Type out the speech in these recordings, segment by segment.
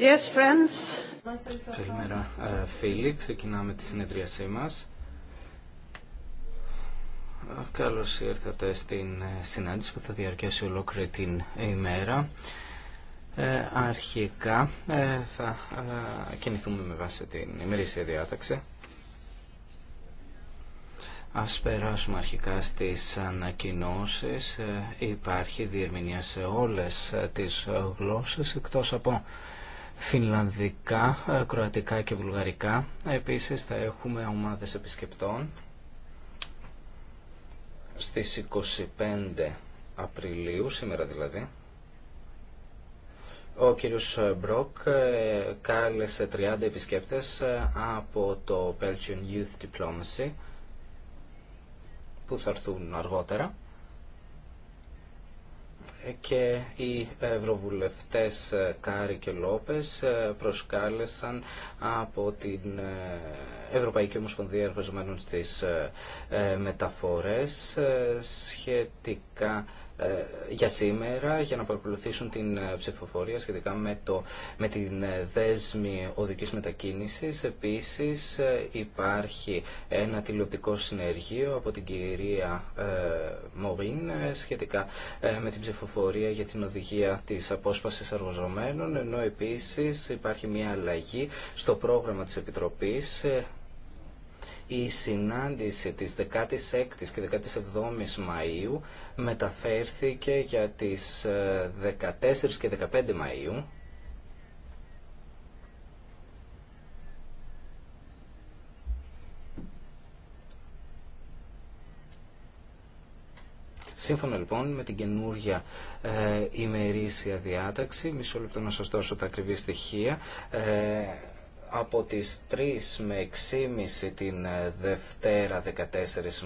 Yes, friends. Καλημέρα ε, φίλοι, ξεκινάμε τη συνεδρίασή μας. Ε, καλώς ήρθατε στην ε, συνάντηση που θα διαρκέσει ολόκληρη την ημέρα. αρχικά θα κινηθούμε με βάση την ημερήσια διάταξη. Ας περάσουμε αρχικά στις ανακοινώσεις. Υπάρχει διερμηνία σε όλες τις γλώσσες εκτός από φινλανδικά, ε, κροατικά και βουλγαρικά. Επίσης θα έχουμε ομάδες επισκεπτών στις 25 Απριλίου, σήμερα δηλαδή. Ο κύριος Μπροκ ε, κάλεσε 30 επισκέπτες ε, από το Belgian Youth Diplomacy που θα έρθουν αργότερα και οι ευρωβουλευτές ε, Κάρη και Λόπες ε, προσκάλεσαν από την ε, Ευρωπαϊκή Ομοσπονδία Εργαζομένων στις Μεταφορές σχετικά ε, για σήμερα για να παρακολουθήσουν την ε, ψηφοφορία σχετικά με, το, με την ε, δέσμη οδικής μετακίνησης. Επίσης υπάρχει ένα τηλεοπτικό συνεργείο από την κυρία Μωρίν σχετικά με την ψηφοφορία για την οδηγία της απόσπασης εργοζομένων ενώ επίσης υπάρχει μια αλλαγή στο πρόγραμμα της Επιτροπής η συνάντηση της 16ης και 17ης Μαΐου μεταφέρθηκε για τις 14 ε, και 15 Μαΐου Σύμφωνα λοιπόν με την καινούργια ε, ημερήσια διάταξη, μισό λεπτό να σας δώσω τα ακριβή στοιχεία, ε, από τις 3 με 6.30 την ε, Δευτέρα 14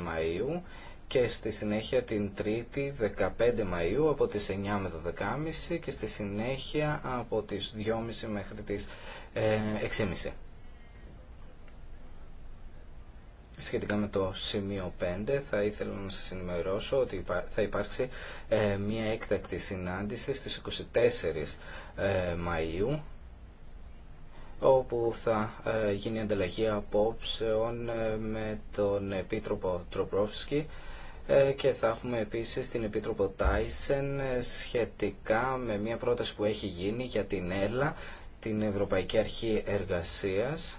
Μαΐου και στη συνέχεια την Τρίτη 15 Μαΐου από τις 9 με 12.30 και στη συνέχεια από τις 2.30 μέχρι τις 6.30. Ε, Σχετικά με το σημείο 5 θα ήθελα να σας ενημερώσω ότι θα υπάρξει ε, μια έκτακτη συνάντηση στις 24 Μαΐου όπου θα ε, γίνει ανταλλαγή απόψεων ε, με τον Επίτροπο Τροπρόφσκι ε, και θα έχουμε επίσης την Επίτροπο Τάισεν σχετικά με μια πρόταση που έχει γίνει για την ΕΛΑ, την Ευρωπαϊκή Αρχή Εργασίας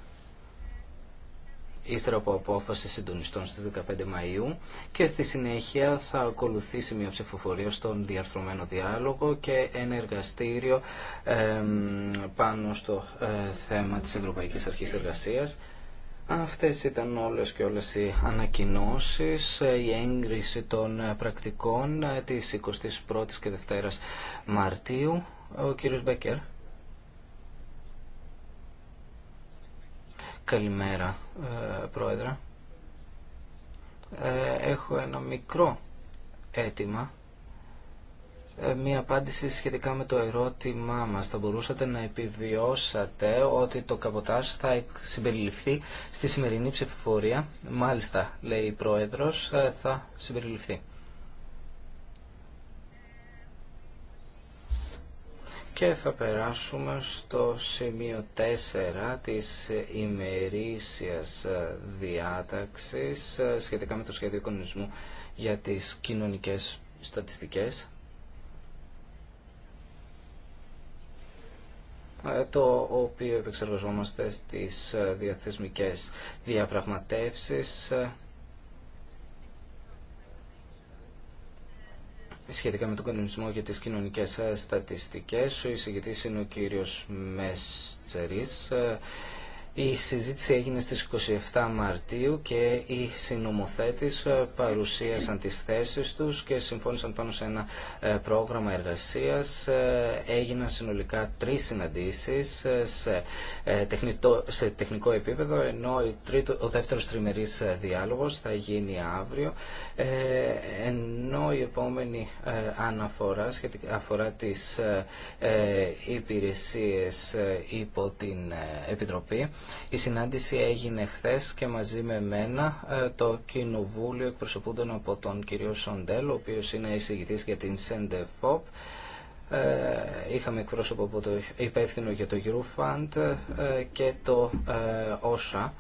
ύστερα από απόφαση συντονιστών στις 15 Μαΐου και στη συνέχεια θα ακολουθήσει μια ψηφοφορία στον διαρθρωμένο διάλογο και ένα εργαστήριο πάνω στο ε, θέμα της Ευρωπαϊκής Αρχής Εργασίας. Αυτές ήταν όλες και όλες οι ανακοινώσεις, ε, η έγκριση των ε, πρακτικών της 21ης και 2ης Μαρτίου. Ο κύριος Μπέκερ. Καλημέρα, ε, Πρόεδρε. Ε, έχω ένα μικρό αίτημα. Ε, μία απάντηση σχετικά με το ερώτημά μας. Θα μπορούσατε να επιβιώσατε ότι το καποτάζ θα συμπεριληφθεί στη σημερινή ψηφοφορία. Μάλιστα, λέει η Πρόεδρος, θα συμπεριληφθεί. Και θα περάσουμε στο σημείο 4 της ημερήσιας διάταξης ε, σχετικά με το σχέδιο οικονομισμού για τις κοινωνικές στατιστικές. Ε, το οποίο επεξεργαζόμαστε στις ε, διαθεσμικές διαπραγματεύσεις σχετικά με τον κανονισμό για τις κοινωνικές ε, στατιστικές. Ο εισηγητής είναι ο κύριος Μέστσερης. Ε, η συζήτηση έγινε στις 27 Μαρτίου και οι συνομοθέτες ε, παρουσίασαν τις θέσεις τους και συμφώνησαν πάνω σε ένα ε, πρόγραμμα εργασίας. Ε, έγιναν συνολικά τρεις συναντήσεις σε τεχνικό, σε τεχνικό επίπεδο, ενώ ο, τρίτο, ο δεύτερος τριμερής διάλογος θα γίνει αύριο, ενώ η επόμενη αναφορά σχετικά αφορά τις υπηρεσίες υπό την Επιτροπή η συνάντηση έγινε χθε και μαζί με μένα ε, το Κοινοβούλιο εκπροσωπούνταν από τον κύριο Σοντέλ, ο οποίος είναι εισηγητής για την ΣΕΝΤΕΦΟΠ. Ε, είχαμε εκπρόσωπο από το υπεύθυνο για το Eurofund ε, και το ΩΣΑ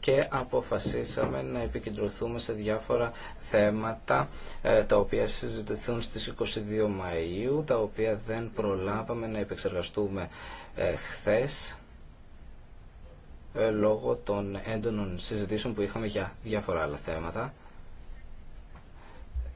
και αποφασίσαμε να επικεντρωθούμε σε διάφορα θέματα ε, τα οποία συζητηθούν στις 22 Μαΐου, τα οποία δεν προλάβαμε να επεξεργαστούμε ε, χθες ε, λόγω των έντονων συζητήσεων που είχαμε για διάφορα άλλα θέματα.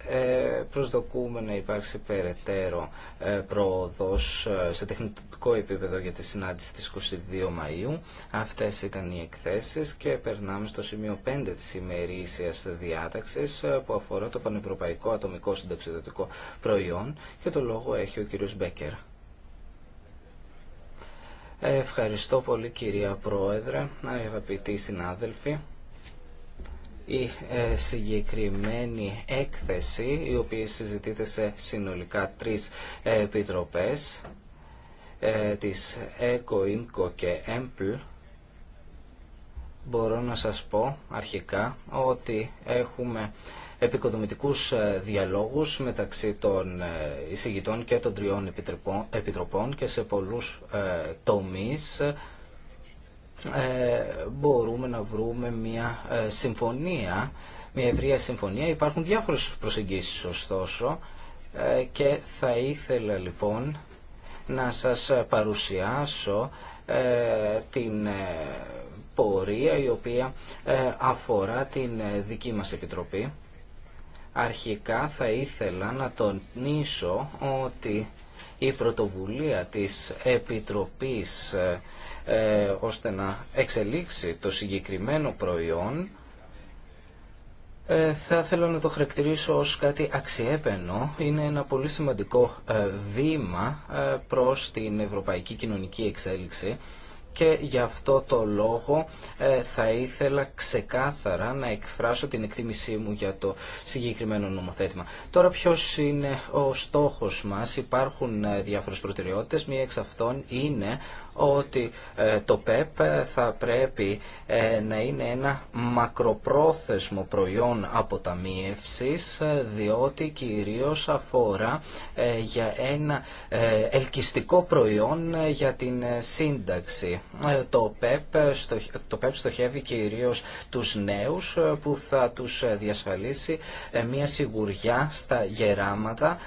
Ε, προσδοκούμε να υπάρξει περαιτέρω ε, πρόοδος ε, σε τεχνητικό επίπεδο για τη συνάντηση της 22 Μαΐου. Αυτές ήταν οι εκθέσεις και περνάμε στο σημείο 5 της ημερήσιας διάταξης που αφορά το πανευρωπαϊκό ατομικό συνταξιδοτικό προϊόν και το λόγο έχει ο κύριος Μπέκερ. Ευχαριστώ πολύ κυρία Πρόεδρε, αγαπητοί συνάδελφοι η ε, συγκεκριμένη έκθεση η οποία συζητείται σε συνολικά τρεις ε, επιτροπές ε, της ΕΚΟ, και ΕΜΠΛ μπορώ να σας πω αρχικά ότι έχουμε επικοδομητικούς διαλόγους μεταξύ των εισηγητών και των τριών επιτροπών και σε πολλούς τομείς ε, μπορούμε να βρούμε μια ε, συμφωνία, μια ευρεία συμφωνία. Υπάρχουν διάφορες προσεγγίσεις ωστόσο ε, και θα ήθελα λοιπόν να σας παρουσιάσω την πορεία η οποία αφορά την δική μας Επιτροπή. Αρχικά θα ήθελα να τονίσω ότι η πρωτοβουλία της Επιτροπής ε, ώστε να εξελίξει το συγκεκριμένο προϊόν ε, θα θέλω να το χαρακτηρίσω ως κάτι αξιέπαινο. Είναι ένα πολύ σημαντικό ε, βήμα προς την ευρωπαϊκή κοινωνική εξέλιξη και γι' αυτό το λόγο θα ήθελα ξεκάθαρα να εκφράσω την εκτίμησή μου για το συγκεκριμένο νομοθέτημα. Τώρα ποιος είναι ο στόχος μας. Υπάρχουν διάφορες προτεραιότητες. Μία εξ αυτών είναι ότι ε, το ΠΕΠ θα πρέπει ε, να είναι ένα μακροπρόθεσμο προϊόν αποταμίευσης ε, διότι κυρίως αφορά για ένα ελκυστικό προϊόν για την σύνταξη. Το ΠΕΠ, το ΠΕΠ στοχεύει κυρίως τους νέους που θα τους διασφαλίσει μια σιγουριά στα γεράματα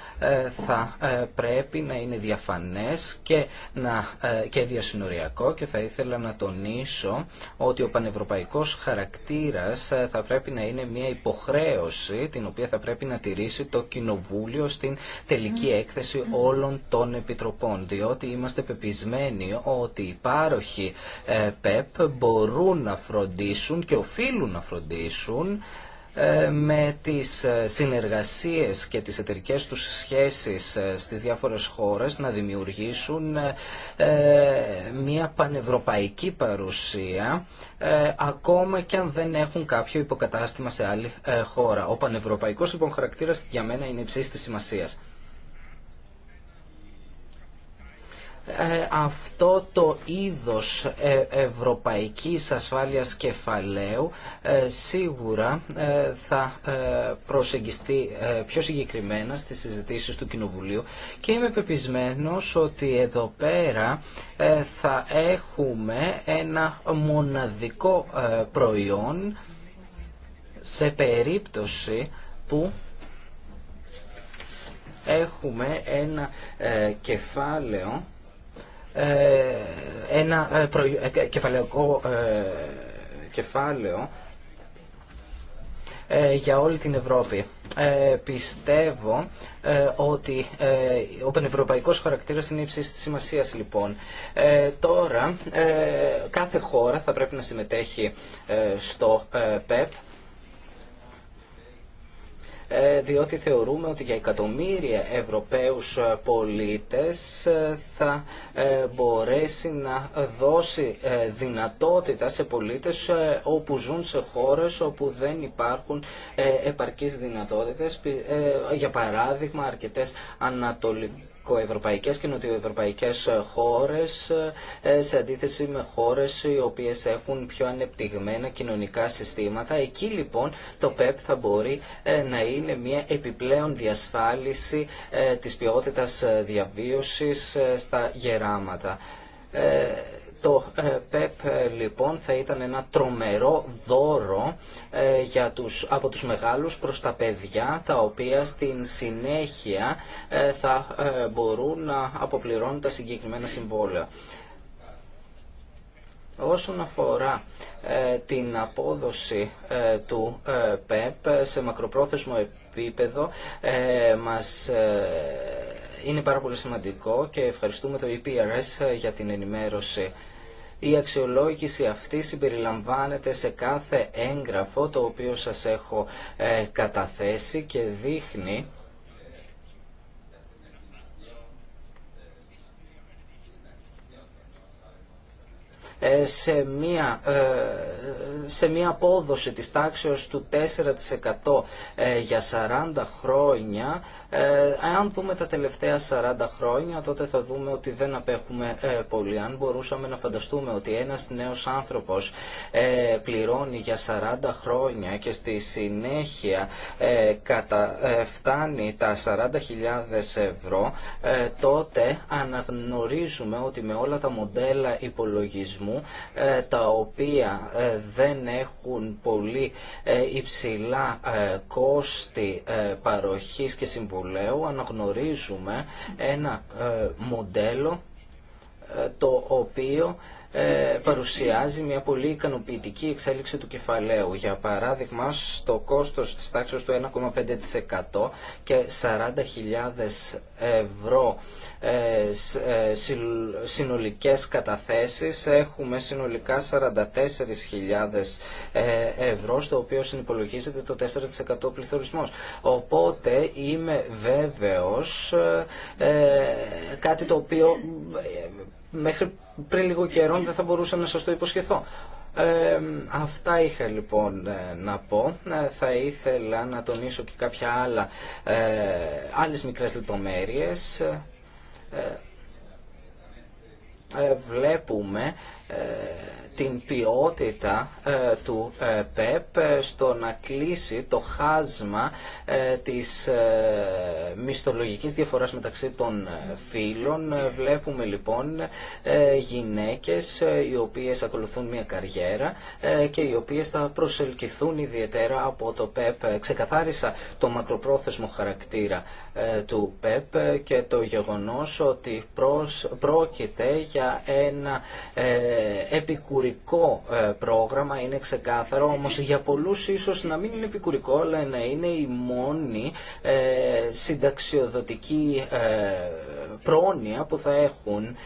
θα πρέπει να είναι διαφανές και, να, και διασυνοριακό και θα ήθελα να τονίσω ότι ο πανευρωπαϊκός χαρακτήρας ε, θα πρέπει να είναι μια υποχρέωση την οποία θα πρέπει να τηρήσει το Κοινοβούλιο στην τελική έκθεση όλων των επιτροπών διότι είμαστε πεπισμένοι ότι οι πάροχοι ε, ΠΕΠ μπορούν να φροντίσουν και οφείλουν να φροντίσουν ε, με τις ε, συνεργασίες και τις εταιρικέ τους σχέσεις ε, στις διάφορες χώρες να δημιουργήσουν μια πανευρωπαϊκή παρουσία ακόμα και αν δεν έχουν κάποιο υποκατάστημα σε άλλη χώρα. Ο πανευρωπαϊκός λοιπόν χαρακτήρας για μένα είναι υψής της σημασίας. Ε, αυτό το είδος ε, ευρωπαϊκής ασφάλειας κεφαλαίου ε, σίγουρα θα προσεγγιστεί πιο συγκεκριμένα στις συζητήσεις του Κοινοβουλίου και είμαι πεπισμένος ότι εδώ πέρα θα έχουμε ένα μοναδικό προϊόν σε περίπτωση που έχουμε ένα κεφάλαιο ε, ένα ε, ε, κεφαλαιακό κεφάλαιο για όλη την Ευρώπη. Ε, πιστεύω ότι ε, ο πανευρωπαϊκός χαρακτήρας είναι ύψης της σημασίας λοιπόν. τώρα κάθε χώρα θα πρέπει να συμμετέχει στο ΠΕΠ ε, διότι θεωρούμε ότι για εκατομμύρια Ευρωπαίους ε, πολίτες ε, θα μπορέσει να δώσει δυνατότητα σε πολίτες όπου ζουν σε χώρες όπου δεν υπάρχουν επαρκείς δυνατότητες, για παράδειγμα αρκετές ανατολικές Ευρωπαϊκές και νοτιοευρωπαϊκές χώρες ε, σε αντίθεση με χώρες οι οποίες έχουν πιο ανεπτυγμένα κοινωνικά συστήματα. Εκεί λοιπόν το ΠΕΠ θα μπορεί ε, να είναι μια επιπλέον διασφάλιση ε, της ποιότητας διαβίωσης στα γεράματα. Το ε, ΠΕΠ ε, λοιπόν θα ήταν ένα τρομερό δώρο ε, για τους, από τους μεγάλους προς τα παιδιά τα οποία στην συνέχεια θα μπορούν να αποπληρώνουν τα συγκεκριμένα συμβόλαια. Όσον αφορά την απόδοση του ΠΕΠ σε μακροπρόθεσμο επίπεδο, μας είναι πάρα πολύ σημαντικό και ευχαριστούμε το EPRS για την ενημέρωση. Η αξιολόγηση αυτή συμπεριλαμβάνεται σε κάθε έγγραφο το οποίο σας έχω ε, καταθέσει και δείχνει ε, σε μία, ε, σε μία απόδοση της τάξεως του 4% για 40 χρόνια αν ε, δούμε τα τελευταία 40 χρόνια, τότε θα δούμε ότι δεν απέχουμε ε, πολύ. Αν μπορούσαμε να φανταστούμε ότι ένας νέος άνθρωπος ε, πληρώνει για 40 χρόνια και στη συνέχεια φτάνει τα 40.000 ευρώ, τότε αναγνωρίζουμε ότι με όλα τα μοντέλα υπολογισμού, τα οποία δεν έχουν πολύ υψηλά κόστη παροχής και συμβολή, συμβουλέου αναγνωρίζουμε ένα ε, μοντέλο ε, το οποίο ε, παρουσιάζει μια πολύ ικανοποιητική εξέλιξη του κεφαλαίου. Για παράδειγμα, στο κόστος της τάξης του 1,5% και 40.000 ευρώ ε, ε, συνολικές καταθέσεις έχουμε συνολικά 44.000 ευρώ στο οποίο συνυπολογίζεται το 4% πληθωρισμός. Οπότε είμαι βέβαιος κάτι το οποίο μέχρι πριν λίγο καιρό δεν θα μπορούσα να σας το υποσχεθώ. αυτά είχα λοιπόν ε, να πω. Ε, θα ήθελα να τονίσω και κάποια άλλα, ε, άλλες μικρές λεπτομέρειες. Ε, βλέπουμε την ποιότητα ε, του ε, ΠΕΠ στο να κλείσει το χάσμα ε, της μισθολογικής διαφοράς μεταξύ των φύλων. Βλέπουμε λοιπόν γυναίκες οι οποίες ακολουθούν μια καριέρα και οι οποίες θα προσελκυθούν ιδιαίτερα από το ΠΕΠ. Ξεκαθάρισα το μακροπρόθεσμο χαρακτήρα ε, του ΠΕΠ και το γεγονός ότι πρόκειται για ένα ε, επικουρικό ε, πρόγραμμα είναι ξεκάθαρο, όμως για πολλούς ίσως να μην είναι επικουρικό, αλλά να είναι η μόνη ε, συνταξιοδοτική πρόνοια που θα έχουν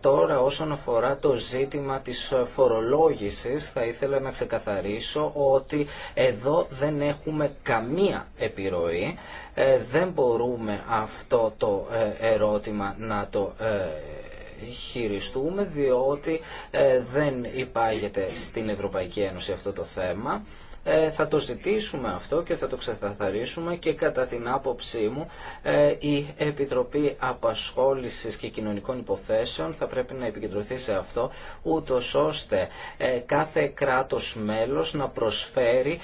Τώρα όσον αφορά το ζήτημα της φορολόγησης θα ήθελα να ξεκαθαρίσω ότι εδώ δεν έχουμε καμία επιρροή ε, δεν μπορούμε αυτό το ε, ερώτημα να το ε, χειριστούμε διότι δεν υπάγεται στην Ευρωπαϊκή Ένωση αυτό το θέμα ε, θα το ζητήσουμε αυτό και θα το ξεκαθαρίσουμε και κατά την άποψή μου ε, η Επιτροπή Απασχόλησης και Κοινωνικών Υποθέσεων θα πρέπει να επικεντρωθεί σε αυτό ούτω ώστε ε, κάθε κράτος μέλος να προσφέρει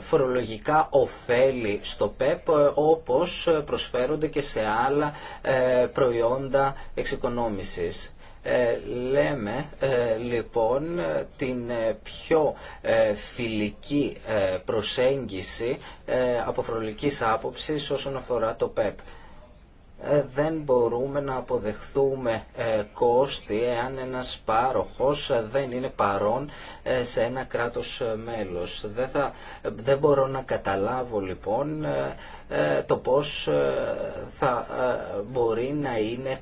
φορολογικά ωφέλη στο ΠΕΠ όπως προσφέρονται και σε άλλα προϊόντα εξοικονόμησης. Ε, λέμε ε, λοιπόν την ε, πιο φιλική προσέγγιση από φορολογικής άποψης όσον αφορά το ΠΕΠ. Δεν μπορούμε να αποδεχθούμε κόστη εάν ένας πάροχος δεν είναι παρόν σε ένα κράτος μέλος. Δεν, θα, δεν μπορώ να καταλάβω λοιπόν το πώς θα μπορεί να είναι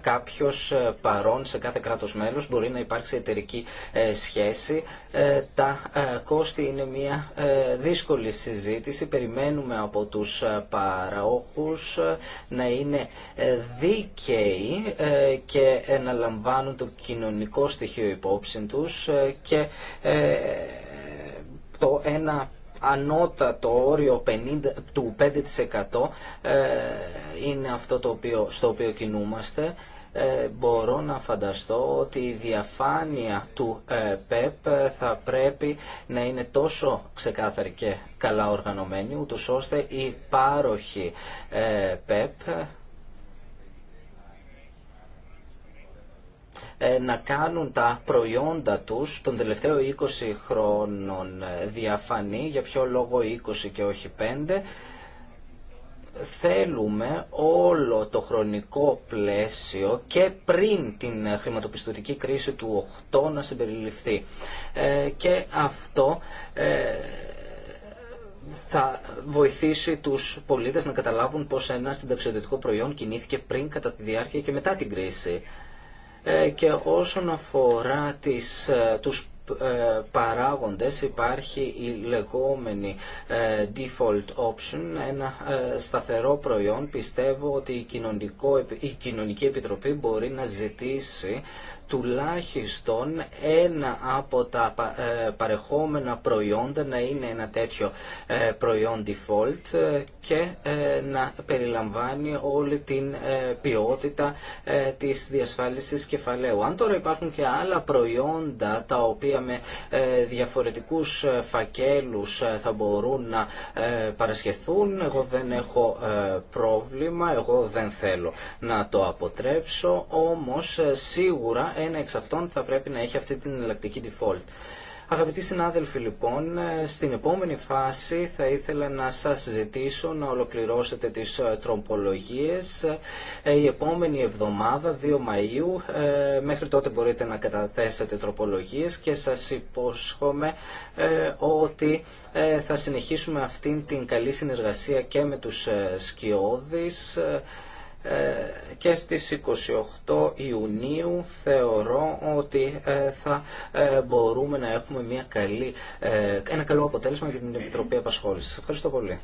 κάποιος ε, παρόν σε κάθε κράτος μέλος μπορεί να υπάρξει εταιρική ε, σχέση. Ε, τα κόστη είναι μια δύσκολη συζήτηση. Περιμένουμε από τους παραόχους να είναι δίκαιοι και να λαμβάνουν το κοινωνικό στοιχείο υπόψη τους και το ένα ανώτατο όριο του 5% ε, είναι αυτό το οποίο, στο οποίο κινούμαστε. Ε, μπορώ να φανταστώ ότι η διαφάνεια του ε, ΠΕΠ θα πρέπει να είναι τόσο ξεκάθαρη και καλά οργανωμένη, ούτως ώστε η πάροχοι ε, ΠΕΠ Ε, να κάνουν τα προϊόντα τους τον τελευταίο 20 χρόνων ε, διαφανή, για ποιο λόγο 20 και όχι 5, θέλουμε όλο το χρονικό πλαίσιο και πριν την χρηματοπιστωτική κρίση του 8 να συμπεριληφθεί. Ε, και αυτό θα βοηθήσει τους πολίτες να καταλάβουν πως ένα συνταξιοδοτικό προϊόν κινήθηκε πριν, κατά τη διάρκεια και μετά την κρίση. Ε, και όσον αφορά τις, ε, τους ε, παράγοντες υπάρχει η λεγόμενη default option, ένα σταθερό προϊόν. Πιστεύω ότι η Κοινωνική Επιτροπή μπορεί να ζητήσει τουλάχιστον ένα από τα ε, παρεχόμενα προϊόντα να είναι ένα τέτοιο ε, προϊόν default ε, και να περιλαμβάνει όλη την ποιότητα της διασφάλισης κεφαλαίου. Αν τώρα υπάρχουν και άλλα προϊόντα τα οποία με διαφορετικούς φακέλους θα μπορούν να παρασκευθούν, εγώ δεν έχω πρόβλημα, εγώ δεν θέλω να το αποτρέψω, όμως σίγουρα ένα εξ αυτών θα πρέπει να έχει αυτή την εναλλακτική default. Αγαπητοί συνάδελφοι, λοιπόν, ε, στην επόμενη φάση θα ήθελα να σας ζητήσω να ολοκληρώσετε τις ε, τρομπολογίες. Ε, η επόμενη εβδομάδα, 2 Μαΐου, μέχρι τότε μπορείτε να καταθέσετε τροπολογίες και σας υπόσχομαι ότι θα συνεχίσουμε αυτήν την καλή συνεργασία και με τους σκιώδεις. Ε, και στις 28 Ιουνίου θεωρώ ότι ε, θα ε, μπορούμε να έχουμε μια καλή, ένα καλό αποτέλεσμα για την Επιτροπή Απασχόλησης. Ευχαριστώ πολύ.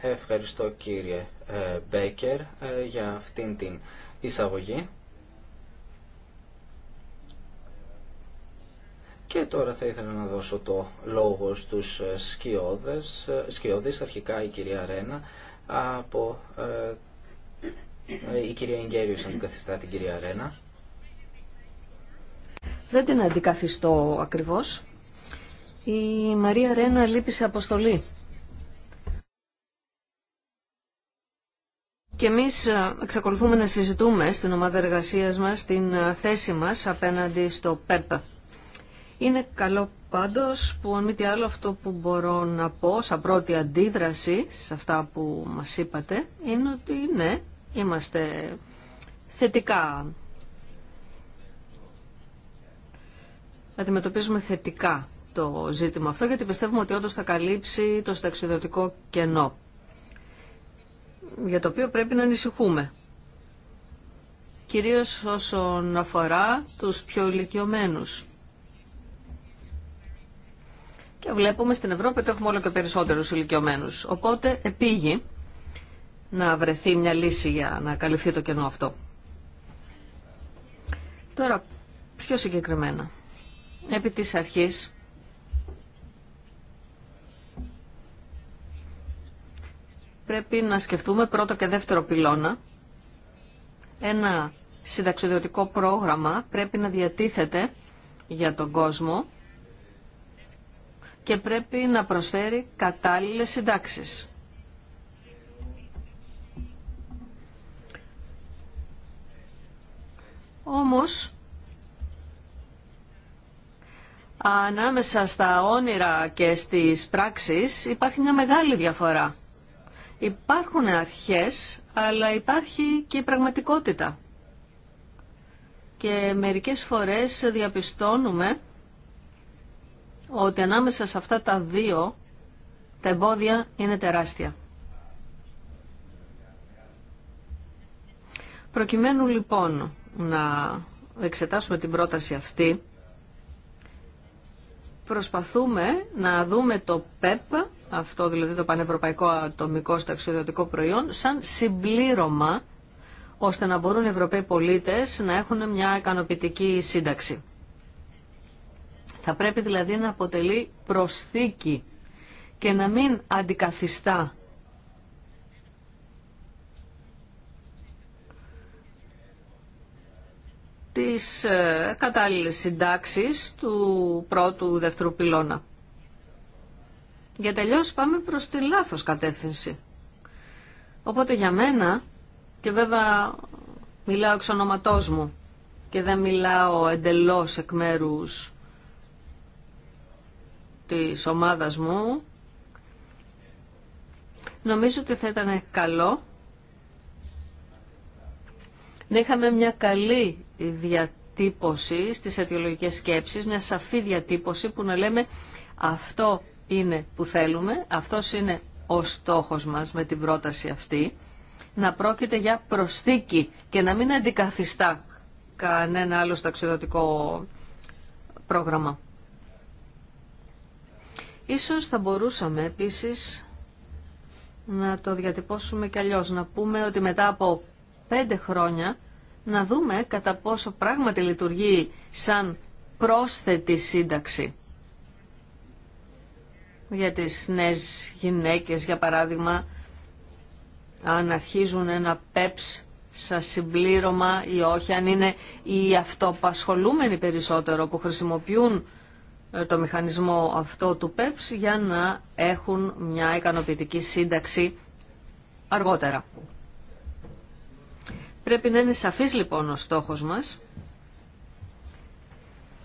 Ευχαριστώ κύριε Μπέκερ για αυτήν την εισαγωγή. Και τώρα θα ήθελα να δώσω το λόγο στους ε, σκιώδες, ε, σκιώδες αρχικά η κυρία Ρένα, από ε, η κυρία Ιγγέριος αντικαθιστά την κυρία Ρένα. Δεν την αντικαθιστώ ακριβώς. Η Μαρία Ρένα λείπει σε αποστολή. Και εμείς εξακολουθούμε να συζητούμε στην ομάδα εργασίας μας την θέση μας απέναντι στο ΠΕΠΑ. Είναι καλό πάντως που αν μη τι άλλο αυτό που μπορώ να πω σαν πρώτη αντίδραση σε αυτά που μας είπατε είναι ότι ναι, είμαστε θετικά. Αντιμετωπίζουμε θετικά το ζήτημα αυτό γιατί πιστεύουμε ότι όντως θα καλύψει το σταξιδωτικό κενό για το οποίο πρέπει να ανησυχούμε. Κυρίως όσον αφορά τους πιο ηλικιωμένους και βλέπουμε στην Ευρώπη ότι έχουμε όλο και περισσότερους ηλικιωμένους. Οπότε επήγει να βρεθεί μια λύση για να καλυφθεί το κενό αυτό. Τώρα, πιο συγκεκριμένα. Επί της αρχής, πρέπει να σκεφτούμε πρώτο και δεύτερο πυλώνα. Ένα συνταξιδιωτικό πρόγραμμα πρέπει να διατίθεται για τον κόσμο και πρέπει να προσφέρει κατάλληλες συντάξεις. Όμως, ανάμεσα στα όνειρα και στις πράξεις υπάρχει μια μεγάλη διαφορά. Υπάρχουν αρχές, αλλά υπάρχει και η πραγματικότητα. Και μερικές φορές διαπιστώνουμε ότι ανάμεσα σε αυτά τα δύο τα εμπόδια είναι τεράστια. Προκειμένου λοιπόν να εξετάσουμε την πρόταση αυτή, προσπαθούμε να δούμε το ΠΕΠ, αυτό δηλαδή το Πανευρωπαϊκό Ατομικό Σταξιδιωτικό Προϊόν, σαν συμπλήρωμα ώστε να μπορούν οι Ευρωπαίοι πολίτες να έχουν μια ικανοποιητική σύνταξη. Θα πρέπει δηλαδή να αποτελεί προσθήκη και να μην αντικαθιστά τις ε, κατάλληλες συντάξεις του πρώτου δεύτερου πυλώνα. Για τελειώς πάμε προς τη λάθος κατεύθυνση. Οπότε για μένα, και βέβαια μιλάω εξ ονοματός μου και δεν μιλάω εντελώς εκ μέρους της ομάδας μου, νομίζω ότι θα ήταν καλό να είχαμε μια καλή διατύπωση στις αιτιολογικές σκέψεις, μια σαφή διατύπωση που να λέμε αυτό είναι που θέλουμε, αυτός είναι ο στόχος μας με την πρόταση αυτή, να πρόκειται για προσθήκη και να μην αντικαθιστά κανένα άλλο σταξιδωτικό πρόγραμμα. Ίσως θα μπορούσαμε επίσης να το διατυπώσουμε κι αλλιώς, να πούμε ότι μετά από πέντε χρόνια να δούμε κατά πόσο πράγματι λειτουργεί σαν πρόσθετη σύνταξη για τις νέες γυναίκες, για παράδειγμα, αν αρχίζουν ένα πέψ σαν συμπλήρωμα ή όχι, αν είναι οι αυτοπασχολούμενοι περισσότερο που χρησιμοποιούν ε, το μηχανισμό αυτό του ΠΕΠΣ για να έχουν μια ικανοποιητική σύνταξη αργότερα. Πρέπει να είναι σαφής λοιπόν ο στόχος μας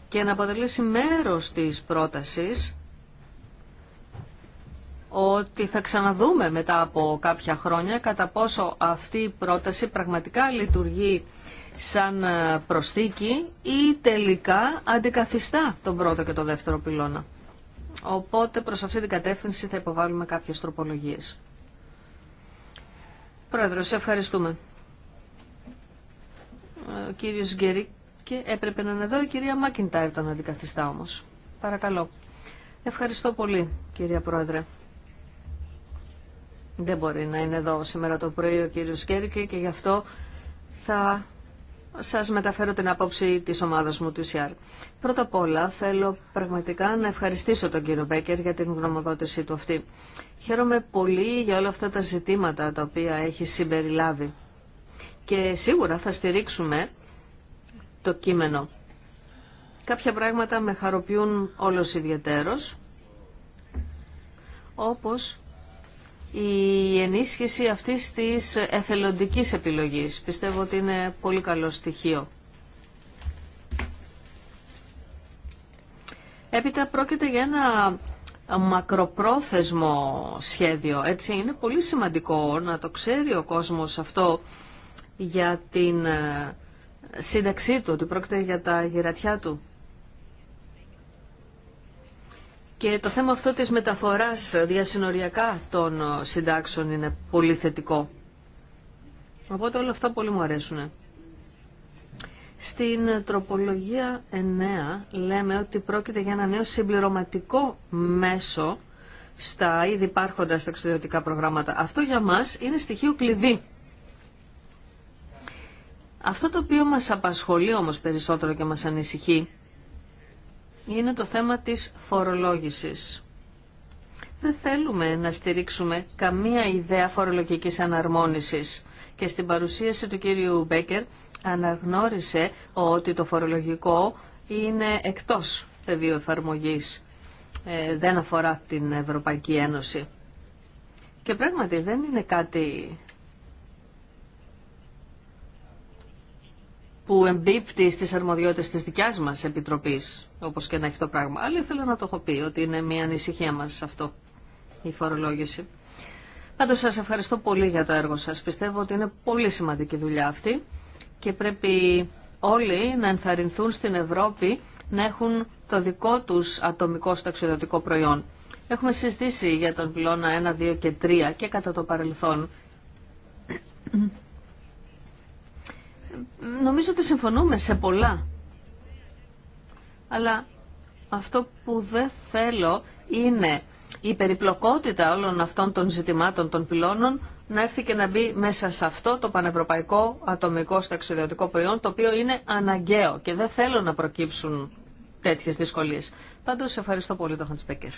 και να αποτελέσει μέρος της πρότασης ότι θα ξαναδούμε μετά από κάποια χρόνια κατά πόσο αυτή η πρόταση πραγματικά λειτουργεί σαν ε, προσθήκη ή τελικά αντικαθιστά τον πρώτο και τον δεύτερο πυλώνα. Οπότε προς αυτή την κατεύθυνση θα υποβάλουμε κάποιες τροπολογίες. Πρόεδρε, σε ευχαριστούμε. Ε, ο κύριος Γκέρι και έπρεπε να είναι εδώ η κυρία Μακιντάιρ τον αντικαθιστά όμως. Παρακαλώ. Ευχαριστώ πολύ κυρία Πρόεδρε. Δεν μπορεί να είναι εδώ σήμερα το πρωί ο κύριος και γι' αυτό θα σας μεταφέρω την άποψη της ομάδας μου του ΙΣΙΑΡ. Πρώτα απ' όλα θέλω πραγματικά να ευχαριστήσω τον κύριο Μπέκερ για την γνωμοδότησή του αυτή. Χαίρομαι πολύ για όλα αυτά τα ζητήματα τα οποία έχει συμπεριλάβει. Και σίγουρα θα στηρίξουμε το κείμενο. Κάποια πράγματα με χαροποιούν όλος ιδιαίτερος, όπως η ενίσχυση αυτής της εθελοντικής επιλογής. Πιστεύω ότι είναι πολύ καλό στοιχείο. Έπειτα πρόκειται για ένα μακροπρόθεσμο σχέδιο. Έτσι είναι πολύ σημαντικό να το ξέρει ο κόσμος αυτό για την ε, σύνταξή του, ότι πρόκειται για τα γερατιά του. Και το θέμα αυτό της μεταφοράς διασυνοριακά των ε, συντάξεων είναι πολύ θετικό. Οπότε όλα αυτά πολύ μου αρέσουν. Στην ε, τροπολογία 9 λέμε ότι πρόκειται για ένα νέο συμπληρωματικό μέσο στα ήδη υπάρχοντα εξωτερικά προγράμματα. Αυτό για μας είναι στοιχείο κλειδί. Αυτό το οποίο μας απασχολεί όμως περισσότερο και μας ανησυχεί είναι το θέμα της φορολόγησης. Δεν θέλουμε να στηρίξουμε καμία ιδέα φορολογικής αναρμόνισης και στην παρουσίαση του κύριου Μπέκερ αναγνώρισε ότι το φορολογικό είναι εκτός πεδίου εφαρμογής, ε, δεν αφορά την Ευρωπαϊκή Ένωση. Και πράγματι δεν είναι κάτι που εμπίπτει στις αρμοδιότητες τη δικιάς μα επιτροπή, όπω και να έχει το πράγμα. Αλλά ήθελα να το έχω πει ότι είναι μια ανησυχία μα αυτό, η φορολόγηση. Πάντω σα ευχαριστώ πολύ για το έργο σα. Πιστεύω ότι είναι πολύ σημαντική δουλειά αυτή και πρέπει όλοι να ενθαρρυνθούν στην Ευρώπη να έχουν το δικό του ατομικό σταξιδωτικό προϊόν. Έχουμε συζητήσει για τον πυλώνα 1, 2 και 3 και κατά το παρελθόν. Νομίζω ότι συμφωνούμε σε πολλά. Αλλά αυτό που δεν θέλω είναι η περιπλοκότητα όλων αυτών των ζητημάτων των πυλώνων να έρθει και να μπει μέσα σε αυτό το πανευρωπαϊκό ατομικό σταξιδιωτικό προϊόν, το οποίο είναι αναγκαίο και δεν θέλω να προκύψουν τέτοιες δυσκολίες. Πάντως, ευχαριστώ πολύ τον Χαντσπέκερ.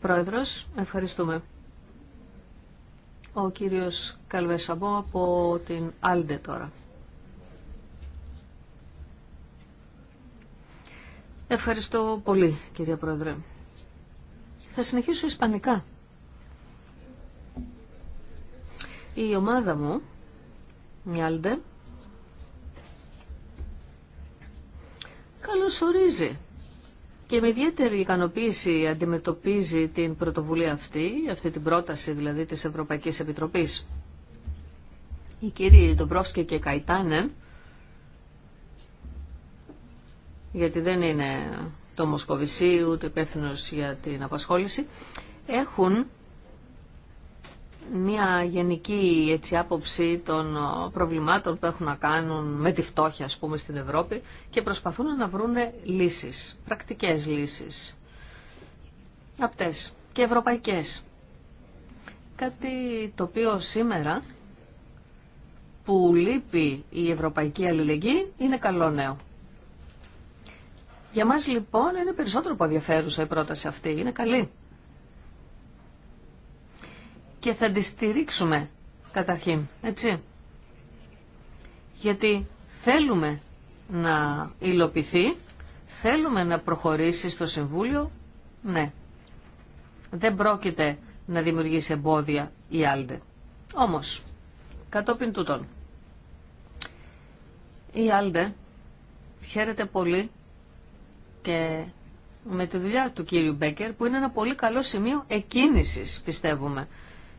Πρόεδρος, ευχαριστούμε. Ο κύριος Καλβεσαμπό από την Άλντε τώρα. Ευχαριστώ πολύ, κυρία Πρόεδρε. Θα συνεχίσω ισπανικά. Η ομάδα μου, Άλντε, καλωσορίζει και με ιδιαίτερη ικανοποίηση αντιμετωπίζει την πρωτοβουλία αυτή, αυτή την πρόταση δηλαδή της Ευρωπαϊκής Επιτροπής. Οι κύριοι Ντομπρόσκε και Καϊτάνεν, γιατί δεν είναι το Μοσκοβισί ούτε υπεύθυνο για την απασχόληση, έχουν μια γενική έτσι, άποψη των ε, προβλημάτων που έχουν να κάνουν με τη φτώχεια ας πούμε, στην Ευρώπη και προσπαθούν να βρούνε λύσεις, πρακτικές λύσεις. Απτές και ευρωπαϊκές. Κάτι το οποίο σήμερα που λείπει η ευρωπαϊκή αλληλεγγύη είναι καλό νέο. Για μας λοιπόν είναι περισσότερο που ενδιαφέρουσα η πρόταση αυτή, είναι καλή και θα τη στηρίξουμε καταρχήν, έτσι. Γιατί θέλουμε να υλοποιηθεί, θέλουμε να προχωρήσει στο Συμβούλιο, ναι. Δεν πρόκειται να δημιουργήσει εμπόδια η Άλντε. Όμως, κατόπιν τούτων, η Άλντε χαίρεται πολύ και με τη δουλειά του κύριου Μπέκερ που είναι ένα πολύ καλό σημείο εκκίνησης πιστεύουμε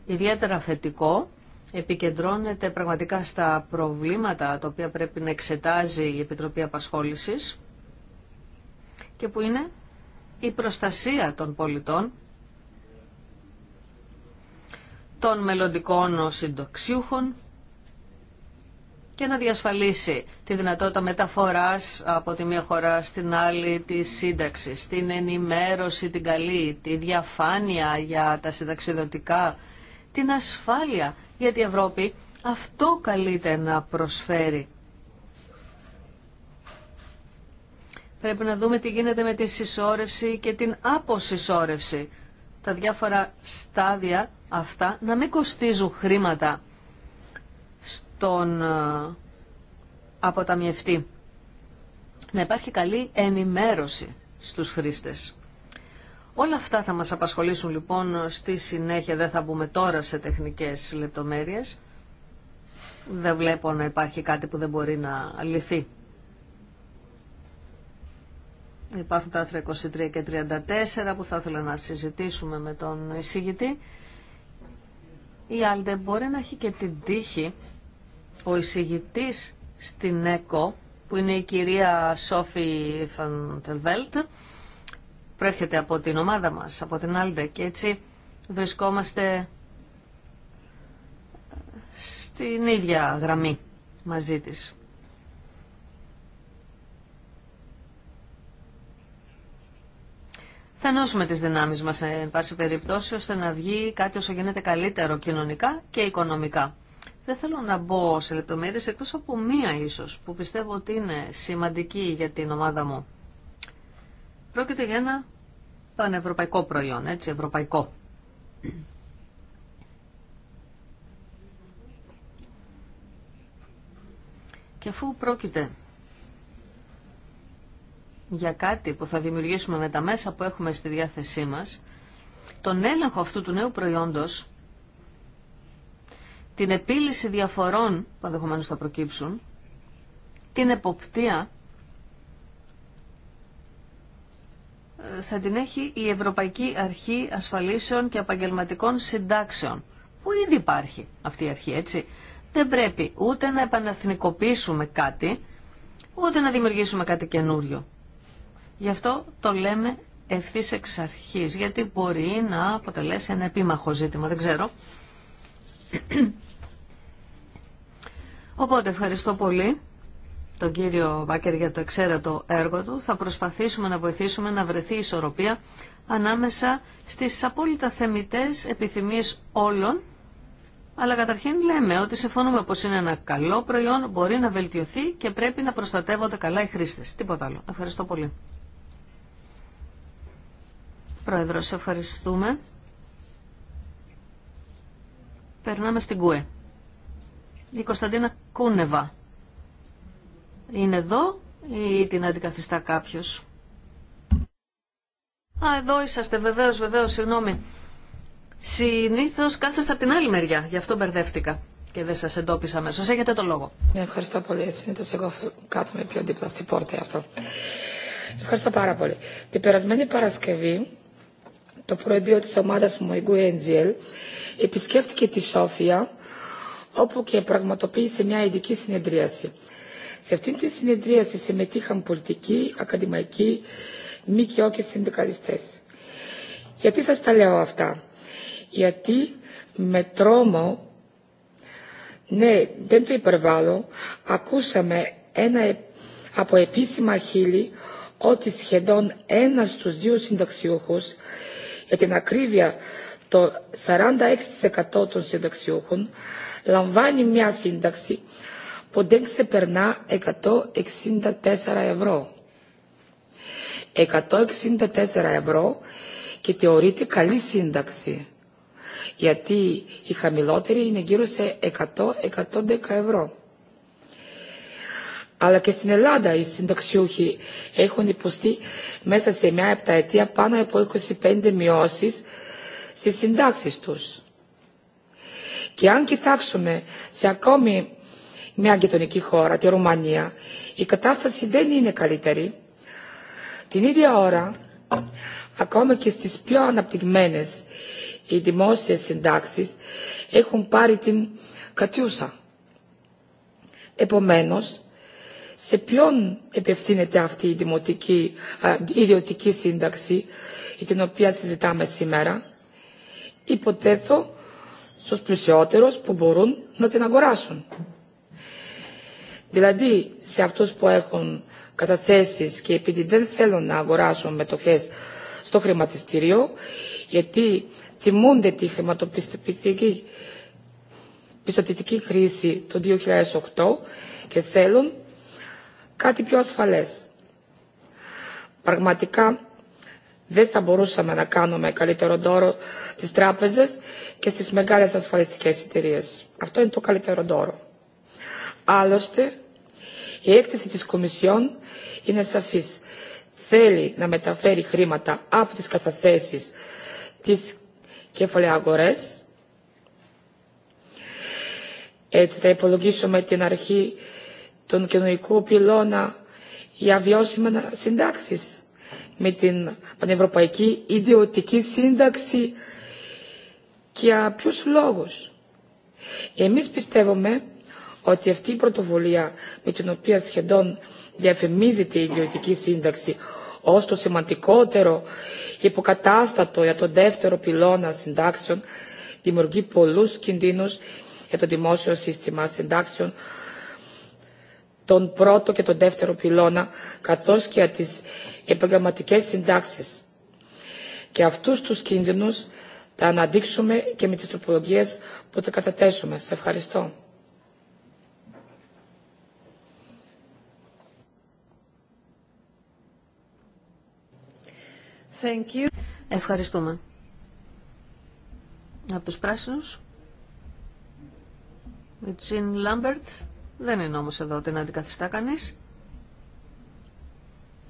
ιδιαίτερα θετικό. Επικεντρώνεται πραγματικά στα προβλήματα τα οποία πρέπει να εξετάζει η Επιτροπή Απασχόλησης και που είναι η προστασία των πολιτών, των μελλοντικών συντοξιούχων και να διασφαλίσει τη δυνατότητα μεταφοράς από τη μία χώρα στην άλλη τη σύνταξη, την ενημέρωση την καλή, τη διαφάνεια για τα συνταξιδοτικά την ασφάλεια, για την Ευρώπη αυτό καλείται να προσφέρει. Πρέπει να δούμε τι γίνεται με τη συσσόρευση και την αποσυσσόρευση. Τα διάφορα στάδια αυτά να μην κοστίζουν χρήματα στον ε, αποταμιευτή. Να υπάρχει καλή ενημέρωση στους χρήστες. Όλα αυτά θα μας απασχολήσουν λοιπόν στη συνέχεια, δεν θα μπούμε τώρα σε τεχνικές λεπτομέρειες. Δεν βλέπω να υπάρχει κάτι που δεν μπορεί να λυθεί. Υπάρχουν τα άρθρα 23 και 34 που θα ήθελα να συζητήσουμε με τον εισηγητή. Η Άλντε μπορεί να έχει και την τύχη ο εισηγητής στην ΕΚΟ που είναι η κυρία Σόφι Φαντεβέλτ προέρχεται από την ομάδα μας, από την Άλντε και έτσι βρισκόμαστε στην ίδια γραμμή μαζί της. Θα ενώσουμε τις δυνάμεις μας, ε, εν πάση περιπτώσει, ώστε να βγει κάτι όσο γίνεται καλύτερο κοινωνικά και οικονομικά. Δεν θέλω να μπω σε λεπτομέρειες, εκτός από μία ίσως, που πιστεύω ότι είναι σημαντική για την ομάδα μου. Πρόκειται για ένα πανευρωπαϊκό προϊόν, έτσι, ευρωπαϊκό. Και αφού πρόκειται για κάτι που θα δημιουργήσουμε με τα μέσα που έχουμε στη διάθεσή μας, τον έλεγχο αυτού του νέου προϊόντος, την επίλυση διαφορών που ενδεχομένω θα προκύψουν, την εποπτεία θα την έχει η Ευρωπαϊκή Αρχή Ασφαλίσεων και Επαγγελματικών Συντάξεων, που ήδη υπάρχει αυτή η αρχή, έτσι. Δεν πρέπει ούτε να επαναθνικοποιήσουμε κάτι, ούτε να δημιουργήσουμε κάτι καινούριο. Γι' αυτό το λέμε ευθύ εξ αρχή, γιατί μπορεί να αποτελέσει ένα επίμαχο ζήτημα, δεν ξέρω. Οπότε ευχαριστώ πολύ τον κύριο Μπάκερ για το εξαίρετο έργο του. Θα προσπαθήσουμε να βοηθήσουμε να βρεθεί ισορροπία ανάμεσα στις απόλυτα θεμητές επιθυμίες όλων. Αλλά καταρχήν λέμε ότι συμφωνούμε πως είναι ένα καλό προϊόν, μπορεί να βελτιωθεί και πρέπει να προστατεύονται καλά οι χρήστες. Τίποτα άλλο. Ευχαριστώ πολύ. προεδρο ευχαριστούμε. Περνάμε στην ΚΟΕ. Η Κωνσταντίνα Κούνεβα είναι εδώ ή την αντικαθιστά κάποιος. Α, εδώ είσαστε βεβαίως, βεβαίως, συγγνώμη. Συνήθως κάθεστε από την άλλη μεριά, γι' αυτό μπερδεύτηκα και δεν σας εντόπισα μέσω. Έχετε το λόγο. Ναι, ευχαριστώ πολύ. Συνήθως εγώ κάθομαι πιο δίπλα στην πόρτα αυτό. Ευχαριστώ πάρα πολύ. Την περασμένη Παρασκευή το Προεδρείο της ομάδας μου, η Γκουέντζιελ, επισκέφτηκε τη Σόφια, όπου και πραγματοποίησε μια ειδική συνεδρίαση. Σε αυτήν τη συνεδρία συμμετείχαν πολιτικοί, ακαδημαϊκοί, μη και συνδικαλιστές. Γιατί σας τα λέω αυτά. Γιατί με τρόμο, ναι δεν το υπερβάλλω, ακούσαμε ένα από επίσημα χείλη ότι σχεδόν ένας στους δύο συνταξιούχους, για την ακρίβεια το 46% των συνταξιούχων, λαμβάνει μια σύνταξη που δεν ξεπερνά 164 ευρώ. 164 ευρώ και θεωρείται καλή σύνταξη γιατί η χαμηλότερη είναι γύρω σε 100-110 ευρώ. Αλλά και στην Ελλάδα οι συνταξιούχοι έχουν υποστεί μέσα σε μια επταετία πάνω από 25 μειώσεις στις συντάξεις τους. Και αν κοιτάξουμε σε ακόμη μια γειτονική χώρα, τη Ρουμανία, η κατάσταση δεν είναι καλύτερη. Την ίδια ώρα, ακόμα και στις πιο αναπτυγμένες οι δημόσιες συντάξεις έχουν πάρει την κατιούσα. Επομένως, σε ποιον επευθύνεται αυτή η δημοτική, ιδιωτική σύνταξη την οποία συζητάμε σήμερα, υποτέθω στους πλουσιότερους που μπορούν να την αγοράσουν. Δηλαδή, σε αυτούς που έχουν καταθέσεις και επειδή δεν θέλουν να αγοράσουν μετοχές στο χρηματιστήριο, γιατί θυμούνται τη χρηματοπιστωτική πιστοτητική κρίση το 2008 και θέλουν κάτι πιο ασφαλές. Πραγματικά δεν θα μπορούσαμε να κάνουμε καλύτερο δώρο στις τράπεζες και στις μεγάλες ασφαλιστικές εταιρείες. Αυτό είναι το καλύτερο δώρο. Άλλωστε, η έκθεση της Κομισιόν είναι σαφής. Θέλει να μεταφέρει χρήματα από τις καταθέσεις της κεφαλαίας Έτσι θα υπολογίσουμε την αρχή των κοινωνικού πυλώνα για βιώσιμα συντάξεις με την πανευρωπαϊκή ιδιωτική σύνταξη και για ποιους λόγους. Εμείς πιστεύουμε ότι αυτή η πρωτοβουλία με την οποία σχεδόν διαφημίζεται η ιδιωτική σύνταξη ως το σημαντικότερο υποκατάστατο για τον δεύτερο πυλώνα συντάξεων δημιουργεί πολλούς κινδύνους για το δημόσιο σύστημα συντάξεων τον πρώτο και τον δεύτερο πυλώνα καθώς και για τις επαγγελματικές συντάξεις. Και αυτούς τους κίνδυνους θα αναδείξουμε και με τις τροπολογίες που θα καταθέσουμε. Σας ευχαριστώ. Ευχαριστούμε. Από τους πράσινους. Η Τζιν Λάμπερτ δεν είναι όμως εδώ ότι να αντικαθιστά κανείς.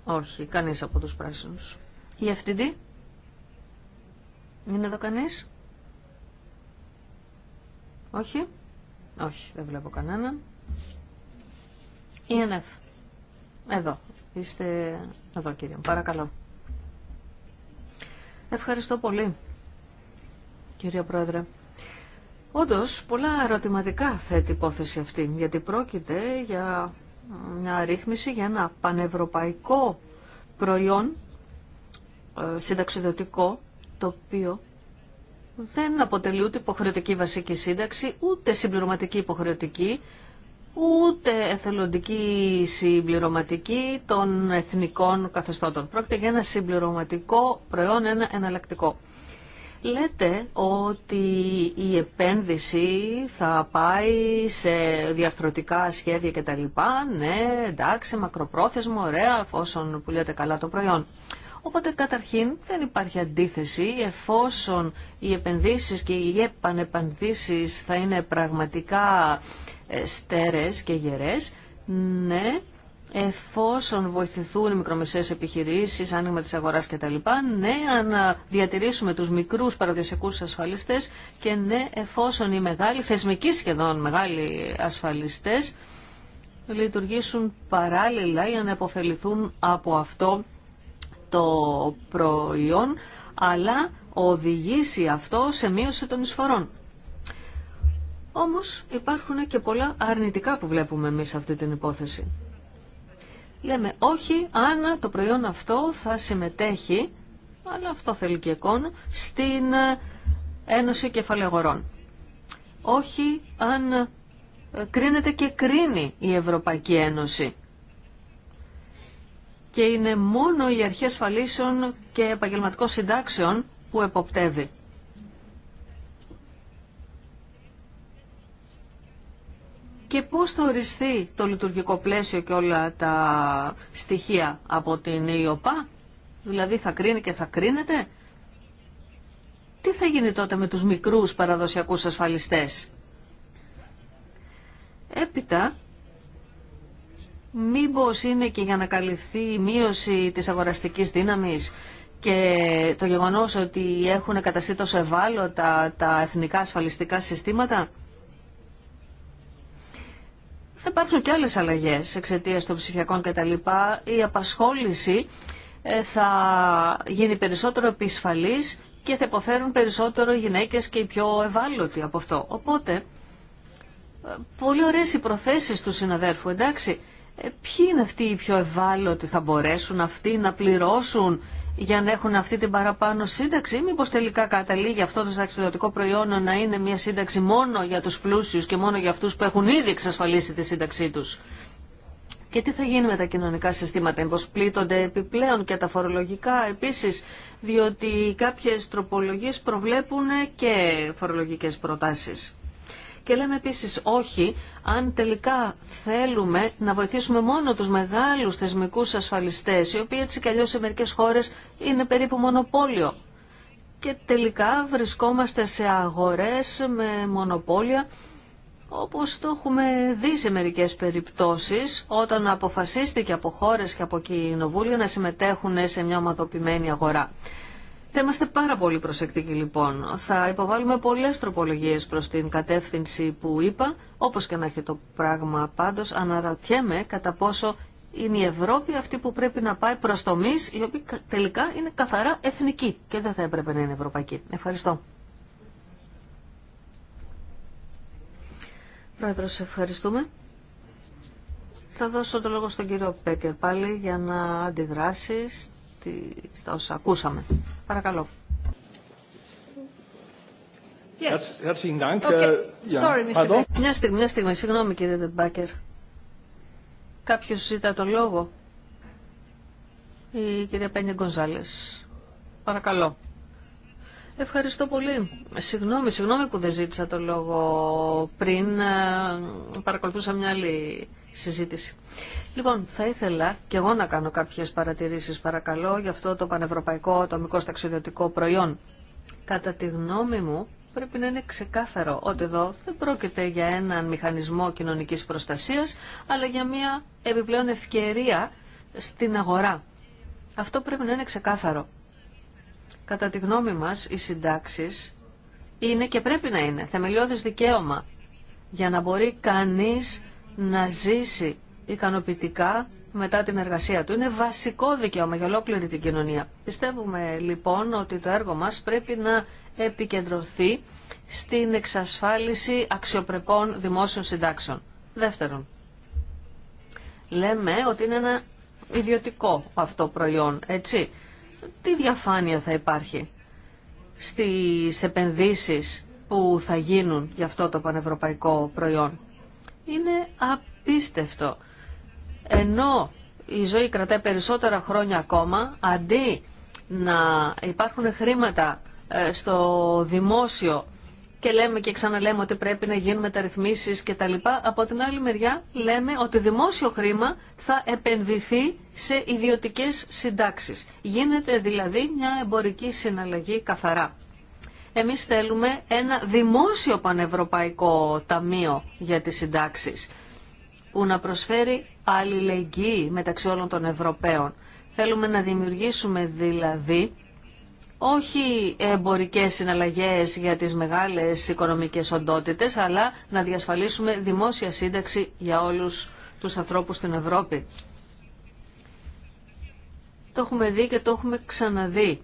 Όχι, κανείς από τους πράσινους. Η FTD. Είναι εδώ κανείς. Όχι. Όχι, δεν βλέπω κανέναν. Η ΕΝΕΦ. Εδώ. Είστε εδώ κύριε. Παρακαλώ. Ευχαριστώ πολύ, κυρία Πρόεδρε. Όντω, πολλά ερωτηματικά θέτει η υπόθεση αυτή, γιατί πρόκειται για μια ρύθμιση για ένα πανευρωπαϊκό προϊόν ε, συνταξιδοτικό, το οποίο δεν αποτελεί ούτε υποχρεωτική βασική σύνταξη, ούτε συμπληρωματική υποχρεωτική, ούτε εθελοντική συμπληρωματική των εθνικών καθεστώτων. Πρόκειται για ένα συμπληρωματικό προϊόν, ένα εναλλακτικό. Λέτε ότι η επένδυση θα πάει σε διαρθρωτικά σχέδια κτλ. Ναι, εντάξει, μακροπρόθεσμο, ωραία, εφόσον λέτε καλά το προϊόν. Οπότε καταρχήν δεν υπάρχει αντίθεση εφόσον οι επενδύσεις και οι επανεπενδύσεις θα είναι πραγματικά στέρες και γερές, ναι, εφόσον βοηθηθούν οι μικρομεσαίες επιχειρήσεις, άνοιγμα της αγοράς κτλ. Ναι, αν διατηρήσουμε τους μικρούς παραδοσιακούς ασφαλιστές και ναι, εφόσον οι μεγάλοι, θεσμικοί σχεδόν μεγάλοι ασφαλιστές, λειτουργήσουν παράλληλα για να επωφεληθούν από αυτό το προϊόν, αλλά οδηγήσει αυτό σε μείωση των εισφορών. Όμως υπάρχουν και πολλά αρνητικά που βλέπουμε εμείς αυτή την υπόθεση. Λέμε όχι αν το προϊόν αυτό θα συμμετέχει, αλλά αυτό θέλει και εικόνα, στην ε, Ένωση Κεφαλαιογορών. Όχι αν ε, κρίνεται και κρίνει η Ευρωπαϊκή Ένωση. Και είναι μόνο η αρχή ασφαλίσεων και επαγγελματικών συντάξεων που εποπτεύει. και πώς θα οριστεί το λειτουργικό πλαίσιο και όλα τα στοιχεία από την ΙΟΠΑ, δηλαδή θα κρίνει και θα κρίνεται. Τι θα γίνει τότε με τους μικρούς παραδοσιακούς ασφαλιστές. Έπειτα, μήπως είναι και για να καλυφθεί η μείωση της αγοραστικής δύναμης και το γεγονός ότι έχουν καταστεί τόσο ευάλωτα τα εθνικά ασφαλιστικά συστήματα. Θα υπάρξουν και άλλες αλλαγές εξαιτία των ψηφιακών κτλ. Η απασχόληση ε, θα γίνει περισσότερο επισφαλής και θα υποφέρουν περισσότερο οι γυναίκες και οι πιο ευάλωτοι από αυτό. Οπότε, ε, πολύ ωραίες οι προθέσεις του συναδέρφου, εντάξει. Ε, ποιοι είναι αυτοί οι πιο ευάλωτοι, θα μπορέσουν αυτοί να πληρώσουν για να έχουν αυτή την παραπάνω σύνταξη, ή μήπω τελικά καταλήγει αυτό το συνταξιδοτικό προϊόν να είναι μια σύνταξη μόνο για τους πλούσιους και μόνο για αυτούς που έχουν ήδη εξασφαλίσει τη σύνταξή τους Και τι θα γίνει με τα κοινωνικά συστήματα, μήπω πλήττονται επιπλέον και τα φορολογικά επίση, διότι κάποιες τροπολογίες προβλέπουν και φορολογικέ προτάσεις και λέμε επίσης όχι αν τελικά θέλουμε να βοηθήσουμε μόνο τους μεγάλους θεσμικούς ασφαλιστές, οι οποίοι έτσι κι αλλιώς σε μερικές χώρες είναι περίπου μονοπόλιο. Και τελικά βρισκόμαστε σε αγορές με μονοπόλια, όπως το έχουμε δει σε μερικές περιπτώσεις, όταν αποφασίστηκε από χώρες και από κοινοβούλια να συμμετέχουν σε μια ομαδοποιημένη αγορά. Θα είμαστε πάρα πολύ προσεκτικοί λοιπόν. Θα υποβάλουμε πολλές τροπολογίες προς την κατεύθυνση που είπα. Όπως και να έχει το πράγμα πάντως, αναρωτιέμαι κατά πόσο είναι η Ευρώπη αυτή που πρέπει να πάει προς μη, η οποία τελικά είναι καθαρά εθνική και δεν θα έπρεπε να είναι ευρωπαϊκή. Ευχαριστώ. Πρόεδρος, ευχαριστούμε. Θα δώσω το λόγο στον κύριο Πέκερ πάλι για να αντιδράσει στα όσα ακούσαμε. Παρακαλώ. Yes. Äh, okay. Sorry, Mr. Μια στιγμή, μια στιγμή. Συγγνώμη κύριε Δεμπάκερ. Κάποιος ζητά το λόγο. Η κυρία Πένια Γκονζάλες. Παρακαλώ. Ευχαριστώ πολύ. Συγγνώμη, συγγνώμη που δεν ζήτησα το λόγο πριν. Ε, παρακολουθούσα μια άλλη συζήτηση. Λοιπόν, θα ήθελα και εγώ να κάνω κάποιες παρατηρήσεις παρακαλώ για αυτό το πανευρωπαϊκό ατομικό σταξιδιωτικό προϊόν. Κατά τη γνώμη μου, πρέπει να είναι ξεκάθαρο ότι εδώ δεν πρόκειται για έναν μηχανισμό κοινωνικής προστασίας, αλλά για μια επιπλέον ευκαιρία στην αγορά. Αυτό πρέπει να είναι ξεκάθαρο. Κατά τη γνώμη μας, οι συντάξεις είναι και πρέπει να είναι θεμελιώδης δικαίωμα για να μπορεί κανείς να ζήσει ικανοποιητικά μετά την εργασία του. Είναι βασικό δικαίωμα για ολόκληρη την κοινωνία. Πιστεύουμε λοιπόν ότι το έργο μας πρέπει να επικεντρωθεί στην εξασφάλιση αξιοπρεπών δημόσιων συντάξεων. Δεύτερον, λέμε ότι είναι ένα ιδιωτικό αυτό προϊόν, έτσι τι διαφάνεια θα υπάρχει στις επενδύσεις που θα γίνουν για αυτό το πανευρωπαϊκό προϊόν. Είναι απίστευτο. Ενώ η ζωή κρατάει περισσότερα χρόνια ακόμα, αντί να υπάρχουν χρήματα ε, στο δημόσιο και λέμε και ξαναλέμε ότι πρέπει να γίνουν μεταρρυθμίσεις και τα λοιπά. Από την άλλη μεριά λέμε ότι δημόσιο χρήμα θα επενδυθεί σε ιδιωτικές συντάξεις. Γίνεται δηλαδή μια εμπορική συναλλαγή καθαρά. Εμείς θέλουμε ένα δημόσιο πανευρωπαϊκό ταμείο για τις συντάξεις που να προσφέρει αλληλεγγύη μεταξύ όλων των Ευρωπαίων. Θέλουμε να δημιουργήσουμε δηλαδή όχι εμπορικές συναλλαγές για τις μεγάλες οικονομικές οντότητες, αλλά να διασφαλίσουμε δημόσια σύνταξη για όλους τους ανθρώπους στην Ευρώπη. Το έχουμε δει και το έχουμε ξαναδεί.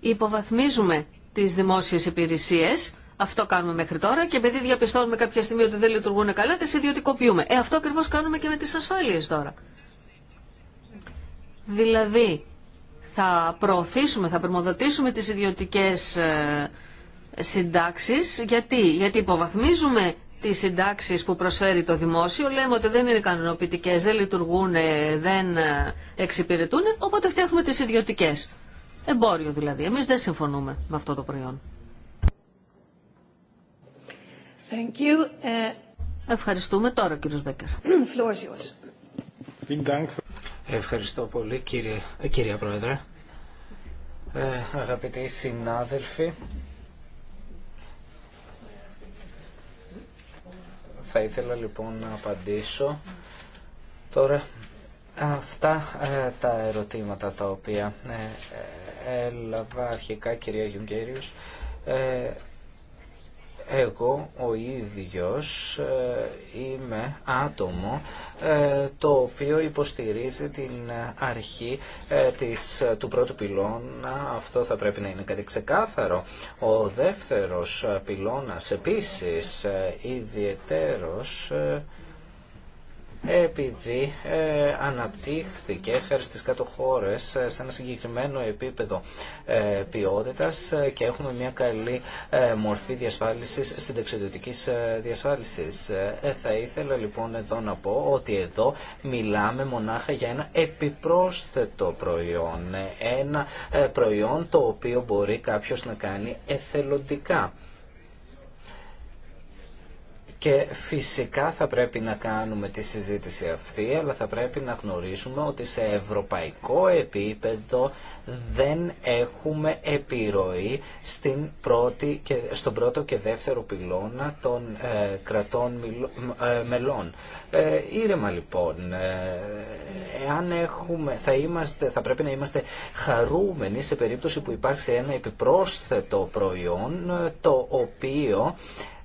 Υποβαθμίζουμε τις δημόσιες υπηρεσίες, αυτό κάνουμε μέχρι τώρα και επειδή διαπιστώνουμε κάποια στιγμή ότι δεν λειτουργούν καλά, τις ιδιωτικοποιούμε. Ε, αυτό ακριβώς κάνουμε και με τις ασφάλειες τώρα. Δηλαδή, θα προωθήσουμε, θα προμοδοτήσουμε τις ιδιωτικές ε, συντάξεις. Γιατί, Γιατί υποβαθμίζουμε τις συντάξεις που προσφέρει το δημόσιο, λέμε ότι δεν είναι κανονοποιητικές, δεν λειτουργούν, δεν ε, εξυπηρετούν, οπότε φτιάχνουμε τις ιδιωτικές. Εμπόριο δηλαδή. Εμείς δεν συμφωνούμε με αυτό το προϊόν. Thank you. Ε, Ευχαριστούμε τώρα, κύριος Μπέκερ. Ευχαριστώ πολύ κύριε, ε, κυρία Πρόεδρε. Ε, αγαπητοί συνάδελφοι, θα ήθελα λοιπόν να απαντήσω τώρα αυτά ε, τα ερωτήματα τα οποία ε, ε έλαβα αρχικά κυρία Γιουγκέριους εγώ ο ίδιος ε, είμαι άτομο ε, το οποίο υποστηρίζει την ε, αρχή της, του πρώτου πυλώνα. Αυτό θα πρέπει να είναι κάτι ξεκάθαρο. Ο δεύτερος πυλώνας επίσης ιδιαιτέρως επειδή ε, αναπτύχθηκε χάρη στις κάτω χώρες ε, σε ένα συγκεκριμένο επίπεδο ε, ποιότητας ε, και έχουμε μια καλή μορφή διασφάλισης, συνταξιδιωτικής διασφάλισης. Θα ήθελα λοιπόν εδώ να πω ότι εδώ μιλάμε μονάχα για ένα επιπρόσθετο προϊόν, ένα προϊόν το οποίο μπορεί κάποιος να κάνει εθελοντικά. Και φυσικά θα πρέπει να κάνουμε τη συζήτηση αυτή, αλλά θα πρέπει να γνωρίζουμε ότι σε ευρωπαϊκό επίπεδο δεν έχουμε επιρροή στην πρώτη και, στον πρώτο και δεύτερο πυλώνα των ε, κρατών ε, μελών. Ε, ήρεμα λοιπόν, ε, έχουμε, θα, είμαστε, θα πρέπει να είμαστε χαρούμενοι σε περίπτωση που υπάρξει ένα επιπρόσθετο προϊόν το οποίο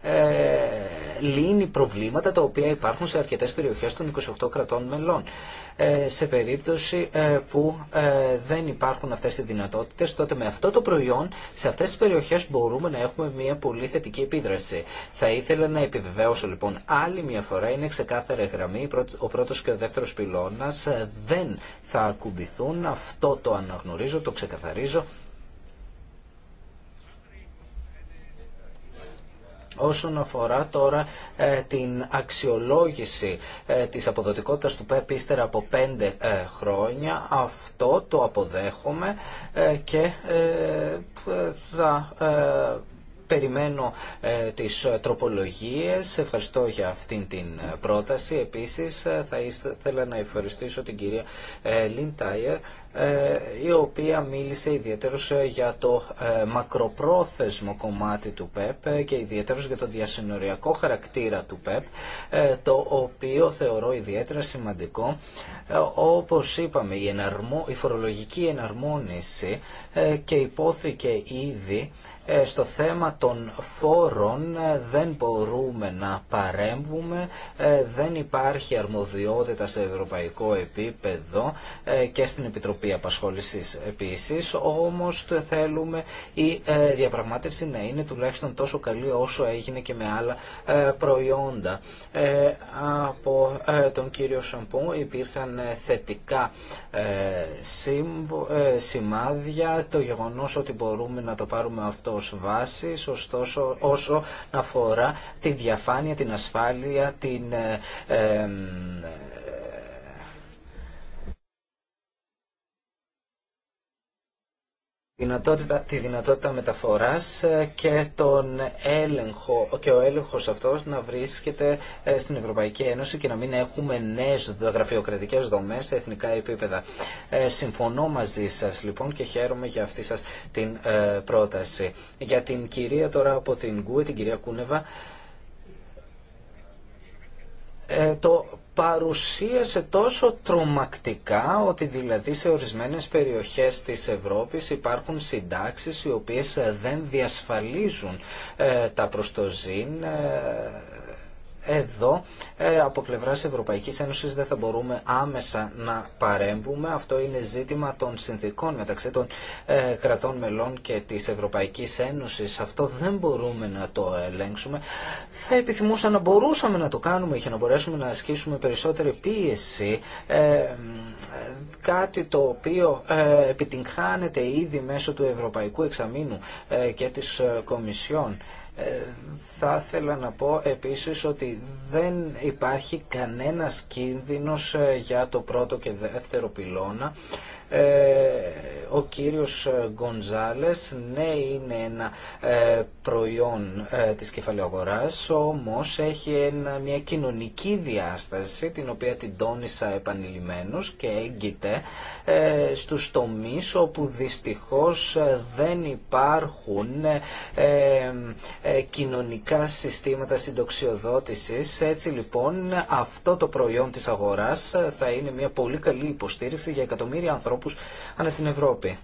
ε, λύνει προβλήματα τα οποία υπάρχουν σε αρκετές περιοχές των 28 κρατών μελών. Ε, σε περίπτωση ε, που δεν υπάρχουν αυτές οι δυνατότητες, τότε με αυτό το προϊόν σε αυτές τις περιοχές μπορούμε να έχουμε μια πολύ θετική επίδραση. Θα ήθελα να επιβεβαίωσω λοιπόν άλλη μια φορά, είναι ξεκάθαρη γραμμή, ο πρώτος και ο δεύτερος πυλώνας δεν θα ακουμπηθούν, αυτό το αναγνωρίζω, το ξεκαθαρίζω Όσον αφορά τώρα ε, την αξιολόγηση ε, της αποδοτικότητας του ΠΕΠ ύστερα από πέντε ε, χρόνια, αυτό το αποδέχομαι και θα περιμένω τις τροπολογίες. Ευχαριστώ για αυτήν την πρόταση. Επίσης θα ήθελα να ευχαριστήσω την κυρία Λίντάιερ ε, η οποία μίλησε ιδιαίτερως ε, για το ε, μακροπρόθεσμο κομμάτι του ΠΕΠ και ιδιαίτερως για το διασυνοριακό χαρακτήρα του ΠΕΠ, το οποίο θεωρώ ιδιαίτερα σημαντικό. Όπως είπαμε, η φορολογική εναρμόνιση και υπόθηκε ήδη ε, στο θέμα των φόρων ε, δεν μπορούμε να παρέμβουμε, ε, δεν υπάρχει αρμοδιότητα σε ευρωπαϊκό επίπεδο και στην Επιτροπή Απασχόλησης επίσης, όμως θέλουμε η διαπραγμάτευση να είναι τουλάχιστον τόσο καλή όσο έγινε και με άλλα προϊόντα. Από τον κύριο Σαμπού υπήρχαν θετικά σημάδια, το γεγονός ότι μπορούμε να το πάρουμε αυτό ως βάση, ωστόσο όσο αφορά τη διαφάνεια, την ασφάλεια, την ε, ε, δυνατότητα, τη δυνατότητα μεταφοράς ε, και, τον έλεγχο, και ο έλεγχος αυτός να βρίσκεται ε, στην Ευρωπαϊκή Ένωση και να μην έχουμε νέες γραφειοκρατικές δομές σε εθνικά επίπεδα. Ε, συμφωνώ μαζί σας λοιπόν και χαίρομαι για αυτή σας την πρόταση. Για την κυρία τώρα από την ΚΟΥΕ, την κυρία Κούνεβα, το παρουσίασε τόσο τρομακτικά ότι δηλαδή σε ορισμένες περιοχές της Ευρώπης υπάρχουν συντάξεις οι οποίες δεν διασφαλίζουν ε, τα προστοζήν ε, εδώ ε, από πλευράς Ευρωπαϊκής Ένωσης δεν θα μπορούμε άμεσα να παρέμβουμε. Αυτό είναι ζήτημα των συνθήκων μεταξύ των ε, κρατών μελών και της Ευρωπαϊκής Ένωσης. Αυτό δεν μπορούμε να το ελέγξουμε. Θα επιθυμούσα να μπορούσαμε να το κάνουμε και να μπορέσουμε να ασκήσουμε περισσότερη πίεση. Ε, κάτι το οποίο επιτυγχάνεται ήδη μέσω του Ευρωπαϊκού Εξαμήνου και της Κομισιόν. Ε, θα ήθελα να πω επίσης ότι δεν υπάρχει κανένας κίνδυνος ε, για το πρώτο και δεύτερο πυλώνα ε, ο κύριος Γκονζάλες ναι είναι ένα ε, προϊόν ε, της κεφαλαιογοράς όμως έχει μια κοινωνική διάσταση την οποία την τόνισα επανειλημμένως και έγκυται στους τομείς όπου δυστυχώς δεν υπάρχουν κοινωνικά συστήματα συντοξιοδότησης έτσι λοιπόν αυτό το προϊόν της αγοράς θα είναι μια πολύ καλή υποστήριξη για εκατομμύρια ανθρώπους ανθρώπους ανά την Ευρώπη.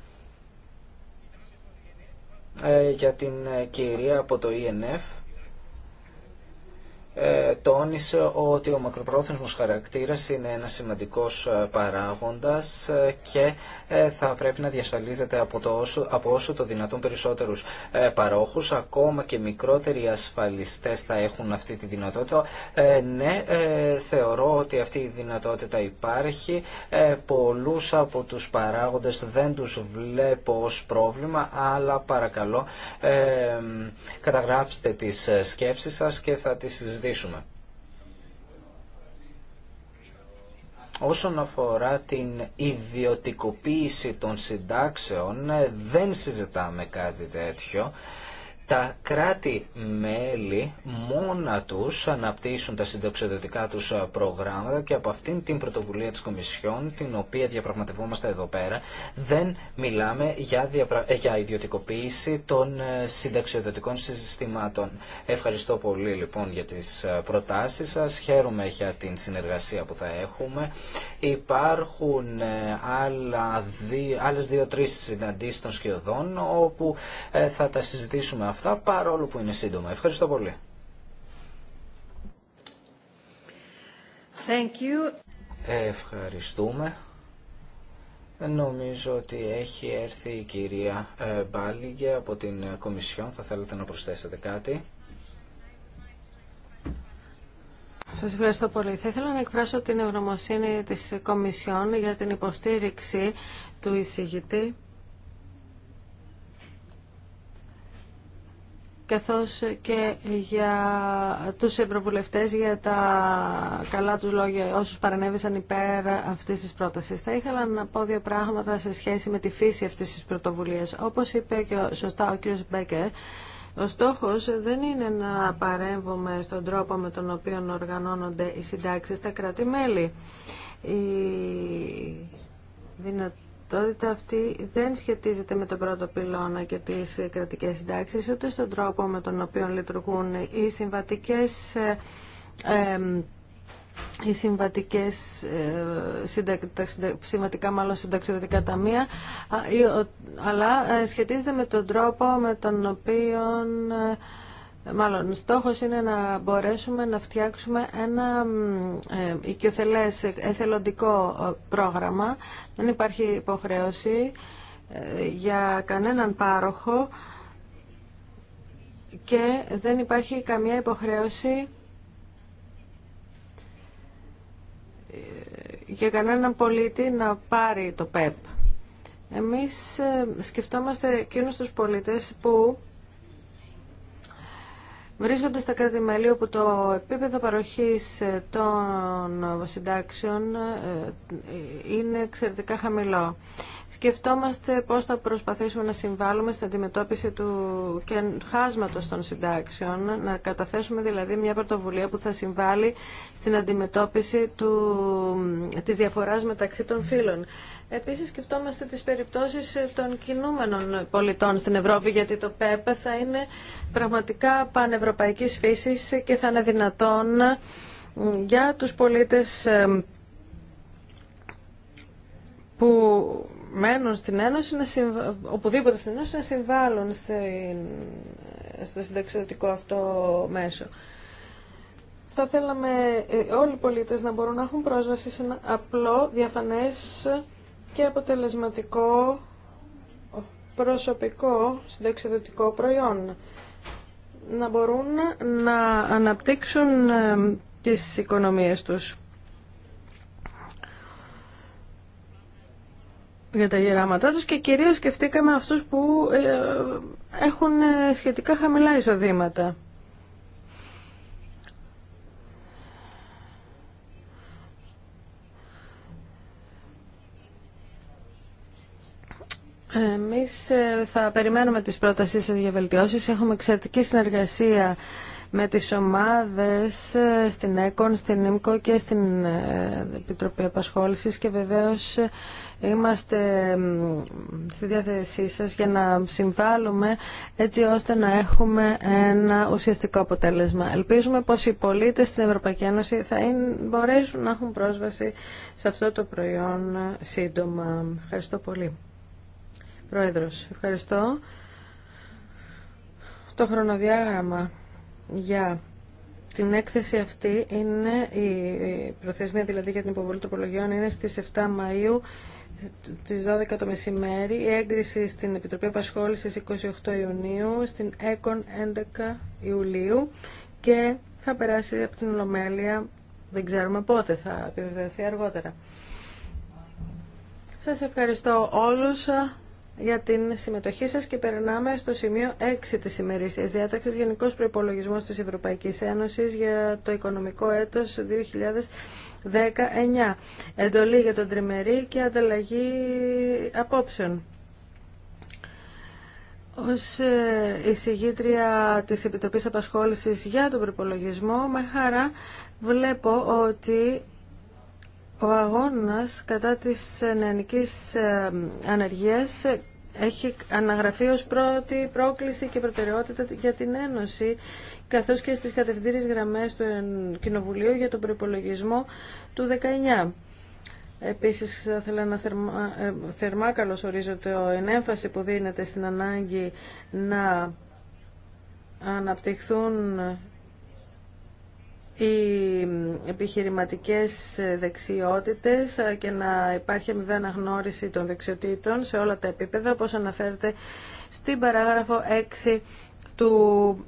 Ε, για την ε, κυρία από το ENF ε, τόνισε ότι ο μακροπρόθεσμος χαρακτήρας είναι ένα σημαντικός ε, παράγοντας ε, και θα πρέπει να διασφαλίζεται από, το όσο, όσο το δυνατόν περισσότερους παρόχους. Ακόμα και μικρότεροι ασφαλιστές θα έχουν αυτή τη δυνατότητα. Ναι, θεωρώ ότι αυτή η δυνατότητα υπάρχει. Πολλούς από τους παράγοντες δεν τους βλέπω ως πρόβλημα, αλλά παρακαλώ καταγράψτε τις σκέψεις σας και θα τις συζητήσουμε συζητήσουμε. Όσον αφορά την ιδιωτικοποίηση των συντάξεων, δεν συζητάμε κάτι τέτοιο τα κράτη-μέλη μόνα τους αναπτύσσουν τα συνταξιδοτικά τους προγράμματα και από αυτήν την πρωτοβουλία της Κομισιόν, την οποία διαπραγματευόμαστε εδώ πέρα, δεν μιλάμε για, ε, για ιδιωτικοποίηση των ε, συνταξιοδοτικών συστημάτων. Ευχαριστώ πολύ λοιπόν για τις ε, προτάσεις σας, χαίρομαι για την συνεργασία που θα έχουμε. Υπάρχουν δύ... άλλες δύο-τρεις συναντήσεις των σχεδόν, όπου θα τα συζητήσουμε αυτά αυτά παρόλο που είναι σύντομα. Ευχαριστώ πολύ. Thank you. Ευχαριστούμε. Νομίζω ότι έχει έρθει η κυρία ε, Μπάλιγκε από την Κομισιόν. Θα θέλετε να προσθέσετε κάτι. Σα ευχαριστώ πολύ. Θα ήθελα να εκφράσω την ευγνωμοσύνη της Κομισιόν για την υποστήριξη του εισηγητή καθώς και για τους ευρωβουλευτές για τα καλά τους λόγια όσους παρενέβησαν υπέρ αυτής της πρότασης. Θα ήθελα να πω δύο πράγματα σε σχέση με τη φύση αυτής της πρωτοβουλίας. Όπως είπε και σωστά ο κ. Μπέκερ, ο στόχος δεν είναι να παρέμβουμε στον τρόπο με τον οποίο οργανώνονται οι συντάξεις στα κράτη-μέλη αυτή δεν σχετίζεται με τον πρώτο πυλώνα και τις κρατικές συντάξεις, ούτε στον τρόπο με τον οποίο λειτουργούν οι συμβατικές ε, οι συμβατικές, ε, συμβατικά μάλλον συνταξιδοτικά ταμεία, αλλά ε, σχετίζεται με τον τρόπο με τον οποίο ε, Μάλλον, στόχος είναι να μπορέσουμε να φτιάξουμε ένα ε, εθελοντικό ε, πρόγραμμα. Δεν υπάρχει υποχρέωση ε, για κανέναν πάροχο και δεν υπάρχει καμία υποχρέωση ε, για κανέναν πολίτη να πάρει το ΠΕΠ. Εμείς σκεφτόμαστε εκείνους τους πολίτες που βρίσκονται στα κράτη-μέλη όπου το επίπεδο παροχής ε, των συντάξεων ε, είναι εξαιρετικά χαμηλό. Σκεφτόμαστε πώς θα προσπαθήσουμε να συμβάλλουμε στην αντιμετώπιση του και χάσματος των συντάξεων, να καταθέσουμε δηλαδή μια πρωτοβουλία που θα συμβάλλει στην αντιμετώπιση του, της διαφοράς μεταξύ των φύλων. Επίσης σκεφτόμαστε τις περιπτώσεις ε, των κινούμενων πολιτών στην Ευρώπη γιατί το ΠΕΠ θα είναι πραγματικά πανευρωπαϊκής φύσης και θα είναι δυνατόν ε, για τους πολίτες ε, που μένουν στην Ένωση, να οπουδήποτε στην Ένωση, να συμβάλλουν στο συνταξιδοτικό αυτό μέσο. Θα θέλαμε όλοι οι πολίτες να μπορούν να έχουν πρόσβαση σε ένα απλό, διαφανές και αποτελεσματικό προσωπικό συνταξιδοτικό προϊόν. Να μπορούν να αναπτύξουν τις οικονομίες τους. για τα γεράματά τους και κυρίως σκεφτήκαμε αυτούς που ε, έχουν ε, σχετικά χαμηλά εισοδήματα. Εμεί ε, θα περιμένουμε τις πρότασεις σα για βελτιώσει. Έχουμε εξαιρετική συνεργασία με τις ομάδες ε, στην ΕΚΟΝ, στην ΕΜΚΟ και στην ε, Επιτροπή Απασχόλησης και βεβαίως είμαστε στη διάθεσή σας για να συμβάλλουμε έτσι ώστε να έχουμε ένα ουσιαστικό αποτέλεσμα. Ελπίζουμε πως οι πολίτες στην Ευρωπαϊκή Ένωση θα μπορέσουν να έχουν πρόσβαση σε αυτό το προϊόν σύντομα. Ευχαριστώ πολύ. Πρόεδρος, ευχαριστώ. Το χρονοδιάγραμμα για την έκθεση αυτή είναι η προθεσμία δηλαδή για την υποβολή τροπολογιών είναι στις 7 Μαΐου τις 12 το μεσημέρι, η έγκριση στην Επιτροπή Απασχόλησης 28 Ιουνίου, στην ΕΚΟΝ 11 Ιουλίου και θα περάσει από την Ολομέλεια, δεν ξέρουμε πότε, θα επιβεβαιωθεί αργότερα. Σας ευχαριστώ όλους για την συμμετοχή σας και περνάμε στο σημείο 6 της ημερήσιας διάταξης Γενικός Προϋπολογισμός της Ευρωπαϊκής Ένωσης για το οικονομικό έτος 2019. Εντολή για τον τριμερή και ανταλλαγή απόψεων. Ως ε, εισηγήτρια της Επιτροπής Απασχόλησης για τον Προϋπολογισμό με χαρά βλέπω ότι ο αγώνας κατά της νεανικής ε, ανεργίας έχει αναγραφεί ως πρώτη πρόκληση και προτεραιότητα για την Ένωση, καθώς και στις κατευθύνσεις γραμμές του Κοινοβουλίου για τον προπολογισμό του 19. Επίσης θα ήθελα να ε, θερμά, θερμά το ενέμφαση που δίνεται στην ανάγκη να αναπτυχθούν οι επιχειρηματικές δεξιότητες και να υπάρχει μηδένα αναγνώριση των δεξιοτήτων σε όλα τα επίπεδα, όπως αναφέρεται στην παράγραφο 6 του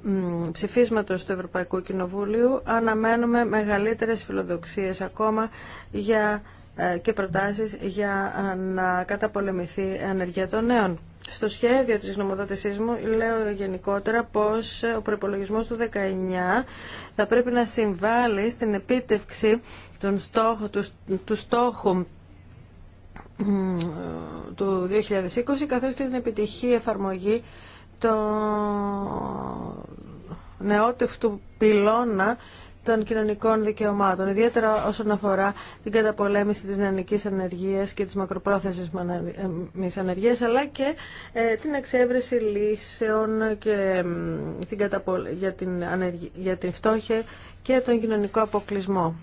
ψηφίσματος του Ευρωπαϊκού Κοινοβούλιου. Αναμένουμε μεγαλύτερες φιλοδοξίες ακόμα για, ε, και προτάσεις για να καταπολεμηθεί η ανεργία των νέων στο σχέδιο της γνωμοδότησής μου λέω γενικότερα πως ο προπολογισμό του 19 θα πρέπει να συμβάλλει στην επίτευξη των του, του στόχου του 2020 καθώς και την επιτυχή εφαρμογή των νεότευτου πυλώνα των κοινωνικών δικαιωμάτων, ιδιαίτερα όσον αφορά την καταπολέμηση της νεανικής ανεργίας και της μης ανεργίας, αλλά και ε, την εξέβρεση λύσεων και την για, την για την φτώχεια και τον κοινωνικό αποκλεισμό.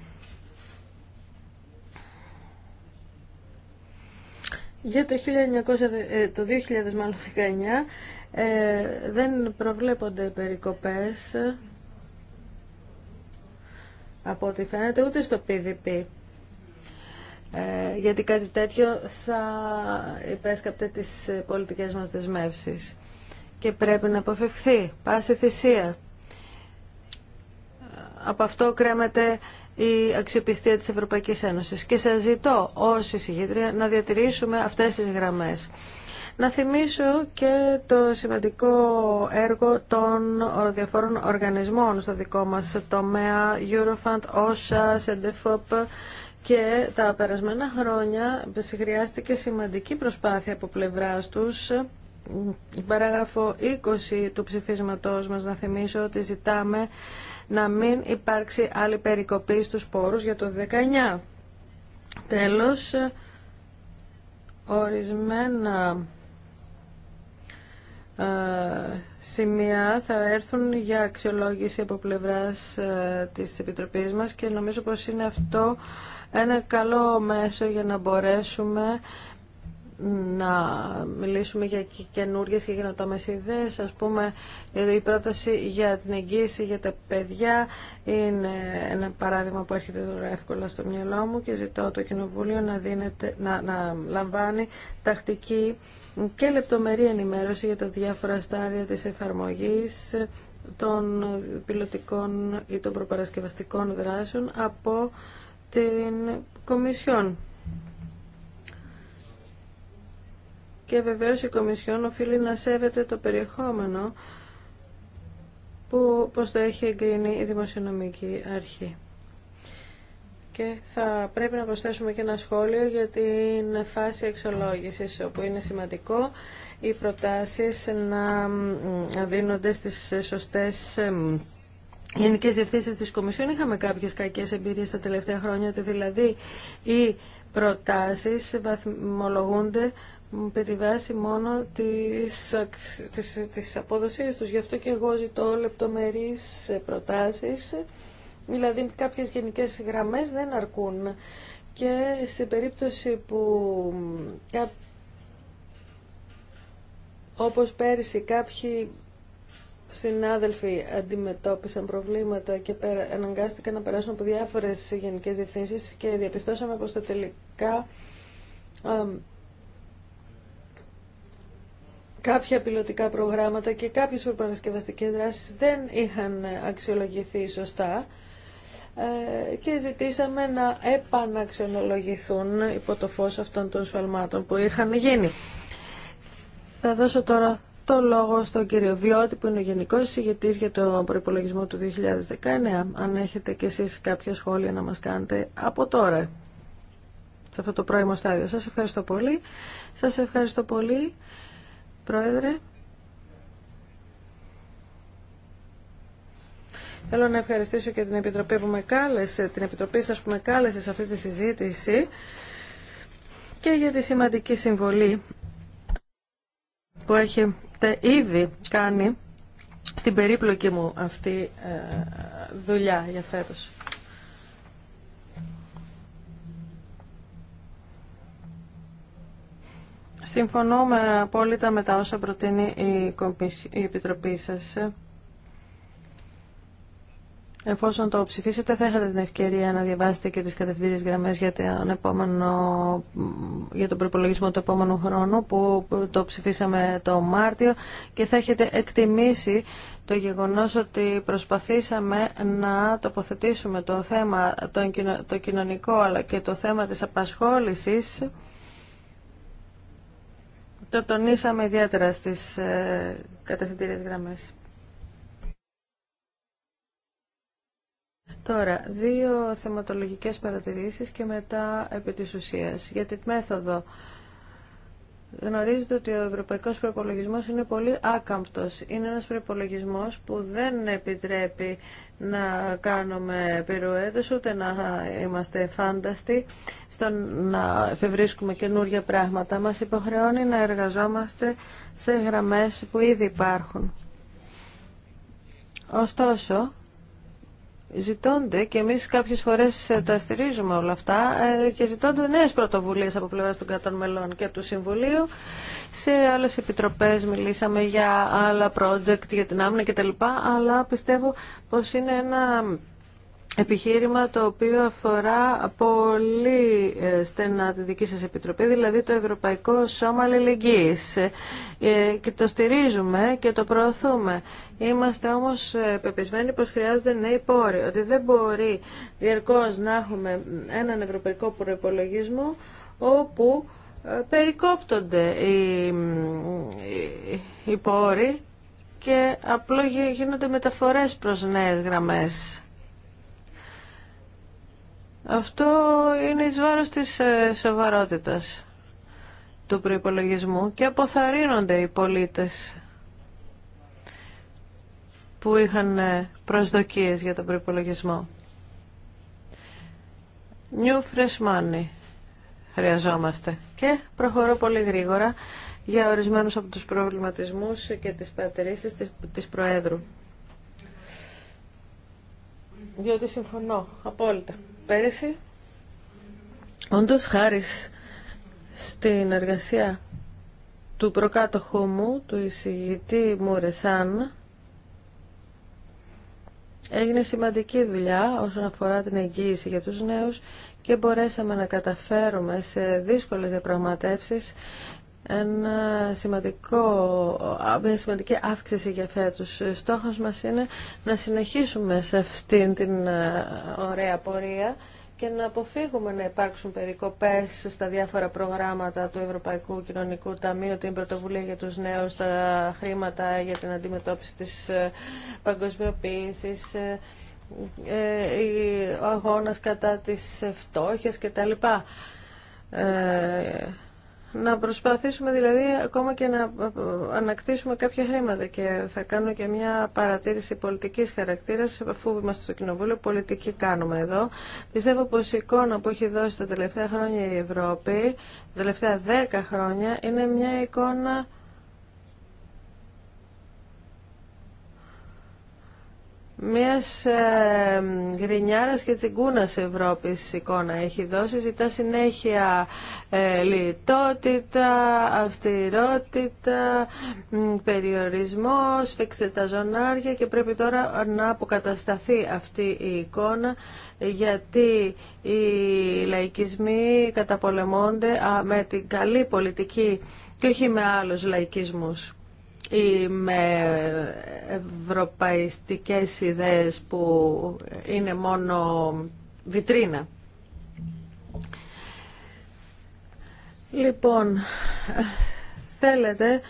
Για το, 1900, ε, το 2019 ε, δεν προβλέπονται περικοπές από ό,τι φαίνεται ούτε στο PDP. Ε, γιατί κάτι τέτοιο θα υπέσκαπτε τις πολιτικές μας δεσμεύσεις και πρέπει να αποφευχθεί πάση θυσία. Από αυτό κρέμεται η αξιοπιστία της Ευρωπαϊκής Ένωσης και σας ζητώ ως εισηγήτρια να διατηρήσουμε αυτές τις γραμμές. Να θυμίσω και το σημαντικό έργο των διαφόρων οργανισμών στο δικό μας τομέα, Eurofund, OSHA, SEDEFOP, και τα περασμένα χρόνια χρειάστηκε σημαντική προσπάθεια από πλευράς τους παράγραφο 20 του ψηφίσματός μας να θυμίσω ότι ζητάμε να μην υπάρξει άλλη περικοπή στους πόρους για το 19. Τέλος, ορισμένα ε, σημεία θα έρθουν για αξιολόγηση από πλευράς ε, της Επιτροπής μας και νομίζω πως είναι αυτό ένα καλό μέσο για να μπορέσουμε να μιλήσουμε για καινούριε και γενοτόμε ιδέε. Α πούμε, η πρόταση για την εγγύηση για τα παιδιά είναι ένα παράδειγμα που έρχεται τώρα εύκολα στο μυαλό μου και ζητώ το Κοινοβούλιο να, δίνεται, να, να λαμβάνει τακτική και λεπτομερή ενημέρωση για τα διάφορα στάδια της εφαρμογής των πιλωτικών ή των προπαρασκευαστικών δράσεων από την Κομισιόν. Και βεβαίως η Κομισιόν οφείλει να σέβεται το περιεχόμενο που πως το έχει εγκρίνει η Δημοσιονομική Αρχή. Και θα πρέπει να προσθέσουμε και ένα σχόλιο για την φάση εξολόγησης, όπου είναι σημαντικό οι προτάσεις να δίνονται στις σωστές Γενικέ διευθύνσει τη Κομισιόν είχαμε κάποιε κακέ εμπειρίε τα τελευταία χρόνια, ότι δηλαδή οι προτάσει βαθμολογούνται με τη βάση μόνο της, της, του τους. Γι' αυτό και εγώ ζητώ λεπτομερεί προτάσει. Δηλαδή κάποιες γενικές γραμμές δεν αρκούν και σε περίπτωση που όπως πέρυσι κάποιοι συνάδελφοι αντιμετώπισαν προβλήματα και αναγκάστηκαν να περάσουν από διάφορες γενικές διευθύνσεις και διαπιστώσαμε πως τα τελικά κάποια πιλωτικά προγράμματα και κάποιες προπαρασκευαστικές δράσεις δεν είχαν αξιολογηθεί σωστά ε, και ζητήσαμε να επαναξιολογηθούν υπό το φως αυτών των σφαλμάτων που είχαν γίνει. Θα δώσω τώρα το λόγο στον κύριο Βιώτη που είναι ο Γενικός Συγητής για το προπολογισμό του 2019. Αν έχετε κι εσείς κάποια σχόλια να μας κάνετε από τώρα σε αυτό το πρώιμο στάδιο. Σας ευχαριστώ πολύ. Σας ευχαριστώ πολύ, Πρόεδρε. Θέλω να ευχαριστήσω και την Επιτροπή που με κάλεσε, την Επιτροπή σας που με κάλεσε σε αυτή τη συζήτηση και για τη σημαντική συμβολή που έχετε ήδη κάνει στην περίπλοκη μου αυτή ε, δουλειά για φέτος. Συμφωνώ με απόλυτα με τα όσα προτείνει η Επιτροπή σας. Εφόσον το ψηφίσετε θα έχετε την ευκαιρία να διαβάσετε και τις κατευθύνσεις γραμμές για, τον επόμενο, για προπολογισμό του επόμενου χρόνου που το ψηφίσαμε το Μάρτιο και θα έχετε εκτιμήσει το γεγονός ότι προσπαθήσαμε να τοποθετήσουμε το θέμα το κοινωνικό αλλά και το θέμα της απασχόλησης το τονίσαμε ιδιαίτερα στις ε, κατευθυντήριες γραμμές. Τώρα, δύο θεματολογικές παρατηρήσεις και μετά επί της ουσίας. Για τη μέθοδο γνωρίζετε ότι ο ευρωπαϊκός προϋπολογισμός είναι πολύ άκαμπτος. Είναι ένας προϋπολογισμός που δεν επιτρέπει να κάνουμε περιοέτες, ούτε να είμαστε φάνταστοι στο να εφευρίσκουμε καινούργια πράγματα. Μας υποχρεώνει να εργαζόμαστε σε γραμμές που ήδη υπάρχουν. Ωστόσο, ζητώνται και εμείς κάποιες φορές ε, τα στηρίζουμε όλα αυτά ε, και ζητώνται νέες πρωτοβουλίες από πλευράς των κρατών μελών και του Συμβουλίου. Σε άλλες επιτροπές μιλήσαμε για άλλα project, για την άμυνα κτλ. Αλλά πιστεύω πως είναι ένα επιχείρημα το οποίο αφορά πολύ ε, στενά τη δική σας επιτροπή, δηλαδή το Ευρωπαϊκό Σώμα Αλληλεγγύης. Ε, και το στηρίζουμε και το προωθούμε. Είμαστε όμως ε, πεπισμένοι πως χρειάζονται νέοι πόροι, ότι δεν μπορεί διαρκώς να έχουμε έναν ευρωπαϊκό προπολογισμό όπου περικόπτονται οι, οι πόροι και απλώς γίνονται μεταφορές προς νέες γραμμές. Αυτό είναι εις βάρος της ε, σοβαρότητας του προϋπολογισμού και αποθαρρύνονται οι πολίτες που είχαν ε, προσδοκίες για τον προϋπολογισμό. New fresh money χρειαζόμαστε. Και προχωρώ πολύ γρήγορα για ορισμένους από τους προβληματισμούς και τις παρατηρήσεις της, της Προέδρου. Διότι συμφωνώ απόλυτα πέρυσι, Όντω χάρη στην εργασία του προκάτοχού μου, του εισηγητή μου Ρεσάν, έγινε σημαντική δουλειά όσον αφορά την εγγύηση για τους νέους και μπορέσαμε να καταφέρουμε σε δύσκολες διαπραγματεύσεις ένα σημαντικό, μια σημαντική αύξηση για φέτος. Στόχος μας είναι να συνεχίσουμε σε αυτήν την ε, ωραία πορεία και να αποφύγουμε να υπάρξουν περικοπές στα διάφορα προγράμματα του Ευρωπαϊκού Κοινωνικού Ταμείου, την πρωτοβουλία για τους νέους, τα χρήματα για την αντιμετώπιση της ε, παγκοσμιοποίησης, ε, ο αγώνας κατά της φτώχειας κτλ. Να προσπαθήσουμε δηλαδή ακόμα και να ανακτήσουμε κάποια χρήματα και θα κάνω και μια παρατήρηση πολιτικής χαρακτήρας αφού είμαστε στο Κοινοβούλιο, πολιτική κάνουμε εδώ. Πιστεύω πως η εικόνα που έχει δώσει τα τελευταία χρόνια η Ευρώπη, τα τελευταία δέκα χρόνια, είναι μια εικόνα μιας ε, γρινιάρας και τσιγκούνα Ευρώπης εικόνα έχει δώσει. Ζητά συνέχεια ε, λιτότητα, αυστηρότητα, περιορισμό, σφίξε τα και πρέπει τώρα να αποκατασταθεί αυτή η εικόνα γιατί οι λαϊκισμοί καταπολεμώνται με την καλή πολιτική και όχι με άλλους λαϊκισμούς ή με ευρωπαϊστικές ιδέες που είναι μόνο βιτρίνα. Λοιπόν, θέλετε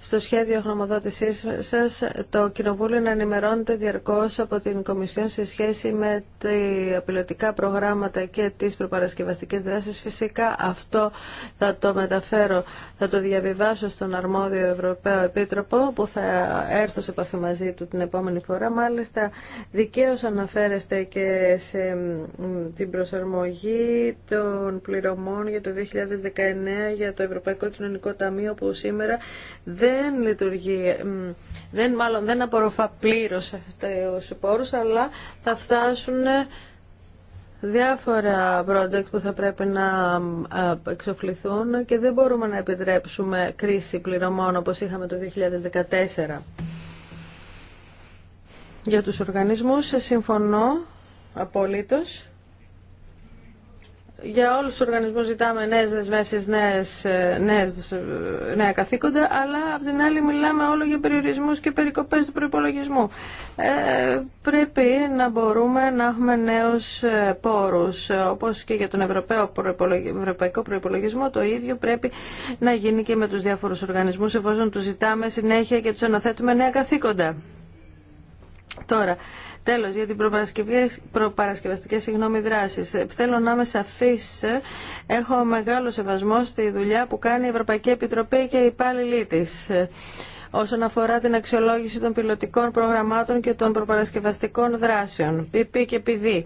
στο σχέδιο γνωμοδότησής σας το Κοινοβούλιο να ενημερώνεται διαρκώς από την Κομισιόν σε σχέση με τα πιλωτικά προγράμματα και τις προπαρασκευαστικές δράσεις. Φυσικά αυτό θα το μεταφέρω, θα το διαβιβάσω στον αρμόδιο Ευρωπαίο Επίτροπο που θα έρθω σε επαφή μαζί του την επόμενη φορά. Μάλιστα δικαίως αναφέρεστε και σε την προσαρμογή των πληρωμών για το 2019 για το Ευρωπαϊκό Κοινωνικό Ταμείο που σήμερα δεν λειτουργεί, δεν, μάλλον δεν απορροφά πλήρως του πόρου, αλλά θα φτάσουν διάφορα project που θα πρέπει να εξοφληθούν και δεν μπορούμε να επιτρέψουμε κρίση πληρωμών όπως είχαμε το 2014. Για τους οργανισμούς συμφωνώ απολύτως για όλους τους οργανισμούς ζητάμε νέες δεσμεύσεις, νέες, ε, νέες, ε, νέα καθήκοντα, αλλά απ' την άλλη μιλάμε όλο για περιορισμούς και περικοπές του προϋπολογισμού. Ε, πρέπει να μπορούμε να έχουμε νέους ε, πόρους, όπως και για τον Ευρωπαϊκό Προϋπολογισμό, το ίδιο πρέπει να γίνει και με τους διάφορους οργανισμούς, εφόσον τους ζητάμε συνέχεια και τους αναθέτουμε νέα καθήκοντα. Τώρα, Τέλος, για την προπαρασκευαστική συγγνώμη δράσεις. Ε, θέλω να είμαι σαφής. Ε, έχω μεγάλο σεβασμό στη δουλειά που κάνει η Ευρωπαϊκή Επιτροπή και οι υπάλληλοι τη. Ε, όσον αφορά την αξιολόγηση των πιλωτικών προγραμμάτων και των προπαρασκευαστικών δράσεων, PP και PD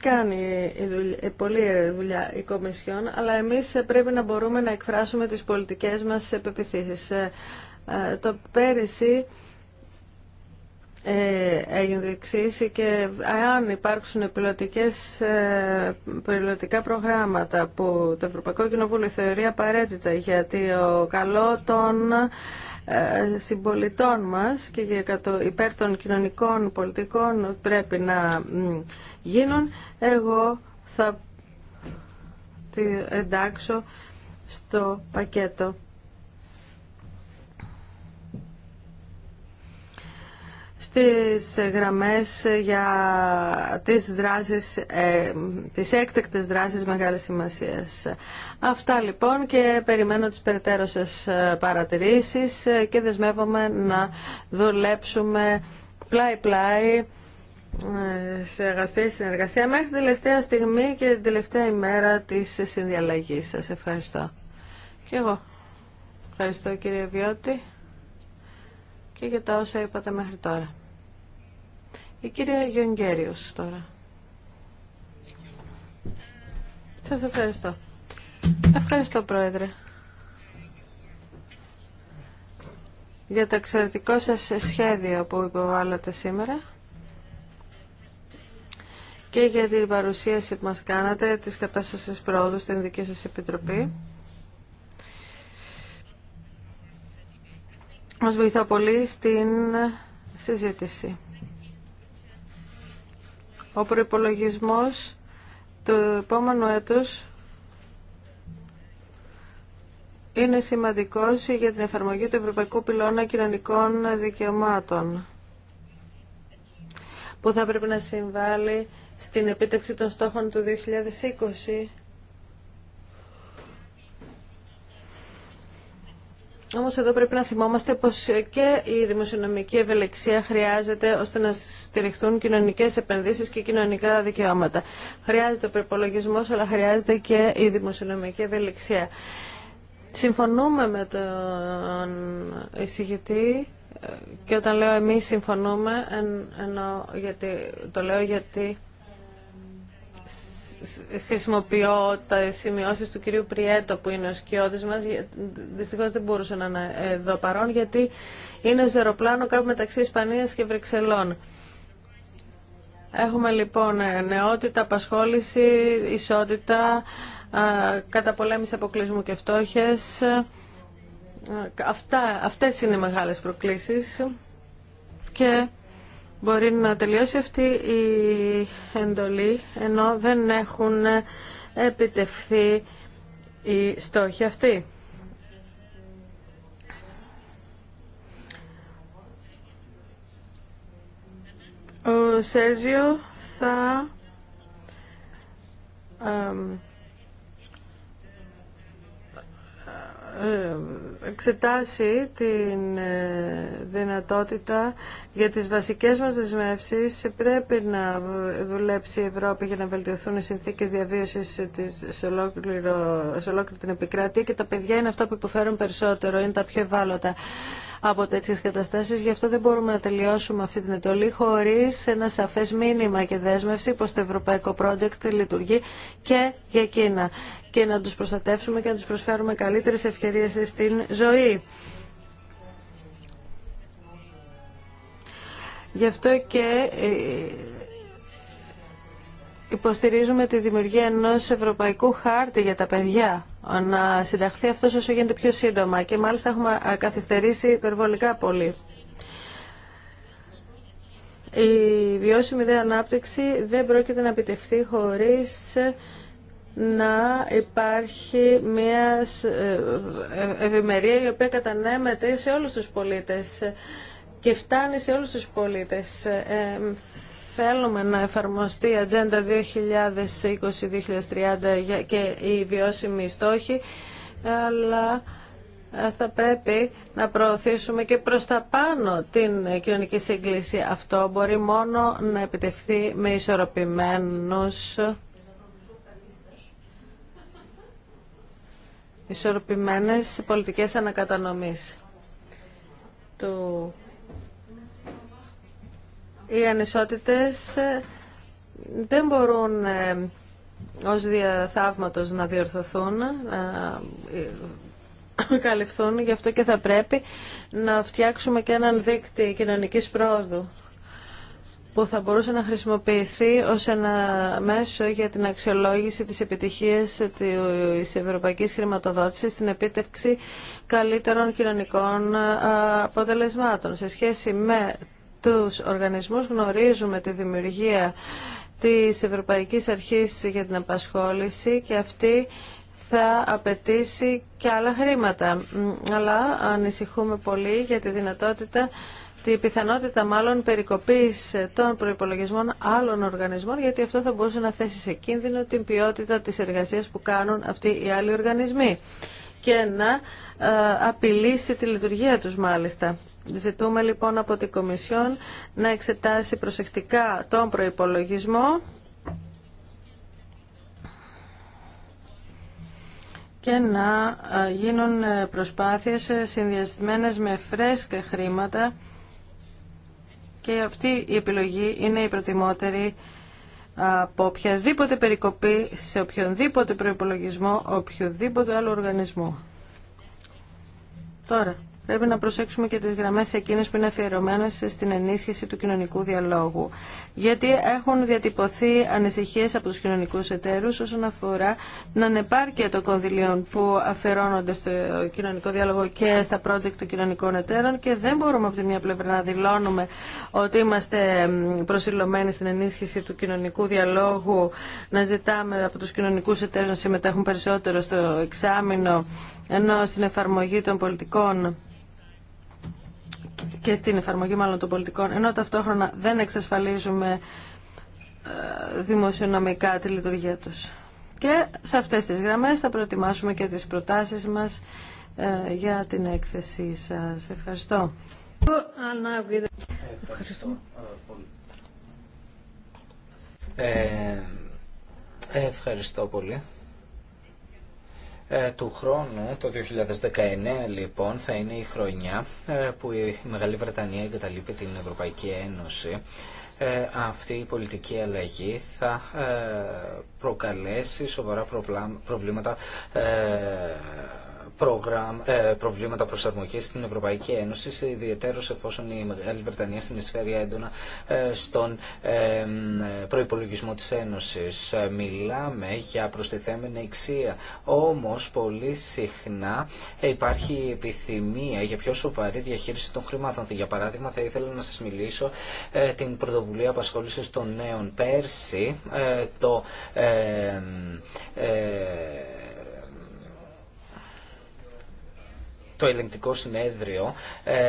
κάνει ε, πολλή δουλειά η Κομισιόν, αλλά εμείς ε, πρέπει να μπορούμε να εκφράσουμε τις πολιτικές μας επεπιθήσεις. Ε, το πέρυσι έγινε και αν υπάρξουν πιλωτικές, πιλωτικά προγράμματα που το Ευρωπαϊκό Κοινοβούλιο θεωρεί απαραίτητα γιατί ο καλό των συμπολιτών μας και υπέρ των κοινωνικών πολιτικών πρέπει να γίνουν, εγώ θα τη εντάξω στο πακέτο. στις γραμμές για τις δράσεις, ε, τις έκτακτες δράσεις μεγάλης σημασίας. Αυτά λοιπόν και περιμένω τις περαιτέρω σας ε, παρατηρήσεις ε, και δεσμεύομαι να δουλέψουμε πλάι-πλάι σε αγαστή συνεργασία μέχρι την τελευταία στιγμή και την τελευταία ημέρα της συνδιαλλαγής. Σας ευχαριστώ. Και εγώ. Ευχαριστώ κύριε Βιώτη και για τα όσα είπατε μέχρι τώρα. Η κυρία Γιονγκέριος τώρα. Σας ευχαριστώ. Ευχαριστώ Πρόεδρε. Για το εξαιρετικό σας σχέδιο που υποβάλλατε σήμερα και για την παρουσίαση που μας κάνατε της κατάστασης πρόοδου στην δική σας Επιτροπή. Μας βοηθά πολύ στην συζήτηση. Ο προϋπολογισμός του επόμενου έτους είναι σημαντικός για την εφαρμογή του Ευρωπαϊκού Πυλώνα Κοινωνικών Δικαιωμάτων που θα πρέπει να συμβάλλει στην επίτευξη των στόχων του 2020. Όμως εδώ πρέπει να θυμόμαστε πως και η δημοσιονομική ευελιξία χρειάζεται ώστε να στηριχθούν κοινωνικές επενδύσεις και κοινωνικά δικαιώματα. Χρειάζεται ο προπολογισμό, αλλά χρειάζεται και η δημοσιονομική ευελιξία. Συμφωνούμε με τον εισηγητή ε, και όταν λέω εμείς συμφωνούμε, εν, το λέω γιατί χρησιμοποιώ τα σημειώσει του κυρίου Πριέτο που είναι ο σκιώδης μας. δυστυχώ δεν μπορούσε να είναι εδώ παρόν γιατί είναι ζεροπλάνο κάπου μεταξύ Ισπανίας και Βρυξελών. Έχουμε λοιπόν νεότητα, απασχόληση, ισότητα, καταπολέμηση αποκλεισμού και φτώχε. Αυτά, αυτές είναι οι μεγάλες προκλήσεις και μπορεί να τελειώσει αυτή η εντολή ενώ δεν έχουν επιτευχθεί οι στόχοι αυτοί. Ο Σέρζιο θα εξετάσει την ε, δυνατότητα για τις βασικές μας δεσμεύσεις πρέπει να δουλέψει η Ευρώπη για να βελτιωθούν οι συνθήκες διαβίωσης της, σε, σε ολόκληρη την επικράτεια και τα παιδιά είναι αυτά που υποφέρουν περισσότερο, είναι τα πιο ευάλωτα από τέτοιε καταστάσεις. Γι' αυτό δεν μπορούμε να τελειώσουμε αυτή την εντολή χωρίς ένα σαφές μήνυμα και δέσμευση πω το ευρωπαϊκό project λειτουργεί και για Κίνα και να τους προστατεύσουμε και να τους προσφέρουμε καλύτερες ευκαιρίες στην ζωή. Γι' αυτό και ε, υποστηρίζουμε τη δημιουργία ενός ευρωπαϊκού χάρτη για τα παιδιά να συνταχθεί αυτός όσο γίνεται πιο σύντομα και μάλιστα έχουμε καθυστερήσει υπερβολικά πολύ. Η βιώσιμη δε ανάπτυξη δεν πρόκειται να επιτευχθεί χωρίς να υπάρχει μια ε, ε, ευημερία η οποία κατανέμεται σε όλους τους πολίτες και φτάνει σε όλους τους πολίτες. Ε, θέλουμε να εφαρμοστεί η Ατζέντα 2020-2030 και οι βιώσιμοι στόχοι, αλλά ε, θα πρέπει να προωθήσουμε και προς τα πάνω την κοινωνική σύγκληση. Αυτό μπορεί μόνο να επιτευχθεί με ισορροπημένους ισορροπημένες πολιτικές ανακατανομής του οι ανισότητες ε, δεν μπορούν ε, ως διαθαύματος να διορθωθούν, να ε, καλυφθούν. Γι' αυτό και θα πρέπει να φτιάξουμε και έναν δίκτυο κοινωνικής πρόοδου που θα μπορούσε να χρησιμοποιηθεί ως ένα μέσο για την αξιολόγηση της επιτυχίας της ευρωπαϊκής χρηματοδότησης στην επίτευξη καλύτερων κοινωνικών αποτελεσμάτων σε σχέση με τους οργανισμούς γνωρίζουμε τη δημιουργία της Ευρωπαϊκής Αρχής για την Απασχόληση και αυτή θα απαιτήσει και άλλα χρήματα. Αλλά ανησυχούμε πολύ για τη δυνατότητα τη πιθανότητα μάλλον περικοπής των προϋπολογισμών άλλων οργανισμών, γιατί αυτό θα μπορούσε να θέσει σε κίνδυνο την ποιότητα της εργασίας που κάνουν αυτοί οι άλλοι οργανισμοί και να ε, απειλήσει τη λειτουργία τους μάλιστα. Ζητούμε λοιπόν από την Κομισιόν να εξετάσει προσεκτικά τον προϋπολογισμό και να ε, γίνουν ε, προσπάθειες ε, συνδυασμένες με φρέσκα χρήματα και αυτή η επιλογή είναι η προτιμότερη από οποιαδήποτε περικοπή σε οποιονδήποτε προϋπολογισμό οποιοδήποτε άλλο οργανισμό. Τώρα, Πρέπει να προσέξουμε και τις γραμμές εκείνες που είναι αφιερωμένες στην ενίσχυση του κοινωνικού διαλόγου. Γιατί έχουν διατυπωθεί ανησυχίες από τους κοινωνικούς εταίρους όσον αφορά την ανεπάρκεια των κονδυλίων που αφιερώνονται στο κοινωνικό διάλογο και στα project των κοινωνικών εταίρων και δεν μπορούμε από τη μια πλευρά να δηλώνουμε ότι είμαστε προσιλωμένοι στην ενίσχυση του κοινωνικού διαλόγου, να ζητάμε από τους κοινωνικούς εταίρους να συμμετέχουν περισσότερο στο εξάμεινο ενώ στην εφαρμογή των πολιτικών και στην εφαρμογή μάλλον των πολιτικών, ενώ ταυτόχρονα δεν εξασφαλίζουμε ε, δημοσιονομικά τη λειτουργία τους. Και σε αυτές τις γραμμές θα προετοιμάσουμε και τις προτάσεις μας ε, για την έκθεσή σας. Ευχαριστώ. ευχαριστώ ε, πολύ. Ε, του χρόνου, το 2019 λοιπόν, θα είναι η χρονιά ε, που η Μεγάλη Βρετανία εγκαταλείπει την Ευρωπαϊκή Ένωση. Ε, αυτή η πολιτική αλλαγή θα προκαλέσει σοβαρά προβλήματα ε, προβλήματα προσαρμογής στην Ευρωπαϊκή Ένωση, ιδιαίτερω εφόσον η Μεγάλη Βρετανία συνεισφέρει έντονα ε, στον προϋπολογισμό της Ένωση. Ε, μιλάμε για προστιθέμενη αξία. Όμω, πολύ συχνά υπάρχει επιθυμία για πιο σοβαρή διαχείριση των χρημάτων. Για παράδειγμα θα ήθελα να σας μιλήσω την πρωτοβουλία απασχόληση των νέων πέρσι, το ε, το ελεγκτικό συνέδριο ε,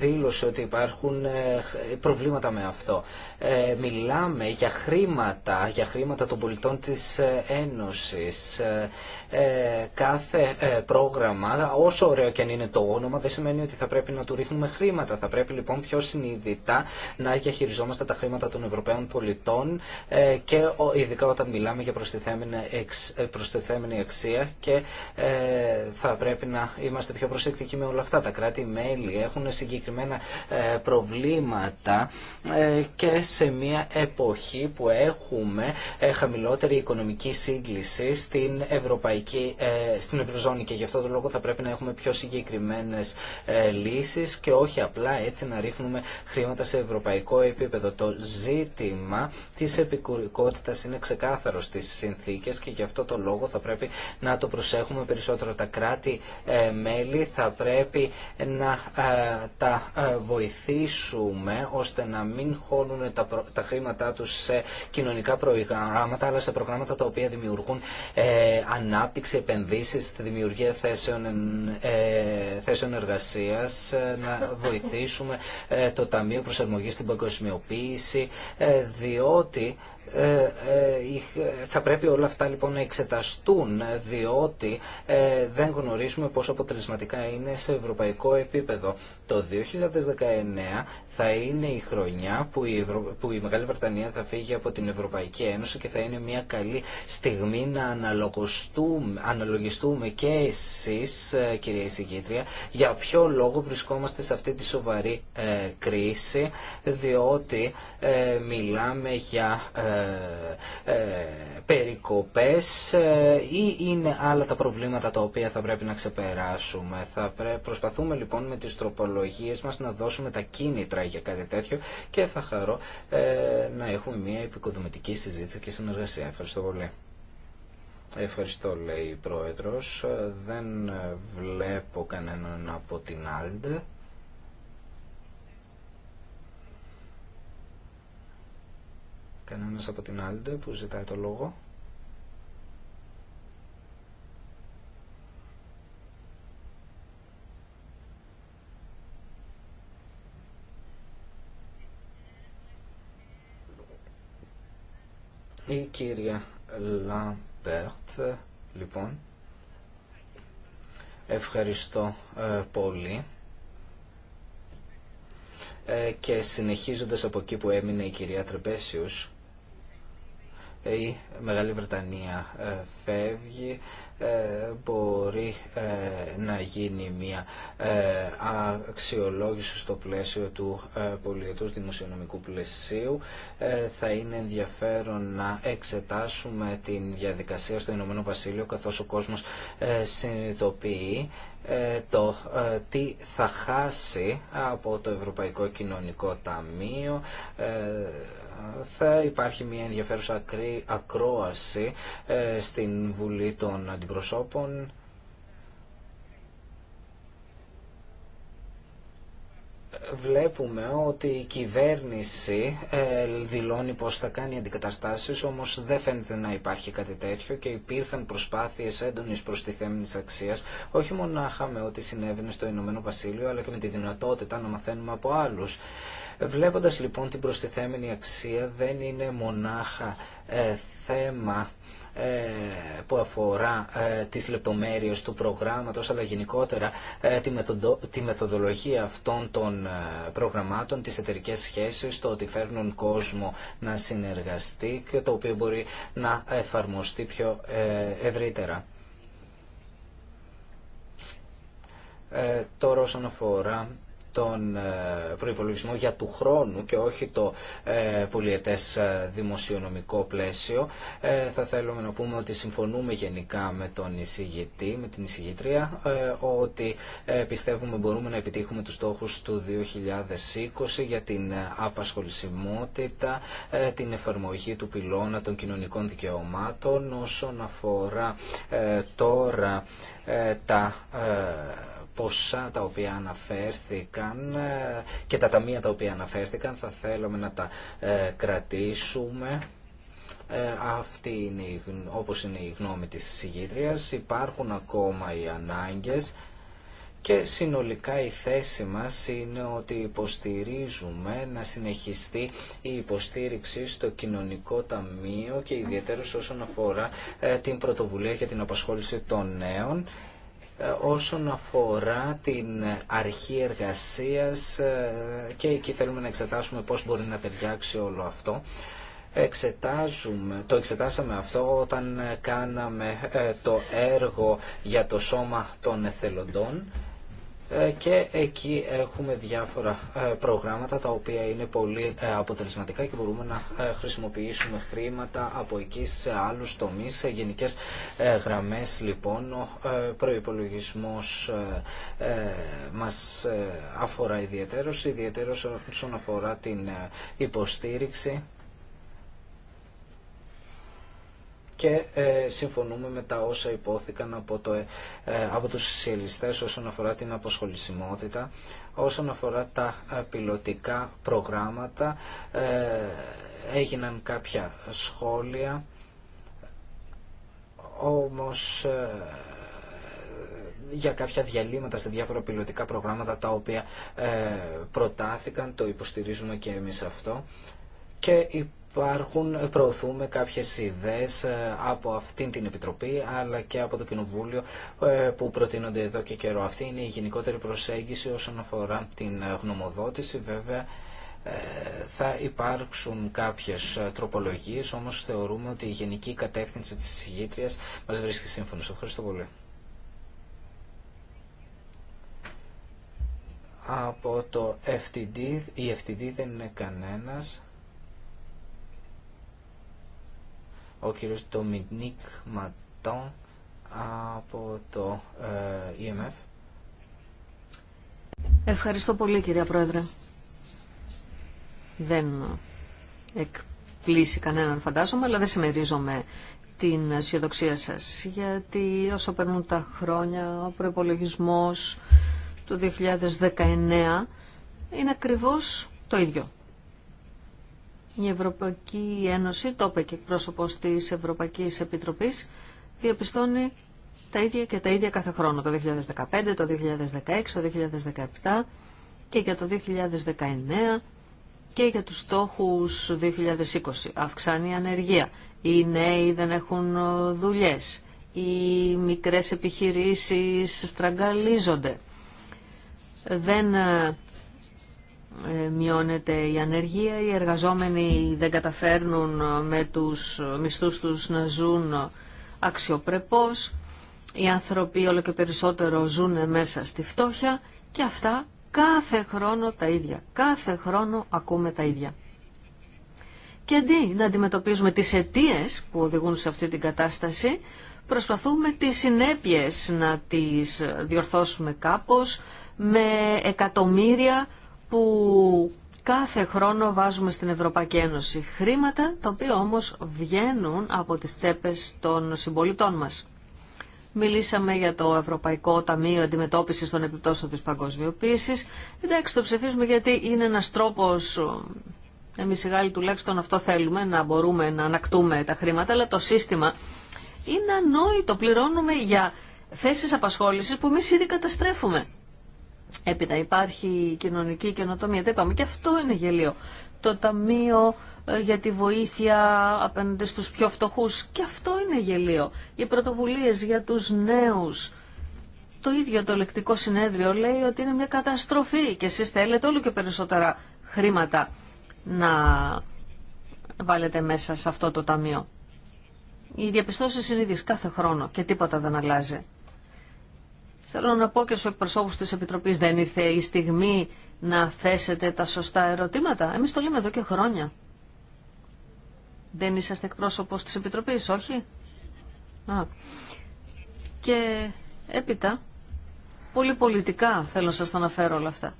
δήλωσε ότι υπάρχουν ε, προβλήματα με αυτό. Ε, μιλάμε για χρήματα, για χρήματα των πολιτών της ε, Ένωσης. Ε, κάθε πρόγραμμα, όσο ωραίο και αν είναι το όνομα, δεν σημαίνει ότι θα πρέπει να του ρίχνουμε χρήματα. Θα πρέπει λοιπόν πιο συνειδητά να διαχειριζόμαστε τα χρήματα των Ευρωπαίων πολιτών και ειδικά όταν μιλάμε για προστιθέμενη αξία και θα πρέπει να είμαστε πιο προσεκτικοί με όλα αυτά. Τα κράτη-μέλη έχουν συγκεκριμένα προβλήματα και σε μια εποχή που έχουμε ε, χαμηλότερη οικονομική σύγκληση στην Ευρωπαϊκή, ε, στην Ευρωζώνη και γι' αυτό το λόγο θα πρέπει να έχουμε πιο συγκεκριμένες ε, λύσεις και όχι απλά έτσι να ρίχνουμε χρήματα σε ευρωπαϊκό επίπεδο. Το ζήτημα της επικουρικότητας είναι ξεκάθαρο στις συνθήκες και γι' αυτό το λόγο θα πρέπει να το προσέχουμε περισσότερο. Τα κράτη-μέλη θα πρέπει να τα βοηθήσουμε ώστε να μην χώνουν τα, χρήματά τους σε κοινωνικά προγράμματα, αλλά σε προγράμματα τα οποία δημιουργούν ε, ανάπτυξη, επενδύσεις, τη δημιουργία θέσεων, ε, εργασίας, ε, να βοηθήσουμε το Ταμείο Προσαρμογής στην Παγκοσμιοποίηση, διότι ε, ε, θα πρέπει όλα αυτά λοιπόν να εξεταστούν διότι ε, δεν γνωρίζουμε πόσο αποτελεσματικά είναι σε ευρωπαϊκό επίπεδο. Το 2019 θα είναι η χρονιά που η, Μεγάλη Βρετανία θα φύγει από την Ευρωπαϊκή Ένωση και θα είναι μια καλή στιγμή να αναλογιστούμε και εσείς κυρία εισηγήτρια για ποιο λόγο βρισκόμαστε σε αυτή τη σοβαρή κρίση διότι μιλάμε για ε, ε, περικοπές ε, ή είναι άλλα τα προβλήματα τα οποία θα πρέπει να ξεπεράσουμε. Θα Προσπαθούμε λοιπόν με τις τροπολογίες μας να δώσουμε τα κίνητρα για κάτι τέτοιο και θα χαρώ να έχουμε μια επικοδομητική συζήτηση και συνεργασία. Ευχαριστώ πολύ. Ευχαριστώ λέει η Πρόεδρος. Δεν βλέπω κανέναν από την Άλντε. κανένας από την Άλντε που ζητάει το λόγο. Η κυρία Λαμπέρτ, λοιπόν, ευχαριστώ ε, πολύ ε, και συνεχίζοντας από εκεί που έμεινε η κυρία Τρεπέσιους η Μεγάλη Βρετανία ε, φεύγει ε, μπορεί ε, να γίνει μια αξιολόγηση στο πλαίσιο του πολιετούς δημοσιονομικού πλαισίου. Θα είναι ενδιαφέρον να εξετάσουμε την διαδικασία στο Ηνωμένο Βασίλειο καθώς ο κόσμος συνειδητοποιεί το τι θα χάσει από το Ευρωπαϊκό Κοινωνικό Ταμείο θα υπάρχει μια ενδιαφέρουσα ακρόαση ε, στην Βουλή των Αντιπροσώπων. Βλέπουμε ότι η κυβέρνηση ε, δηλώνει πως θα κάνει αντικαταστάσεις, όμως δεν φαίνεται να υπάρχει κάτι τέτοιο και υπήρχαν προσπάθειες έντονης προστιθέμενης αξίας, όχι μονάχα με ό,τι συνέβαινε στο Ηνωμένο Βασίλειο, αλλά και με τη δυνατότητα να μαθαίνουμε από άλλους. Βλέποντας λοιπόν την προστιθέμενη αξία δεν είναι μονάχα ε, θέμα ε, που αφορά ε, τις λεπτομέρειες του προγράμματος αλλά γενικότερα τη μεθοδολογία αυτών των προγραμμάτων, τις εταιρικέ σχέσεις, το ότι φέρνουν κόσμο να συνεργαστεί και το οποίο μπορεί να εφαρμοστεί πιο ευρύτερα. Τώρα όσον αφορά τον ε, προϋπολογισμό για του χρόνου και όχι το ε, πολιετές ε, δημοσιονομικό πλαίσιο. Θα θέλουμε να πούμε ότι συμφωνούμε γενικά με τον εισηγητή, με την εισηγητρία, ότι πιστεύουμε μπορούμε να επιτύχουμε τους στόχους του 2020 για την απασχολησιμότητα, την εφαρμογή του πυλώνα των κοινωνικών δικαιωμάτων όσον αφορά τώρα τα ποσά τα οποία αναφέρθηκαν ε, και τα ταμεία τα οποία αναφέρθηκαν θα θέλουμε να τα ε, κρατήσουμε. Ε, αυτή είναι, όπως είναι η γνώμη της συγγήτριας. Υπάρχουν ακόμα οι ανάγκες και συνολικά η θέση μας είναι ότι υποστηρίζουμε να συνεχιστεί η υποστήριξη στο κοινωνικό ταμείο και ιδιαίτερως όσον αφορά την πρωτοβουλία για την απασχόληση των νέων ε, όσον αφορά την αρχή εργασίας ε, και εκεί θέλουμε να εξετάσουμε πώς μπορεί να ταιριάξει όλο αυτό. Εξετάζουμε, το εξετάσαμε αυτό όταν κάναμε ε, το έργο για το σώμα των εθελοντών ε, και εκεί έχουμε διάφορα ε, προγράμματα τα οποία είναι πολύ ε, αποτελεσματικά και μπορούμε να χρησιμοποιήσουμε χρήματα από εκεί σε άλλους τομείς, σε γενικές γραμμές λοιπόν ο προϋπολογισμός μας αφορά ιδιαίτερος, ιδιαίτερος όσον αφορά την υποστήριξη και ε, συμφωνούμε με τα όσα υπόθηκαν από, το, ε, ε, από τους συλλιστές όσον αφορά την αποσχολησιμότητα, όσον αφορά τα πιλωτικά προγράμματα, έγιναν κάποια σχόλια, όμως για κάποια διαλύματα σε διάφορα πιλωτικά προγράμματα τα οποία προτάθηκαν, το υποστηρίζουμε και εμείς αυτό και υπάρχουν, προωθούμε κάποιες ιδέες ε, από αυτήν την Επιτροπή αλλά και από το Κοινοβούλιο ε, που προτείνονται εδώ και καιρό. Αυτή είναι η γενικότερη προσέγγιση όσον αφορά την ε, γνωμοδότηση. Βέβαια θα υπάρξουν κάποιες τροπολογίες, όμως θεωρούμε ότι η γενική κατεύθυνση της συγγήτριας μας βρίσκει σύμφωνος. Ευχαριστώ πολύ. Από το FTD, η FTD δεν είναι κανένας. ο κύριος Ντομινίκ Ματών από το ε, EMF. Ευχαριστώ πολύ κυρία Πρόεδρε. Δεν εκπλήσει κανέναν φαντάζομαι, αλλά δεν συμμερίζομαι την αισιοδοξία σας. Γιατί όσο περνούν τα χρόνια, ο προπολογισμό του 2019 είναι ακριβώς το ίδιο. Η Ευρωπαϊκή Ένωση, το είπε και εκπρόσωπο τη Ευρωπαϊκή Επιτροπή, διαπιστώνει τα ίδια και τα ίδια κάθε χρόνο, το 2015, το 2016, το 2017 και για το 2019 και για τους στόχους 2020. Αυξάνει η ανεργία, οι νέοι δεν έχουν δουλειές, οι μικρές επιχειρήσεις στραγγαλίζονται, δεν ε, ε, μειώνεται η ανεργία, οι εργαζόμενοι δεν καταφέρνουν ε, με τους μισθούς τους να ζουν ε, αξιοπρεπώς, οι άνθρωποι όλο και περισσότερο ζουν μέσα στη φτώχεια και αυτά κάθε χρόνο τα ίδια. Κάθε χρόνο ακούμε τα ίδια. Και αντί να αντιμετωπίζουμε τις αιτίε που οδηγούν σε αυτή την κατάσταση, προσπαθούμε τις συνέπειες να τις διορθώσουμε κάπως με εκατομμύρια που κάθε χρόνο βάζουμε στην Ευρωπαϊκή Ένωση. Χρήματα τα οποία όμως βγαίνουν από τις τσέπες των συμπολιτών μας. Μιλήσαμε για το Ευρωπαϊκό Ταμείο αντιμετώπιση των Επιπτώσεων της παγκοσμιοποίηση, Εντάξει, το ψηφίζουμε γιατί είναι ένα τρόπο, εμεί οι Γάλλοι τουλάχιστον αυτό θέλουμε, να μπορούμε να ανακτούμε τα χρήματα, αλλά το σύστημα είναι ανόητο. Πληρώνουμε για θέσει απασχόληση που εμεί ήδη καταστρέφουμε. Έπειτα υπάρχει κοινωνική καινοτομία. Το είπαμε και αυτό είναι γελίο. Το Ταμείο ε, για τη βοήθεια απέναντι στους πιο φτωχούς. Και αυτό είναι γελίο. Οι πρωτοβουλίες για τους νέους. Το ίδιο το λεκτικό συνέδριο λέει ότι είναι μια καταστροφή και εσείς θέλετε όλο και περισσότερα χρήματα να βάλετε μέσα σε αυτό το ταμείο. Οι διαπιστώσεις είναι ίδιες κάθε χρόνο και τίποτα δεν αλλάζει. Θέλω να πω και στου εκπροσώπου τη Επιτροπή δεν ήρθε η στιγμή να θέσετε τα σωστά ερωτήματα. Εμείς το λέμε εδώ και χρόνια. Δεν είσαστε εκπρόσωπος της Επιτροπής, όχι. Α. Και έπειτα, πολύ πολιτικά θέλω να σας τα αναφέρω όλα αυτά.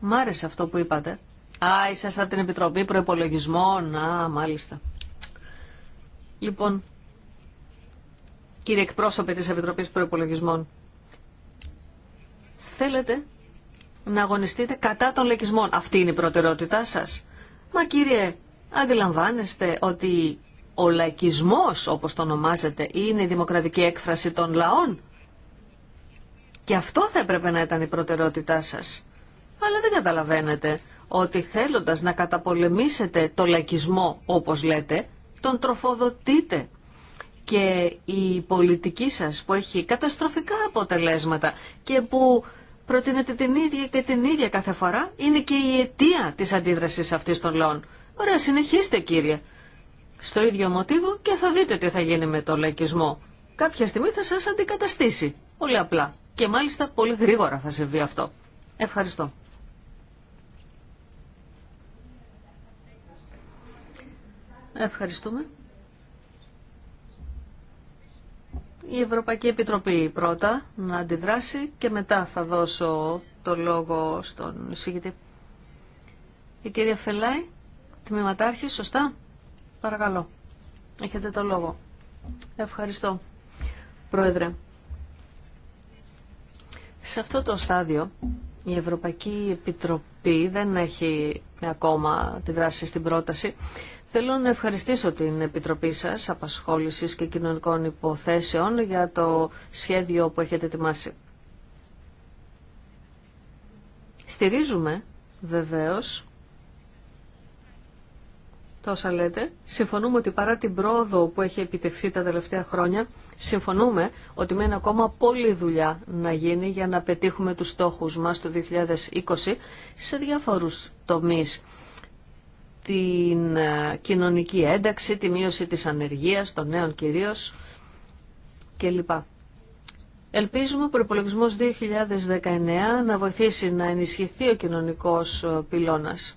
Μ' άρεσε αυτό που είπατε. Α, είσαστε από την Επιτροπή Προϋπολογισμών. Α, μάλιστα. Λοιπόν, κύριε εκπρόσωπε της Επιτροπής Προϋπολογισμών. Θέλετε να αγωνιστείτε κατά των λεκισμών. Αυτή είναι η προτεραιότητά σας. Μα κύριε, αντιλαμβάνεστε ότι ο λαϊκισμός, όπως το ονομάζετε, είναι η δημοκρατική έκφραση των λαών. Και αυτό θα έπρεπε να ήταν η προτεραιότητά σας. Αλλά δεν καταλαβαίνετε ότι θέλοντας να καταπολεμήσετε το λαϊκισμό, όπως λέτε, τον τροφοδοτείτε και η πολιτική σας που έχει καταστροφικά αποτελέσματα και που προτείνετε την ίδια και την ίδια κάθε φορά είναι και η αιτία της αντίδρασης αυτής των λαών. Ωραία, συνεχίστε κύριε. Στο ίδιο μοτίβο και θα δείτε τι θα γίνει με τον λαϊκισμό. Κάποια στιγμή θα σας αντικαταστήσει. Πολύ απλά. Και μάλιστα πολύ γρήγορα θα συμβεί αυτό. Ευχαριστώ. Ευχαριστούμε. η Ευρωπαϊκή Επιτροπή πρώτα να αντιδράσει και μετά θα δώσω το λόγο στον εισηγητή. Η κυρία Φελάη, τμήματάρχη, σωστά. Παρακαλώ. Έχετε το λόγο. Ευχαριστώ, Πρόεδρε. Σε αυτό το στάδιο η Ευρωπαϊκή Επιτροπή δεν έχει ακόμα τη δράση στην πρόταση. Θέλω να ευχαριστήσω την Επιτροπή σας Απασχόλησης και Κοινωνικών Υποθέσεων για το σχέδιο που έχετε ετοιμάσει. Στηρίζουμε βεβαίως τόσα λέτε. Συμφωνούμε ότι παρά την πρόοδο που έχει επιτευχθεί τα τελευταία χρόνια, συμφωνούμε ότι μένει ακόμα πολλή δουλειά να γίνει για να πετύχουμε τους στόχους μας το 2020 σε διάφορους τομείς την ε, κοινωνική ένταξη, τη μείωση της ανεργίας των νέων κυρίως κλπ. Ελπίζουμε ο προπολογισμό 2019 να βοηθήσει να ενισχυθεί ο κοινωνικός ε, πυλώνας.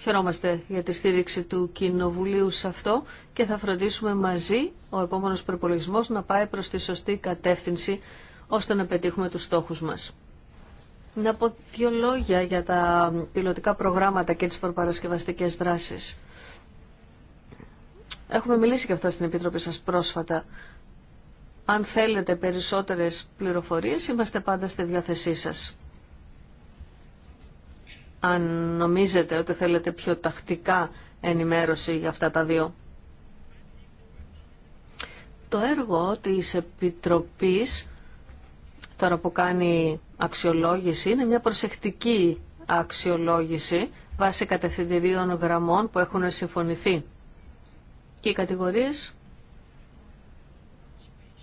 Χαιρόμαστε για τη στήριξη του Κοινοβουλίου σε αυτό και θα φροντίσουμε μαζί ο επόμενος προπολογισμό να πάει προς τη σωστή κατεύθυνση ώστε να πετύχουμε τους στόχους μας. Να πω δύο λόγια για τα πιλωτικά προγράμματα και τις προπαρασκευαστικές δράσεις. Έχουμε μιλήσει και αυτά στην Επιτροπή σας πρόσφατα. Αν θέλετε περισσότερες πληροφορίες, είμαστε πάντα στη διάθεσή σας. Αν νομίζετε ότι θέλετε πιο τακτικά ενημέρωση για αυτά τα δύο. Το έργο της Επιτροπής τώρα που κάνει αξιολόγηση είναι μια προσεκτική αξιολόγηση βάσει κατευθυντηρίων γραμμών που έχουν συμφωνηθεί. Και οι κατηγορίες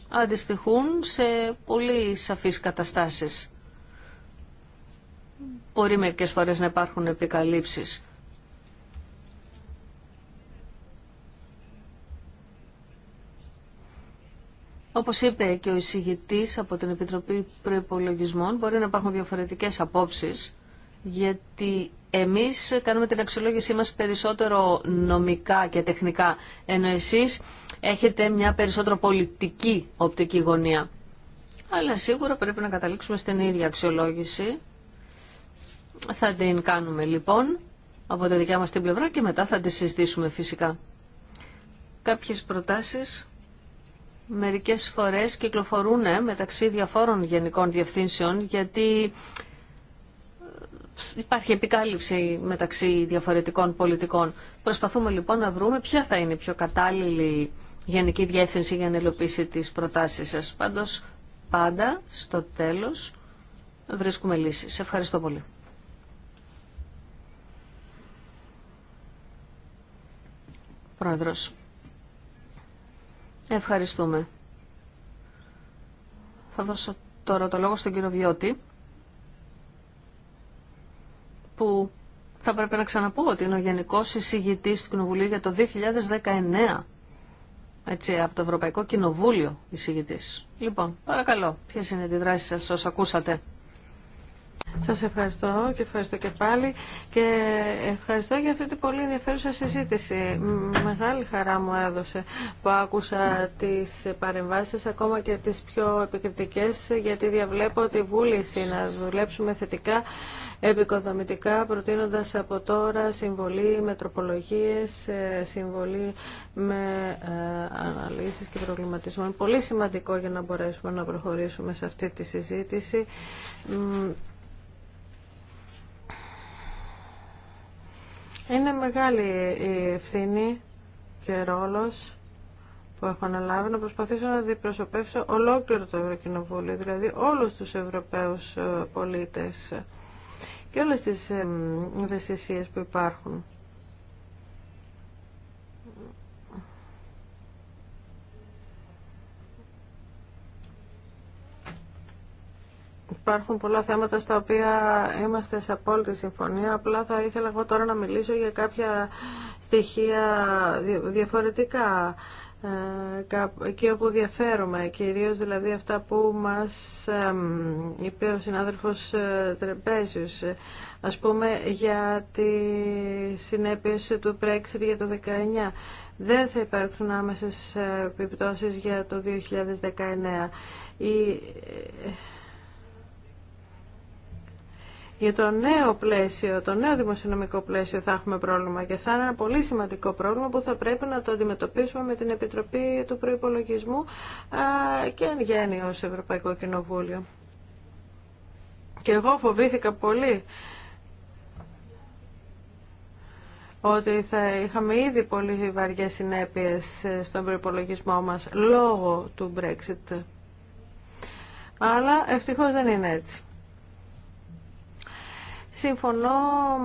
αντιστοιχούν σε πολύ σαφείς καταστάσεις. Μπορεί μερικές φορές να υπάρχουν επικαλύψεις. Όπως είπε και ο εισηγητής από την Επιτροπή προπολογισμών μπορεί να υπάρχουν διαφορετικές απόψεις, γιατί εμείς κάνουμε την αξιολόγησή μας περισσότερο νομικά και τεχνικά, ενώ εσεί έχετε μια περισσότερο πολιτική οπτική γωνία. Αλλά σίγουρα πρέπει να καταλήξουμε στην ίδια αξιολόγηση. Θα την κάνουμε λοιπόν από τη δικιά μας την πλευρά και μετά θα τη συζητήσουμε φυσικά. Κάποιες προτάσεις μερικές φορές κυκλοφορούν μεταξύ διαφόρων γενικών διευθύνσεων γιατί ε, υπάρχει επικάλυψη μεταξύ διαφορετικών πολιτικών. Προσπαθούμε λοιπόν να βρούμε ποια θα είναι η πιο κατάλληλη γενική διεύθυνση για να ελοπίσει τις προτάσεις σας. Πάντως πάντα στο τέλος βρίσκουμε λύσεις. Ευχαριστώ πολύ. Ευχαριστούμε. Θα δώσω τώρα το λόγο στον κύριο Βιώτη που θα πρέπει να ξαναπώ ότι είναι ο Γενικός Εισηγητής του Κοινοβουλίου για το 2019. Έτσι, από το Ευρωπαϊκό Κοινοβούλιο εισηγητής. Λοιπόν, παρακαλώ, ποιες είναι οι αντιδράσεις σας όσο ακούσατε. Σας ευχαριστώ και ευχαριστώ και πάλι και ευχαριστώ για αυτή την πολύ ενδιαφέρουσα συζήτηση. Μεγάλη χαρά μου έδωσε που άκουσα τις παρεμβάσεις ακόμα και τις πιο επικριτικές γιατί διαβλέπω τη βούληση να δουλέψουμε θετικά επικοδομητικά προτείνοντας από τώρα συμβολή με τροπολογίες, ε, συμβολή με ε, αναλύσεις και προβληματισμό. Είναι πολύ σημαντικό για να μπορέσουμε να προχωρήσουμε σε αυτή τη συζήτηση. Είναι μεγάλη η ευθύνη και ρόλος που έχω αναλάβει να προσπαθήσω να αντιπροσωπεύσω ολόκληρο το Ευρωκοινοβούλιο, δηλαδή όλους τους Ευρωπαίους ε, πολίτες και όλες τις ευαισθησίες που υπάρχουν. υπάρχουν πολλά θέματα στα οποία είμαστε σε απόλυτη συμφωνία. Απλά θα ήθελα εγώ τώρα να μιλήσω για κάποια στοιχεία διαφορετικά ε, εκεί όπου διαφέρουμε, κυρίως δηλαδή αυτά που μας είπε ο συνάδελφος ε, Τρεπέζιος, ας πούμε για τη συνέπειες του Brexit για το 2019, Δεν θα υπάρξουν άμεσες ε, επιπτώσεις για το 2019. Η για το νέο πλαίσιο, το νέο δημοσιονομικό πλαίσιο θα έχουμε πρόβλημα και θα είναι ένα πολύ σημαντικό πρόβλημα που θα πρέπει να το αντιμετωπίσουμε με την Επιτροπή του Προϋπολογισμού και εν γέννη ως Ευρωπαϊκό Κοινοβούλιο. Και εγώ φοβήθηκα πολύ ότι θα είχαμε ήδη πολύ βαριές συνέπειες στον προϋπολογισμό μας λόγω του Brexit. Αλλά ευτυχώς δεν είναι έτσι. Συμφωνώ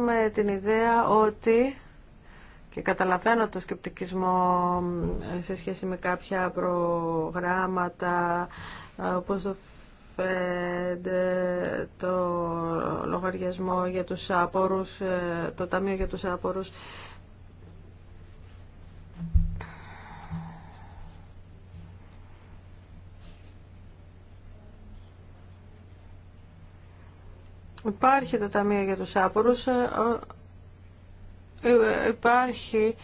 με την ιδέα ότι και καταλαβαίνω το σκεπτικισμό σε σχέση με κάποια προγράμματα ε, όπως το το λογαριασμό για τους άπορους, ε, το Ταμείο για τους άπορους Υπάρχει το Ταμείο για τους Άπορους, ε, ε, υπάρχει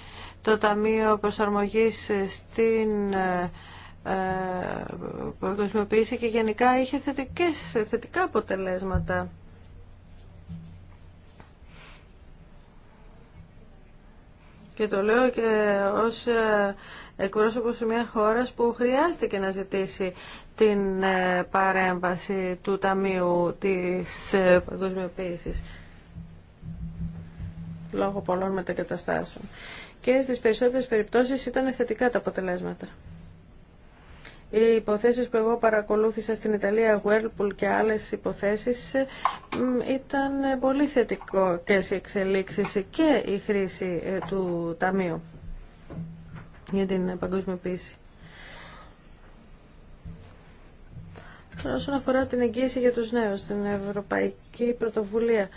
το Ταμείο Προσαρμογής στην ε, παγκοσμιοποίηση και γενικά είχε θετικές, θετικά αποτελέσματα. Και το λέω και ως ε, εκπρόσωπος μια χώρας που χρειάστηκε να ζητήσει την ε, παρέμβαση του Ταμείου της ε, Παγκοσμιοποίησης λόγω πολλών μετακαταστάσεων. Και στις περισσότερες περιπτώσεις ήταν θετικά τα αποτελέσματα. Οι υποθέσεις που εγώ παρακολούθησα στην Ιταλία, Whirlpool και άλλες υποθέσεις, ήταν πολύ θετικό και σε εξελίξεις και η χρήση ε, του Ταμείου για την παγκοσμιοποίηση. Όσον αφορά την εγγύηση για τους νέους, την Ευρωπαϊκή Πρωτοβουλία,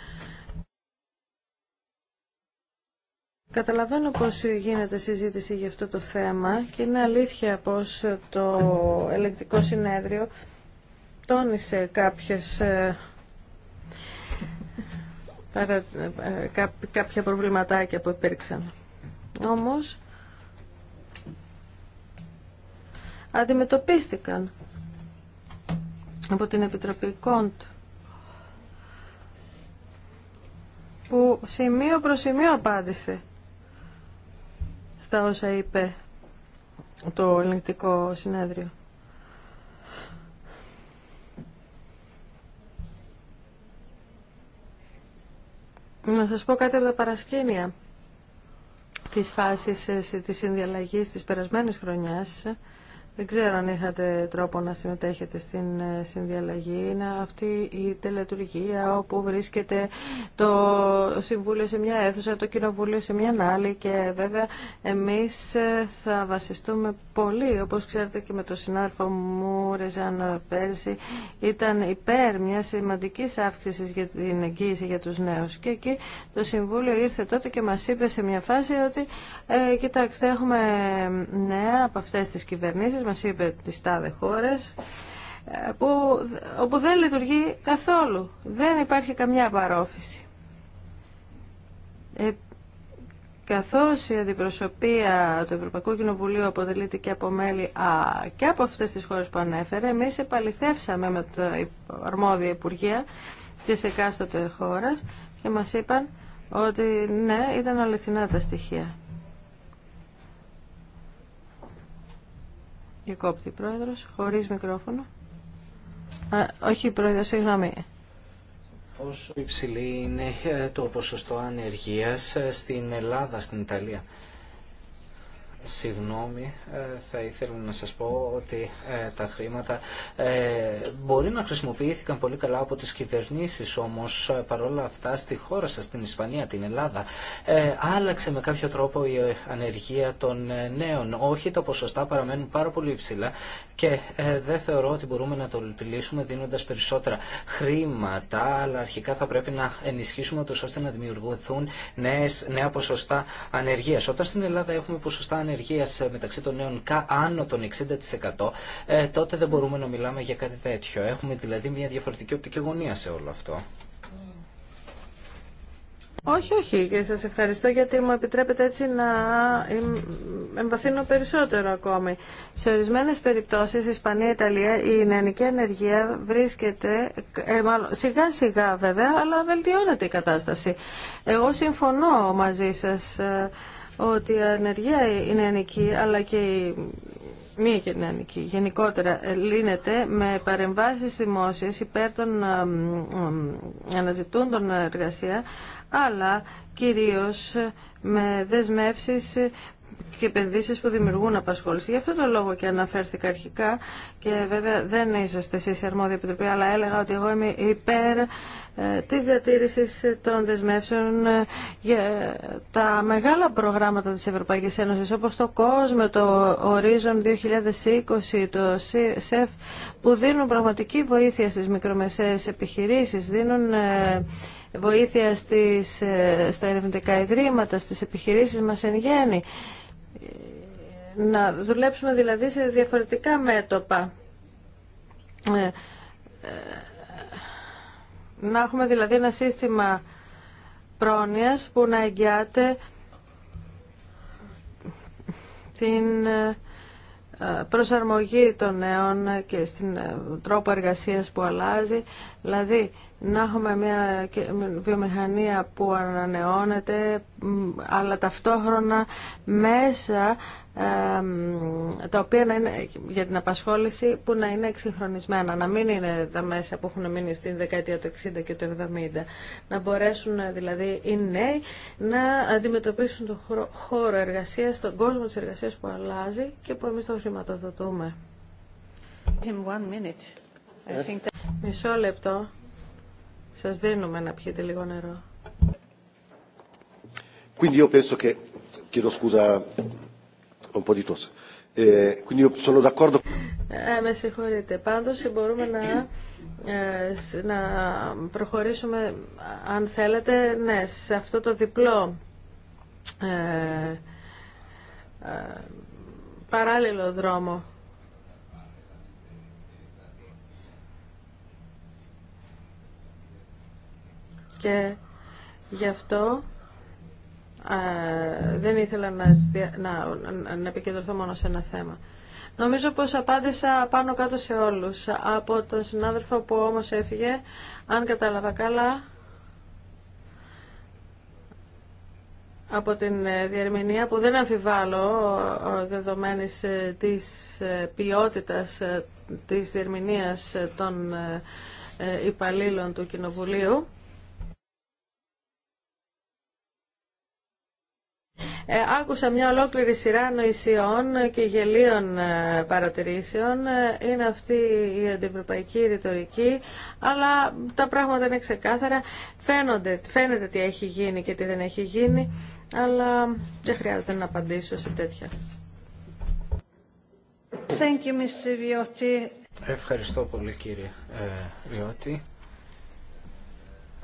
Καταλαβαίνω πως γίνεται συζήτηση για αυτό το θέμα και είναι αλήθεια πως το ελεκτικό συνέδριο τόνισε κάποιες ε, ε, κάποια προβληματάκια που υπήρξαν. Όμως αντιμετωπίστηκαν από την Επιτροπή Κοντ που σημείο προς σημείο απάντησε στα όσα είπε το ελληνικό συνέδριο. Να σας πω κάτι από τα παρασκήνια της φάσης ε, της συνδιαλλαγής της περασμένης χρονιάς δεν ξέρω αν είχατε τρόπο να συμμετέχετε στην ε, συνδιαλλαγή. Είναι αυτή η τελετουργία όπου βρίσκεται το Συμβούλιο σε μια αίθουσα, το Κοινοβούλιο σε μια άλλη και βέβαια εμείς ε, θα βασιστούμε πολύ, όπως ξέρετε και με το συνάρφο μου Ρεζάν πέρσι, ήταν υπέρ μια σημαντική αύξηση για την εγγύηση για τους νέους. Και εκεί το Συμβούλιο ήρθε τότε και μας είπε σε μια φάση ότι ε, κοιτάξτε έχουμε νέα από αυτές τις κυβερνήσεις μας είπε τις τάδε χώρες, ε, όπου δεν λειτουργεί καθόλου. Δεν υπάρχει καμιά παρόφηση. Ε, καθώς η αντιπροσωπεία του Ευρωπαϊκού Κοινοβουλίου αποτελείται και από μέλη α, και από αυτές τις χώρες που ανέφερε, εμείς επαληθεύσαμε με το αρμόδια Υπουργεία της εκάστοτε χώρας και μας είπαν ότι ναι, ήταν αληθινά τα στοιχεία. Διακόπτη πρόεδρος, χωρίς μικρόφωνο. Α, όχι πρόεδρο, συγγνώμη. Πόσο υψηλή είναι ε, το ποσοστό ανεργίας ε, στην Ελλάδα, στην Ιταλία. Συγγνώμη, ε, θα ήθελα να σας πω ότι ε, τα χρήματα ε, μπορεί να χρησιμοποιήθηκαν πολύ καλά από τις κυβερνήσεις, όμως παρόλα αυτά στη χώρα σας, στην Ισπανία, την Ελλάδα, άλλαξε με κάποιο τρόπο η ανεργία των νέων. Όχι, τα ποσοστά παραμένουν πάρα πολύ υψηλά και δεν θεωρώ ότι μπορούμε να το λυπηλήσουμε δίνοντας περισσότερα χρήματα, αλλά αρχικά θα πρέπει να ενισχύσουμε τους ώστε να δημιουργηθούν νέες, νέα ποσοστά ανεργίας. Όταν στην Ελλάδα έχουμε ποσοστά ανεργίας, μεταξύ των νέων κα άνω των 60% ε, τότε δεν μπορούμε να μιλάμε για κάτι τέτοιο. Έχουμε δηλαδή μια διαφορετική οπτική γωνία σε όλο αυτό. Όχι, όχι. Και σας ευχαριστώ γιατί μου επιτρέπετε έτσι να εμβαθύνω περισσότερο ακόμη. Σε ορισμένες περιπτώσεις, Ισπανία, Ιταλία, η νεανική ενεργεία βρίσκεται, ε, σιγά σιγά βέβαια, αλλά βελτιώνεται η κατάσταση. Εγώ συμφωνώ μαζί σας ε, ότι η ανεργία είναι ανική, αλλά και η μη κοινωνική γενικότερα ε, λύνεται με παρεμβάσεις δημόσιες υπέρ των ε, ε, αναζητούντων εργασία αλλά κυρίως με δεσμεύσεις και επενδύσεις που δημιουργούν απασχόληση. Γι' αυτό το λόγο και αναφέρθηκα αρχικά και βέβαια δεν είσαστε εσείς αρμόδια επιτροπή, αλλά έλεγα ότι εγώ είμαι υπέρ ε, της διατήρησης των δεσμεύσεων ε, για τα μεγάλα προγράμματα της Ευρωπαϊκής Ένωσης όπως το COSME, το Horizon 2020, το CEF, που δίνουν πραγματική βοήθεια στις μικρομεσαίες επιχειρήσεις, δίνουν ε, βοήθεια στις, στα ερευνητικά ιδρύματα, στις επιχειρήσεις μας εν γέννη. Ε, να δουλέψουμε δηλαδή σε διαφορετικά μέτωπα. Ε, ε, να έχουμε δηλαδή ένα σύστημα πρόνοιας που να εγγυάται την προσαρμογή των νέων και στην τρόπο εργασίας που αλλάζει. Δηλαδή να έχουμε μια βιομηχανία που ανανεώνεται αλλά ταυτόχρονα μέσα τα οποία να είναι για την απασχόληση που να είναι εξυγχρονισμένα, να μην είναι τα μέσα που έχουν μείνει στην δεκαετία του 60 και του 70. Να μπορέσουν δηλαδή οι νέοι να αντιμετωπίσουν τον χώρο εργασίας, τον κόσμο της εργασίας που αλλάζει και που εμείς τον χρηματοδοτούμε. In one minute. Μισό λεπτό. Σας δίνουμε να πιείτε λίγο νερό. με συγχωρείτε. Πάντως ε, μπορούμε ε, να, προχωρήσουμε, αν θέλετε, ναι, σε αυτό το διπλό ε, ε παράλληλο δρόμο. και γι' αυτό δεν ήθελα να, να, επικεντρωθώ μόνο σε ένα θέμα. Νομίζω πως απάντησα πάνω κάτω σε όλους. Από τον συνάδελφο που όμως έφυγε, αν κατάλαβα καλά, από την ε, διερμηνία που δεν αμφιβάλλω ε, δεδομένης ε, της ποιότητας της διερμηνίας των υπαλλήλων του Κοινοβουλίου, Ε, άκουσα μια ολόκληρη σειρά νοησιών και γελίων ε, παρατηρήσεων. Ε, είναι αυτή η αντιευρωπαϊκή ρητορική, αλλά τα πράγματα είναι ξεκάθαρα. Φαίνονται, φαίνεται τι έχει γίνει και τι δεν έχει γίνει, αλλά δεν χρειάζεται να απαντήσω σε τέτοια. Thank you, Ευχαριστώ πολύ κύριε Ριώτη.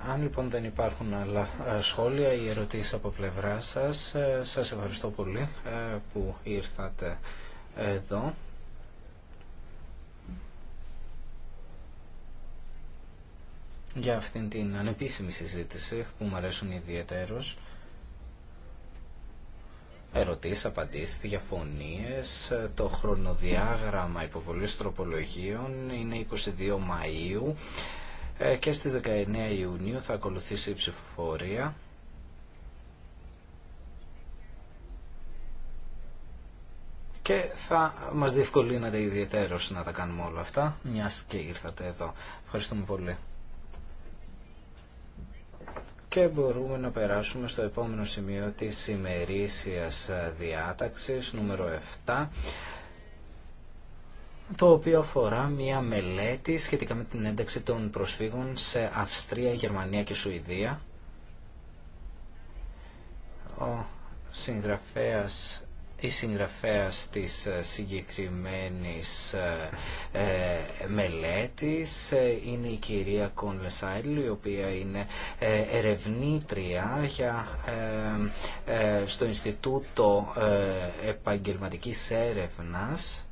Αν λοιπόν δεν υπάρχουν άλλα ε, σχόλια ή ερωτήσεις από πλευρά σας, ε, σας ευχαριστώ πολύ ε, που ήρθατε εδώ. για αυτήν την ανεπίσημη συζήτηση που μου αρέσουν ιδιαίτερως. Ερωτήσεις, απαντήσεις, διαφωνίες, το χρονοδιάγραμμα υποβολής τροπολογίων είναι 22 Μαΐου. Ε, και στις 19 Ιουνίου θα ακολουθήσει η ψηφοφορία. και θα μας διευκολύνεται ιδιαίτερως να τα κάνουμε όλα αυτά, μιας και ήρθατε εδώ. Ευχαριστούμε πολύ. Και μπορούμε να περάσουμε στο επόμενο σημείο της ημερήσιας διάταξης, νούμερο 7 το οποίο αφορά μία μελέτη σχετικά με την ένταξη των προσφύγων σε Αυστρία, Γερμανία και Σουηδία. Ο συγγραφέας η συγγραφέας της ε, συγκεκριμένης ε, ε μελέτης ε, είναι η κυρία Κον η οποία είναι ερευνήτρια στο Ινστιτούτο Επαγγελματικής Έρευνας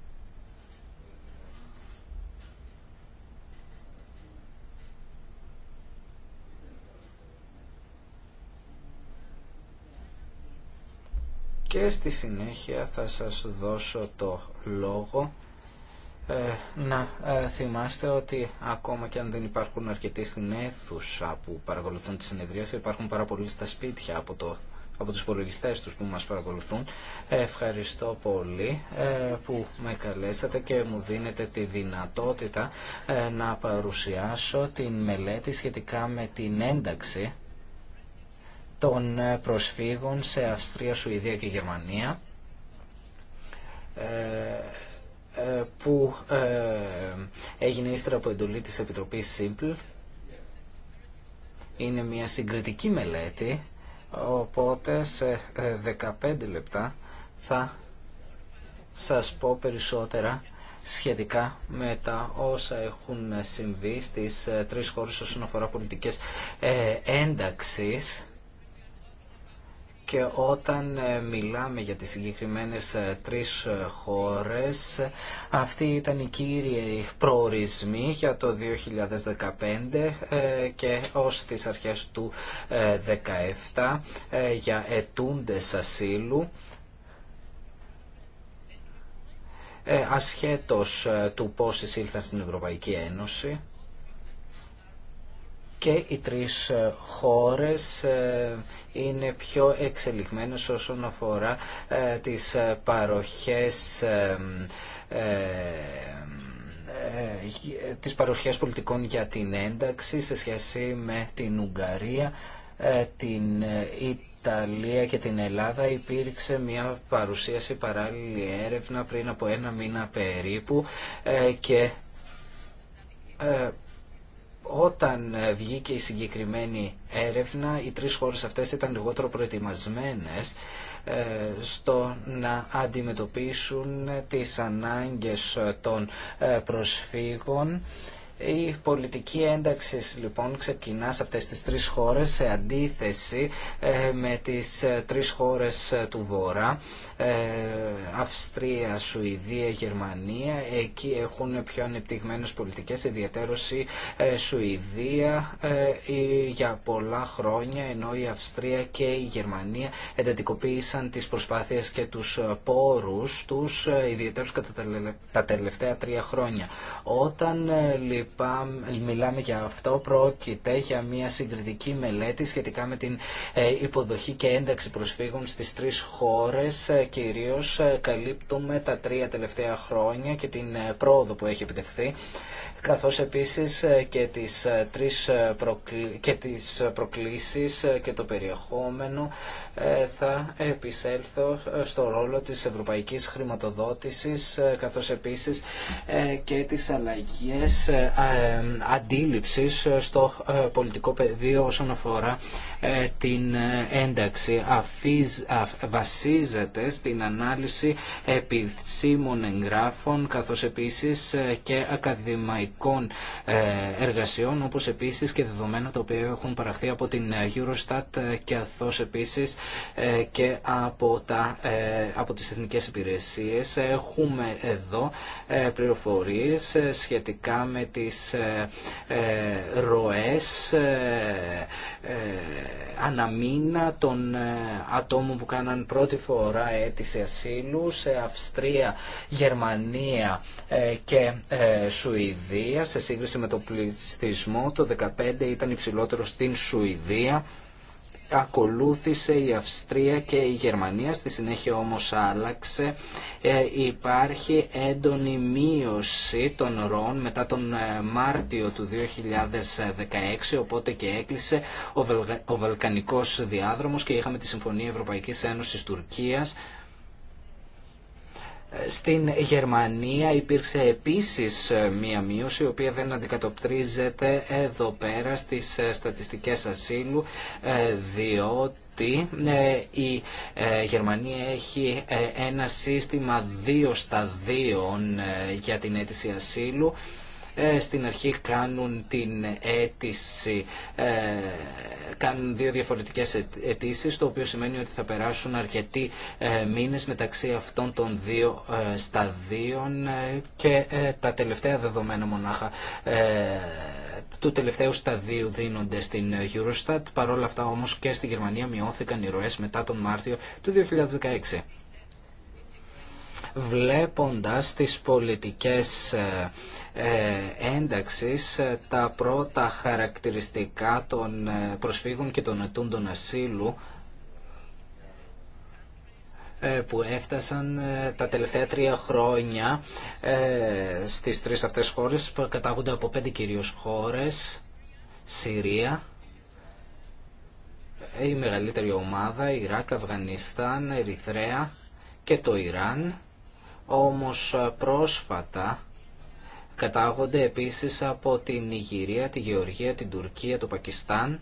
και στη συνέχεια θα σας δώσω το λόγο ε, να ε, θυμάστε ότι ακόμα και αν δεν υπάρχουν αρκετοί στην αίθουσα που παρακολουθούν τη συνεδρίαση, υπάρχουν πάρα πολλοί στα σπίτια από, το, από τους υπολογιστέ τους που μας παρακολουθούν. Ε, ευχαριστώ πολύ που με καλέσατε και μου δίνετε τη δυνατότητα να παρουσιάσω την μελέτη σχετικά με την ένταξη των ε, προσφύγων σε Αυστρία, Σουηδία και Γερμανία ε, ε, που έγινε ύστερα από εντολή της Επιτροπής ΣΥΜΠΛ. Είναι μια συγκριτική μελέτη, οπότε σε 15 λεπτά θα σας πω περισσότερα σχετικά με τα όσα έχουν συμβεί στις τρεις χώρες όσον αφορά πολιτικές ένταξης και όταν ε, μιλάμε για τις συγκεκριμένες ε, τρεις ε, χώρες, αυτή ήταν οι κύριοι προορισμοί για το 2015 και ως τις αρχές του 2017 για ετούντες ασύλου ασχέτως του πώς εισήλθαν στην Ευρωπαϊκή Ένωση και οι τρεις ε, χώρες ε, είναι πιο εξελιγμένες όσον αφορά ε, τις παροχές τις παροχές πολιτικών για την ένταξη σε σχέση με την Ουγγαρία, την Ιταλία και την Ελλάδα υπήρξε μια παρουσίαση παράλληλη έρευνα πριν από ένα μήνα περίπου και όταν ε, βγήκε η συγκεκριμένη έρευνα, οι τρεις χώρες αυτές ήταν λιγότερο προετοιμασμένες ε, στο να αντιμετωπίσουν τις ανάγκες των ε, προσφύγων η πολιτική ένταξη λοιπόν ξεκινά σε αυτές τις τρεις χώρες σε αντίθεση ε, με τις ε, τρεις χώρες ε, του Βορρά, Αυστρία, Σουηδία, Γερμανία. Εκεί έχουν πιο ανεπτυγμένες πολιτικές, ιδιαίτερως η Σουηδία για πολλά χρόνια, ενώ η Αυστρία και η Γερμανία εντατικοποίησαν τις προσπάθειες και τους πόρους τους, ιδιαίτερως κατά τα τελευταία τρία χρόνια. Όταν μιλάμε για αυτό. Πρόκειται για μια συγκριτική μελέτη σχετικά με την ε, υποδοχή και ένταξη προσφύγων στις τρεις χώρες. Ε, κυρίως ε, καλύπτουμε τα τρία τελευταία χρόνια και την πρόοδο που έχει επιτευχθεί καθώς επίσης ε, και τις, ε, ε, και προκλήσεις και το περιεχόμενο θα επισέλθω στο ρόλο της ευρωπαϊκής χρηματοδότησης καθώς επίσης και τις αλλαγές αντίληψης στο πολιτικό πεδίο όσον αφορά ε, την ε, ένταξη βασίζεται στην ανάλυση επισήμων εγγράφων καθώς επίσης ε, και ακαδημαϊκών εργασιών όπως επίσης και δεδομένα τα οποία έχουν παραχθεί από την Eurostat καθώς επίσης και από, τα, από τις εθνικές υπηρεσίες. Έχουμε εδώ πληροφορίες σχετικά με τις ροές αναμίνα των ε, ατόμων που κάναν πρώτη φορά αίτηση ασύλου σε Αυστρία, Γερμανία ε, και ε, Σουηδία σε σύγκριση με το πληθυσμό. Το 2015 ήταν υψηλότερο στην Σουηδία ακολούθησε η Αυστρία και η Γερμανία, στη συνέχεια όμως άλλαξε. Ε, υπάρχει έντονη μείωση των ροών μετά τον ε, Μάρτιο του 2016, οπότε και έκλεισε ο, Βελγα... ο Βαλκανικός διάδρομος και είχαμε τη Συμφωνία Ευρωπαϊκής Ένωσης Τουρκίας στην Γερμανία υπήρξε επίσης ε, μία μείωση, η οποία δεν αντικατοπτρίζεται εδώ πέρα στις ε, στατιστικές ασύλου, ε, διότι η Γερμανία έχει ένα σύστημα δύο σταδίων για την αίτηση ασύλου, ε, στην αρχή κάνουν την αίτηση, ε, κάνουν δύο διαφορετικές αιτήσει, το οποίο σημαίνει ότι θα περάσουν αρκετοί ε, μήνες μεταξύ αυτών των δύο σταδίων και τα τελευταία δεδομένα μονάχα του τελευταίου σταδίου δίνονται στην Eurostat. παρόλα αυτά όμως και στη Γερμανία μειώθηκαν οι ροές μετά τον Μάρτιο του 2016 βλέποντας τις πολιτικές ε, ε, ένταξης ε, τα πρώτα χαρακτηριστικά των προσφύγων και των ετούντων ασύλου που έφτασαν τα τελευταία τρία χρόνια στις τρεις αυτές χώρες που κατάγονται από πέντε κυρίως χώρες Συρία η μεγαλύτερη ομάδα Ιράκ, Αφγανιστάν, Ερυθρέα και το Ιράν όμως ε, πρόσφατα κατάγονται επίσης από την Ιγυρία, τη Γεωργία, την Τουρκία, το Πακιστάν.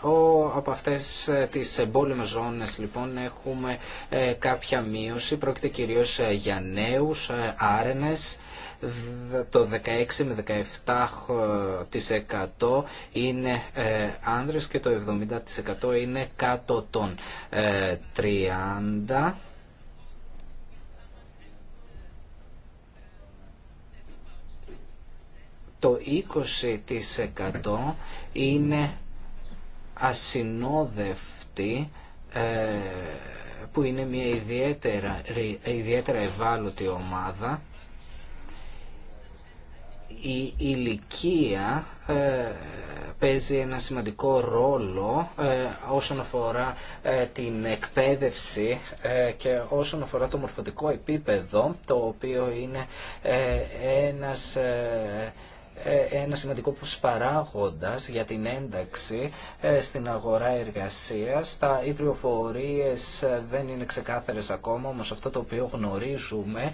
Ο, από αυτές ε, τις εμπόλεμες ζώνες λοιπόν έχουμε ε, κάποια μείωση, πρόκειται κυρίως για νέους, ε, άρενες, το 16 με 17% είναι ε, άνδρες και το 70% είναι κάτω των 30%. Ε, το 20% είναι ασυνόδευτοι ε, που είναι μια ιδιαίτερα ευάλωτη ομάδα η ηλικία ε, παίζει ένα σημαντικό ρόλο ε, όσον αφορά ε, την εκπαίδευση και όσον αφορά το μορφωτικό επίπεδο, το οποίο είναι ένας ε, ένα σημαντικό παράγοντας για την ένταξη ε, στην αγορά εργασίας. Τα οι ε, δεν είναι ξεκάθαρες ακόμα, όμως αυτό το οποίο γνωρίζουμε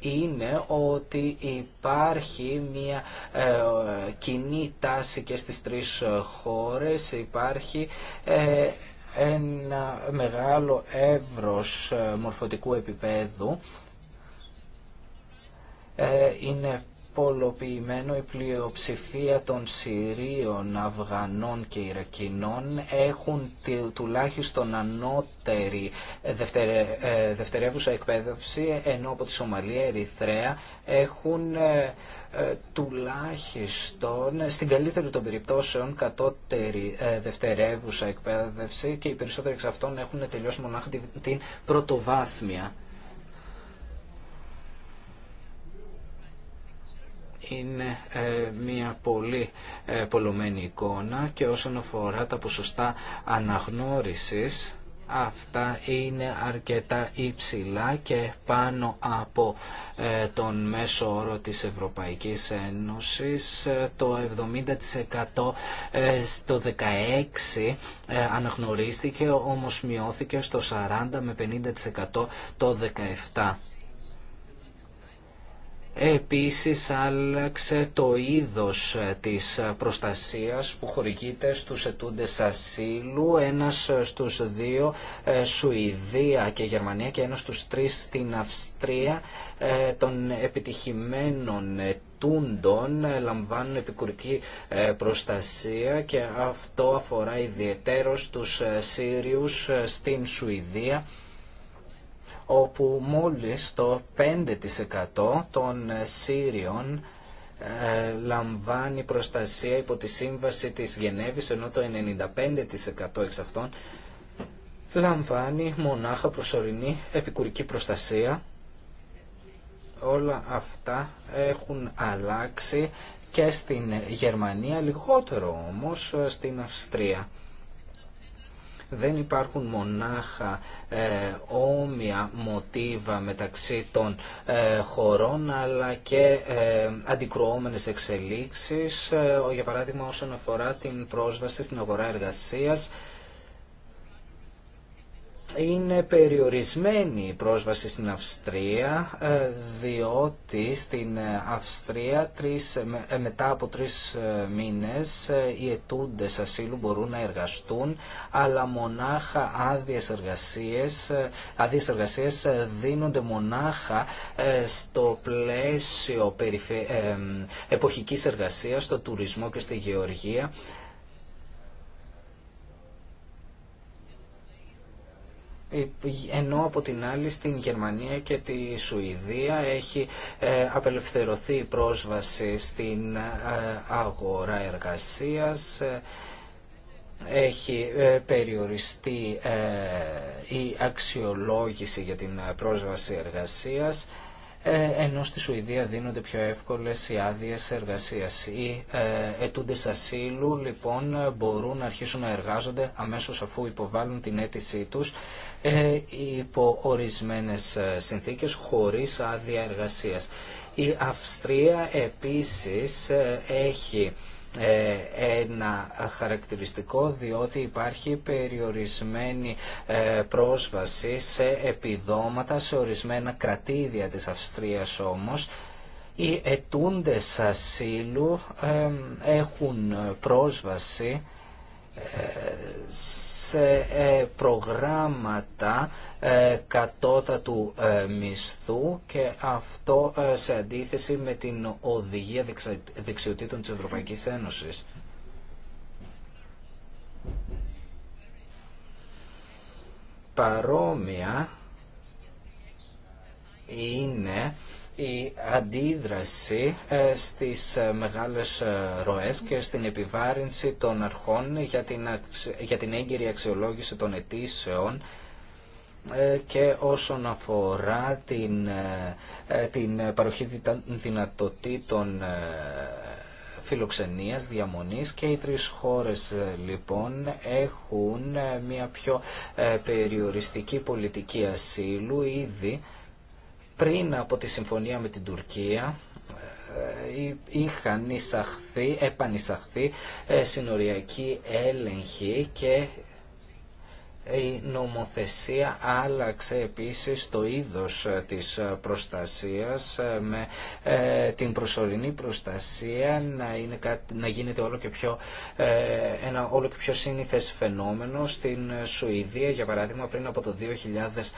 είναι ότι υπάρχει μια κοινή τάση και στις τρεις χώρες, υπάρχει ένα μεγάλο εύρος μορφωτικού επίπεδου είναι πολλοποιημένο η πλειοψηφία των Συρίων, Αφγανών και Ιρακινών έχουν τουλάχιστον ανώτερη ε, δευτερεύουσα εκπαίδευση ενώ από τη Σομαλία, Ερυθρέα έχουν ε, ε, τουλάχιστον στην καλύτερη των περιπτώσεων κατώτερη δευτερεύουσα εκπαίδευση και οι περισσότεροι εξ αυτών έχουν τελειώσει μονάχα την πρωτοβάθμια είναι ε, μια πολύ ε, πολλωμένη εικόνα και όσον αφορά τα ποσοστά αναγνώρισης αυτά είναι αρκετά υψηλά και πάνω από ε, τον μέσο όρο της Ευρωπαϊκής Ένωσης το 70% στο 16 αναγνωρίστηκε όμως μειώθηκε στο 40 με 50% το 17 Επίσης άλλαξε το είδος ε, της ε, προστασίας που χορηγείται στους ετούντες ασύλου, ένας ε, στους δύο Σουηδία και Γερμανία και ένας στους τρεις στην Αυστρία των επιτυχημένων ετούντων λαμβάνουν επικουρική προστασία και αυτό αφορά ιδιαιτέρως τους Σύριους στην Σουηδία όπου μόλις το 5% των Σύριων ε, λαμβάνει προστασία υπό τη σύμβαση της Γενέβης ενώ το 95% εξ αυτών λαμβάνει μονάχα προσωρινή επικουρική προστασία όλα αυτά έχουν αλλάξει και στην Γερμανία λιγότερο όμως ε, στην Αυστρία δεν υπάρχουν μονάχα ε, όμοια μοτίβα μεταξύ των ε, χωρών αλλά και ε, αντικρουόμενες εξελίξεις, για παράδειγμα όσον αφορά την πρόσβαση στην αγορά εργασίας είναι περιορισμένη η πρόσβαση στην Αυστρία ε, διότι στην ε, Αυστρία τρεις, ε, μετά από τρεις μήνες οι ετούντες ασύλου μπορούν να εργαστούν αλλά μονάχα άδειες εργασίες, άδειες εργασίες δίνονται μονάχα στο πλαίσιο εποχικής εργασίας, στο τουρισμό και στη γεωργία ενώ από την άλλη στην Γερμανία και τη Σουηδία έχει ε, απελευθερωθεί η πρόσβαση στην ε, αγορά εργασίας ε, έχει περιοριστεί η αξιολόγηση για την πρόσβαση εργασίας ενώ στη Σουηδία δίνονται πιο εύκολες οι άδειες εργασίας. Οι ετούντες ασύλου λοιπόν μπορούν να αρχίσουν να εργάζονται αμέσως αφού υποβάλουν την αίτησή τους ε, υπό ορισμένες ε, συνθήκες χωρίς άδεια εργασίας. Η Αυστρία επίσης ε, έχει ένα χαρακτηριστικό διότι υπάρχει περιορισμένη πρόσβαση σε επιδόματα σε ορισμένα κρατήδια της Αυστρίας όμως οι ετούντες ασύλου έχουν πρόσβαση ε, ε, προγράμματα ε, κατώτατου μισθού και αυτό σε αντίθεση με την οδηγία δεξιοτήτων της Ευρωπαϊκής Ένωσης. Παρόμοια είναι η αντίδραση ε, στις ε, μεγάλες ε, ροές και στην επιβάρυνση των αρχών για την, για την έγκυρη αξιολόγηση των αιτήσεων και όσον αφορά την, την παροχή δυνατοτήτων φιλοξενίας, διαμονής και οι τρεις χώρες λοιπόν έχουν μια πιο περιοριστική πολιτική ασύλου ήδη πριν από τη συμφωνία με την Τουρκία ε, είχαν εισαχθεί, επανεισαχθεί ε, συνοριακοί έλεγχοι και η νομοθεσία άλλαξε επίσης το είδος ε, της προστασίας με την προσωρινή προστασία να, να γίνεται όλο και πιο, ένα όλο και πιο σύνηθες φαινόμενο στην Σουηδία για παράδειγμα πριν από το 2016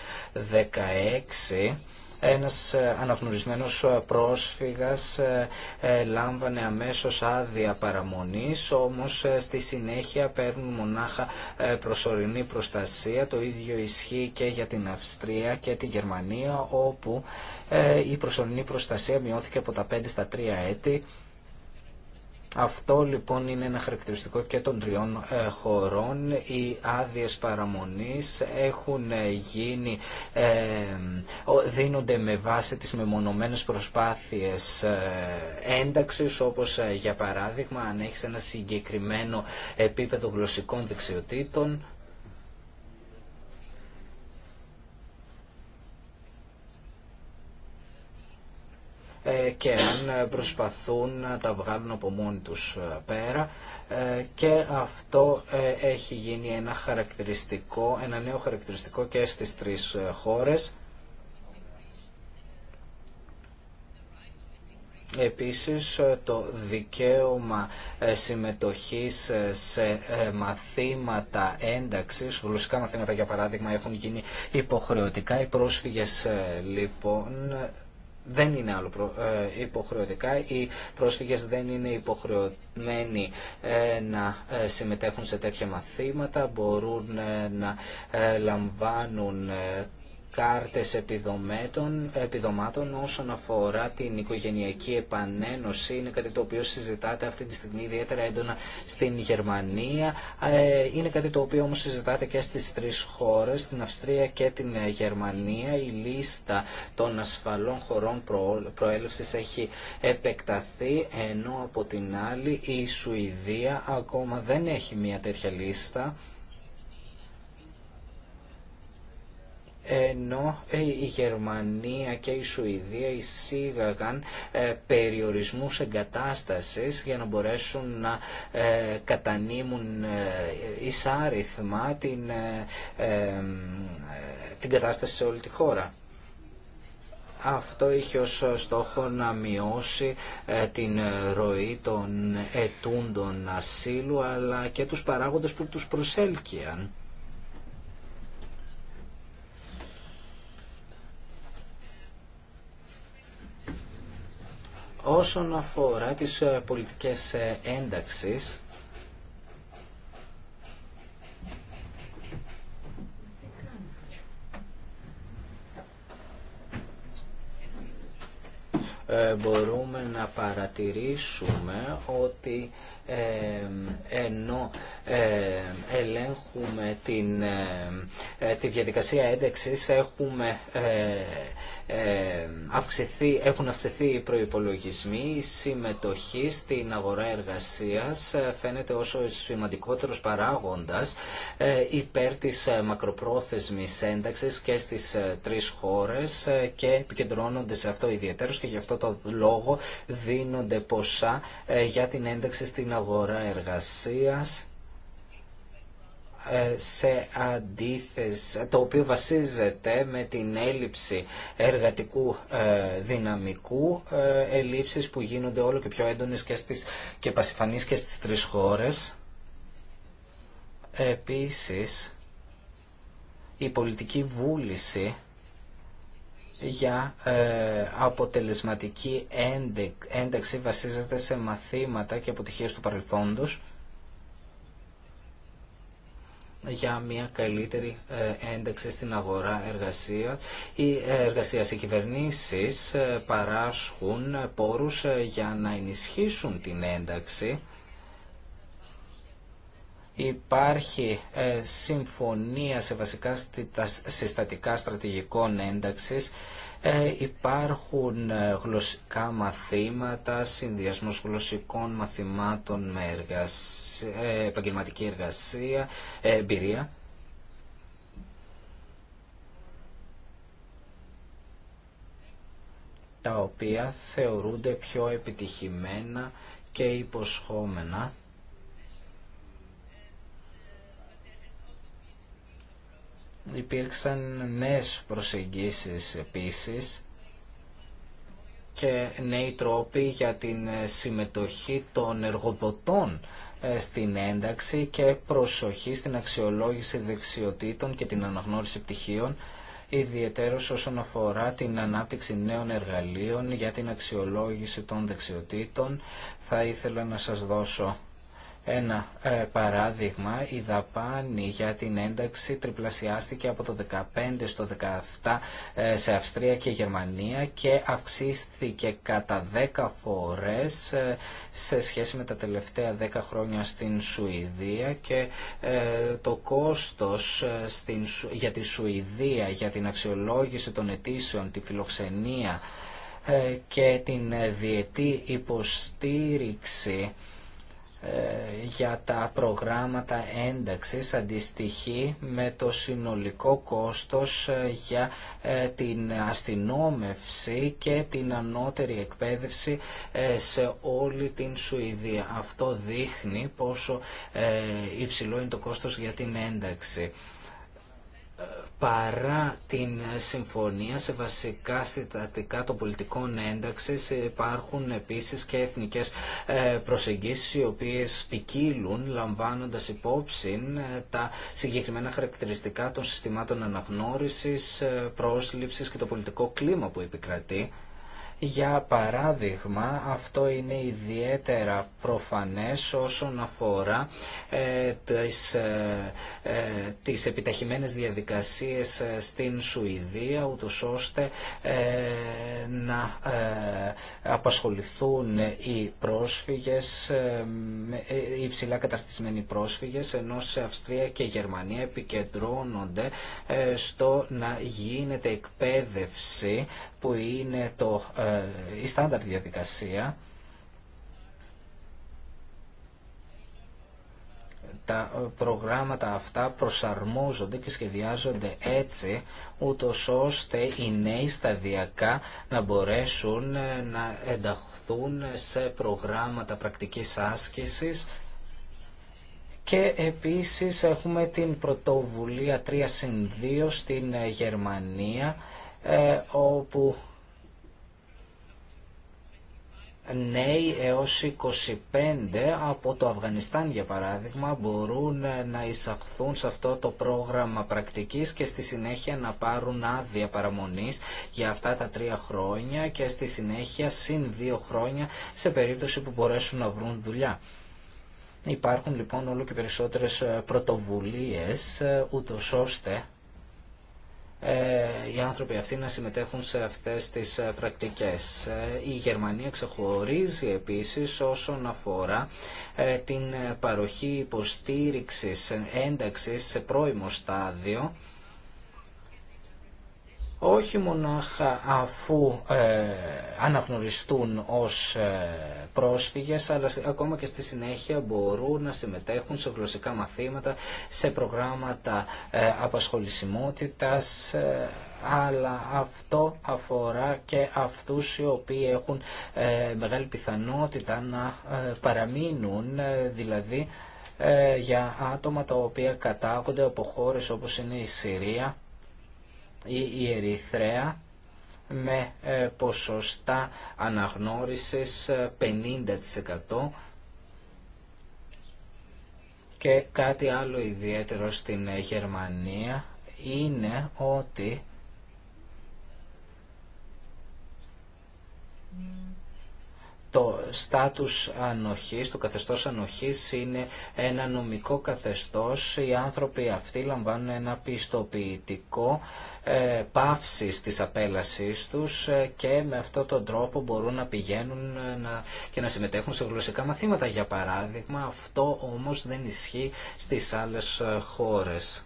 ένας ε, αναγνωρισμένος ε, πρόσφυγας ε, λάμβανε αμέσως άδεια παραμονής, όμως στη συνέχεια παίρνουν μονάχα προσωρινή προστασία. Το ίδιο ισχύει και για την Αυστρία και την Γερμανία, όπου η προσωρινή προστασία μειώθηκε από τα 5 στα 3 έτη αυτό λοιπόν είναι ένα χαρακτηριστικό και των τριών ε, χωρών. Οι άδειε παραμονής έχουν ε, γίνει, ε, δίνονται με βάση τις μεμονωμένες προσπάθειες ένταξης, όπως για παράδειγμα αν έχει ένα συγκεκριμένο επίπεδο γλωσσικών δεξιοτήτων, Ε, και αν ε, προσπαθούν να τα βγάλουν από μόνοι τους ε, πέρα και αυτό έχει γίνει ένα χαρακτηριστικό, ένα νέο χαρακτηριστικό και στις τρεις χώρες. Επίσης το δικαίωμα συμμετοχής σε μαθήματα ένταξης, γλωσσικά μαθήματα για παράδειγμα έχουν γίνει υποχρεωτικά. Οι πρόσφυγες λοιπόν δεν είναι άλλο ε, υποχρεωτικά. Οι πρόσφυγες δεν είναι υποχρεωμένοι ε, να ε, συμμετέχουν σε τέτοια μαθήματα, μπορούν να λαμβάνουν κάρτες επιδομάτων όσον αφορά την οικογενειακή επανένωση. Είναι κάτι το οποίο συζητάται αυτή τη στιγμή ιδιαίτερα έντονα στην Γερμανία. Ε, είναι κάτι το οποίο όμως συζητάται και στις τρεις χώρες, στην Αυστρία και την Γερμανία. Η λίστα των ασφαλών χωρών προέλευσης έχει επεκταθεί, ενώ από την άλλη η Σουηδία ακόμα δεν έχει μια τέτοια λίστα. ενώ ε, η Γερμανία και η Σουηδία εισήγαγαν ε, περιορισμούς εγκατάστασης για να μπορέσουν να ε, κατανείμουν εισάριθμα την, την κατάσταση σε όλη τη χώρα. Αυτό είχε ως στόχο να μειώσει την ροή των ετούντων ασύλου αλλά και τους παράγοντες που τους προσέλκυαν. Όσον αφορά τις ε, πολιτικές ε, ε, μπορούμε να παρατηρήσουμε ότι ε, ενώ ε, ελέγχουμε την, ε, τη διαδικασία ένταξης έχουμε ε, αυξηθεί, έχουν αυξηθεί οι προϋπολογισμοί, η συμμετοχή στην αγορά εργασίας φαίνεται όσο σημαντικότερος παράγοντας υπέρ της μακροπρόθεσμης ένταξης και στις τρεις χώρες και επικεντρώνονται σε αυτό ιδιαίτερος και γι' αυτό το λόγο δίνονται ποσά για την ένταξη στην αγορά εργασίας ε, σε αντίθεση, το οποίο βασίζεται με την έλλειψη εργατικού ε, δυναμικού, ε, ελλείψεις που γίνονται όλο και πιο έντονες και, στις, και πασιφανείς και στις τρεις χώρες. Επίσης, η πολιτική βούληση για αποτελεσματική ένταξη βασίζεται σε μαθήματα και αποτυχίες του παρελθόντος για μια καλύτερη ε, ένταξη στην αγορά εργασία. Οι ε, εργασίας οι ε, παράσχουν πόρους για να ενισχύσουν την ένταξη. Υπάρχει συμφωνία σε βασικά συστατικά στρατηγικών ένταξης ε, υπάρχουν ε, γλωσσικά μαθήματα, συνδυασμό γλωσσικών μαθημάτων με εργασία, ε, επαγγελματική εργασία, εμπειρία. τα οποία θεωρούνται πιο επιτυχημένα και υποσχόμενα υπήρξαν νέες προσεγγίσεις επίσης και νέοι τρόποι για την συμμετοχή των εργοδοτών ε, στην ένταξη και προσοχή στην αξιολόγηση δεξιοτήτων και την αναγνώριση πτυχίων ιδιαιτέρως όσον αφορά την ανάπτυξη νέων εργαλείων για την αξιολόγηση των δεξιοτήτων. Θα ήθελα να σας δώσω ένα ε, παράδειγμα, η δαπάνη για την ένταξη τριπλασιάστηκε από το 15 στο 17 ε, σε Αυστρία και Γερμανία και αυξήθηκε κατά 10 φορές ε, σε σχέση με τα τελευταία 10 χρόνια στην Σουηδία και το κόστος στην, για τη Σουηδία, για την αξιολόγηση των αιτήσεων, τη φιλοξενία και την διετή υποστήριξη ε, για τα προγράμματα ένταξης αντιστοιχεί με το συνολικό κόστος ε, για ε, την αστυνόμευση και την ανώτερη εκπαίδευση σε όλη την Σουηδία. Αυτό δείχνει πόσο υψηλό είναι το κόστος για την ένταξη παρά την συμφωνία σε βασικά συστατικά των πολιτικών ένταξης υπάρχουν επίσης και εθνικές ε, προσεγγίσεις οι οποίες ποικίλουν λαμβάνοντας υπόψη ε, τα συγκεκριμένα χαρακτηριστικά των συστημάτων αναγνώρισης, ε, πρόσληψης και το πολιτικό κλίμα που επικρατεί για παράδειγμα, αυτό είναι ιδιαίτερα προφανές όσον αφορά ε, τις, ε, ε, τις επιταχυμένες διαδικασίες ε, στην Σουηδία, ούτως ώστε να απασχοληθούν οι πρόσφυγες, οι υψηλά καταρτισμένοι πρόσφυγες, ενώ σε Αυστρία και Γερμανία επικεντρώνονται στο να γίνεται εκπαίδευση που είναι το, ε, η στάνταρ διαδικασία τα προγράμματα αυτά προσαρμόζονται και σχεδιάζονται έτσι ούτω ώστε οι νέοι σταδιακά να μπορέσουν ε, να ενταχθούν σε προγράμματα πρακτικής άσκησης και επίσης έχουμε την πρωτοβουλία 3 συν 2 στην ε, Γερμανία ε, όπου νέοι έως 25 από το Αφγανιστάν για παράδειγμα μπορούν να εισαχθούν σε αυτό το πρόγραμμα πρακτικής και στη συνέχεια να πάρουν άδεια παραμονής για αυτά τα τρία χρόνια και στη συνέχεια συν δύο χρόνια σε περίπτωση που μπορέσουν να βρουν δουλειά. Υπάρχουν λοιπόν όλο και περισσότερες πρωτοβουλίες ε, ούτως ώστε ε, οι άνθρωποι αυτοί να συμμετέχουν σε αυτές τις ε, πρακτικές. Ε, η Γερμανία ξεχωρίζει επίσης όσον αφορά την παροχή υποστήριξης ένταξης σε πρώιμο στάδιο όχι μονάχα αφού ε, αναγνωριστούν ως ε, πρόσφυγες, αλλά ακόμα και στη συνέχεια μπορούν να συμμετέχουν σε γλωσσικά μαθήματα, σε προγράμματα ε, απασχολησιμότητας, ε, αλλά αυτό αφορά και αυτούς οι οποίοι έχουν ε, μεγάλη πιθανότητα να παραμείνουν, δηλαδή για άτομα τα οποία κατάγονται από χώρες όπως είναι η Συρία, ή η Ερυθρέα με ε, ποσοστά αναγνώρισης 50% ε, και κάτι άλλο ιδιαίτερο στην ε, Γερμανία είναι ότι το στάτους ανοχής, το καθεστώς ανοχής είναι ένα νομικό καθεστώς. Οι άνθρωποι αυτοί λαμβάνουν ένα πιστοποιητικό ε, παύσης της απέλασής τους ε, και με αυτόν τον τρόπο μπορούν να πηγαίνουν ε, και να συμμετέχουν σε γλωσσικά μαθήματα για παράδειγμα. Αυτό όμως δεν ισχύει στις άλλες ε, χώρες.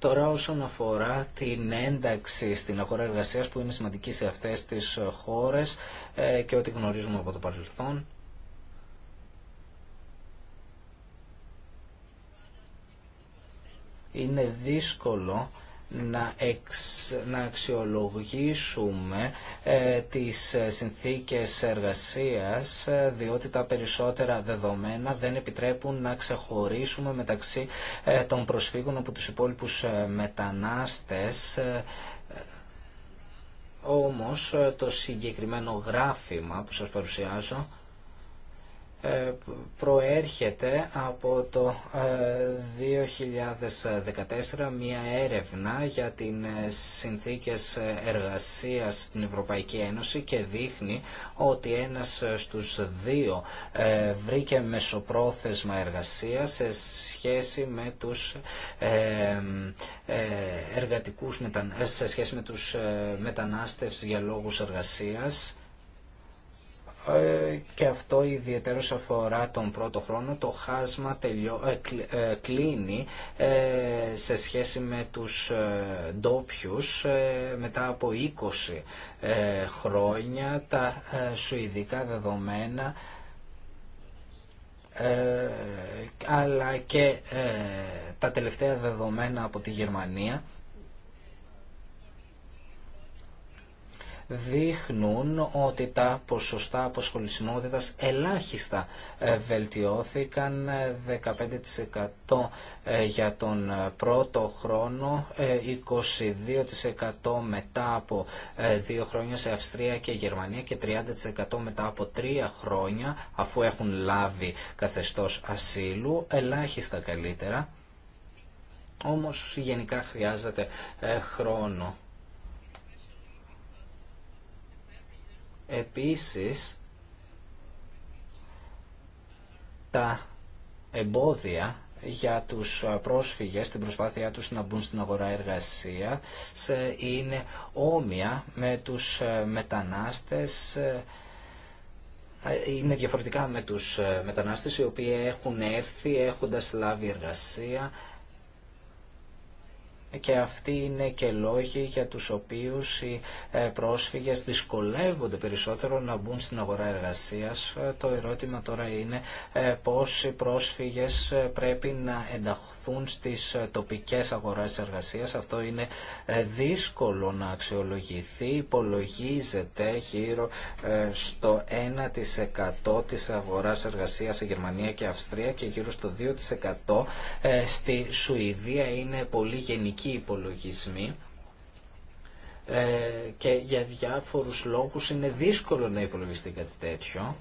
Τώρα όσον αφορά την ένταξη στην αγορά εργασίας που είναι σημαντική σε αυτές τις χώρες ε, και ό,τι γνωρίζουμε από το παρελθόν. Είναι δύσκολο να, εξ, να αξιολογήσουμε ε, τις συνθήκες εργασίας ε, διότι τα περισσότερα δεδομένα δεν επιτρέπουν να ξεχωρίσουμε μεταξύ ε, των προσφύγων από τους υπόλοιπους ε, μετανάστες όμως το συγκεκριμένο γράφημα που σας παρουσιάζω ε, προέρχεται από το 2014 ε, μια έρευνα για την ε, συνθήκες εργασίας στην Ευρωπαϊκή Ένωση και δείχνει ότι ένας στους δύο βρήκε μεσοπρόθεσμα εργασία σε σχέση με τους εργατικούς σε σχέση με τους μετανάστευς για λόγους εργασίας ε, και αυτό ιδιαίτερως αφορά τον πρώτο χρόνο το χάσμα τελειώ, ε, ε, κλείνει σε σχέση με τους ντόπιου μετά από 20 χρόνια τα σουηδικά δεδομένα αλλά και τα τελευταία δεδομένα από τη Γερμανία δείχνουν ότι τα ποσοστά αποσχολησιμότητας ελάχιστα ε, βελτιώθηκαν 15% ε, ε, για τον πρώτο χρόνο, 22% μετά από δύο χρόνια σε Αυστρία και Γερμανία και 30% μετά από τρία χρόνια αφού έχουν λάβει καθεστώς ασύλου, ελάχιστα καλύτερα. Όμως γενικά χρειάζεται χρόνο Επίσης, τα εμπόδια για τους πρόσφυγες στην προσπάθειά τους να μπουν στην αγορά εργασία είναι όμοια με τους ε, μετανάστες ε, ε, είναι διαφορετικά με τους μετανάστες οι οποίοι έχουν έρθει έχοντας λάβει εργασία και αυτοί είναι και λόγοι για τους οποίους οι ε, πρόσφυγες δυσκολεύονται περισσότερο να μπουν στην αγορά εργασίας. Ε, το ερώτημα τώρα είναι ε, πώς οι πρόσφυγες πρέπει να ενταχθούν στις τοπικές αγορές εργασίας. Αυτό είναι δύσκολο να αξιολογηθεί. Υπολογίζεται γύρω στο 1% της αγοράς εργασίας σε Γερμανία και Αυστρία και γύρω στο 2% στη Σουηδία είναι πολύ γενική υπολογισμοί ε, και για διάφορους λόγους είναι δύσκολο να υπολογιστεί κάτι τέτοιο.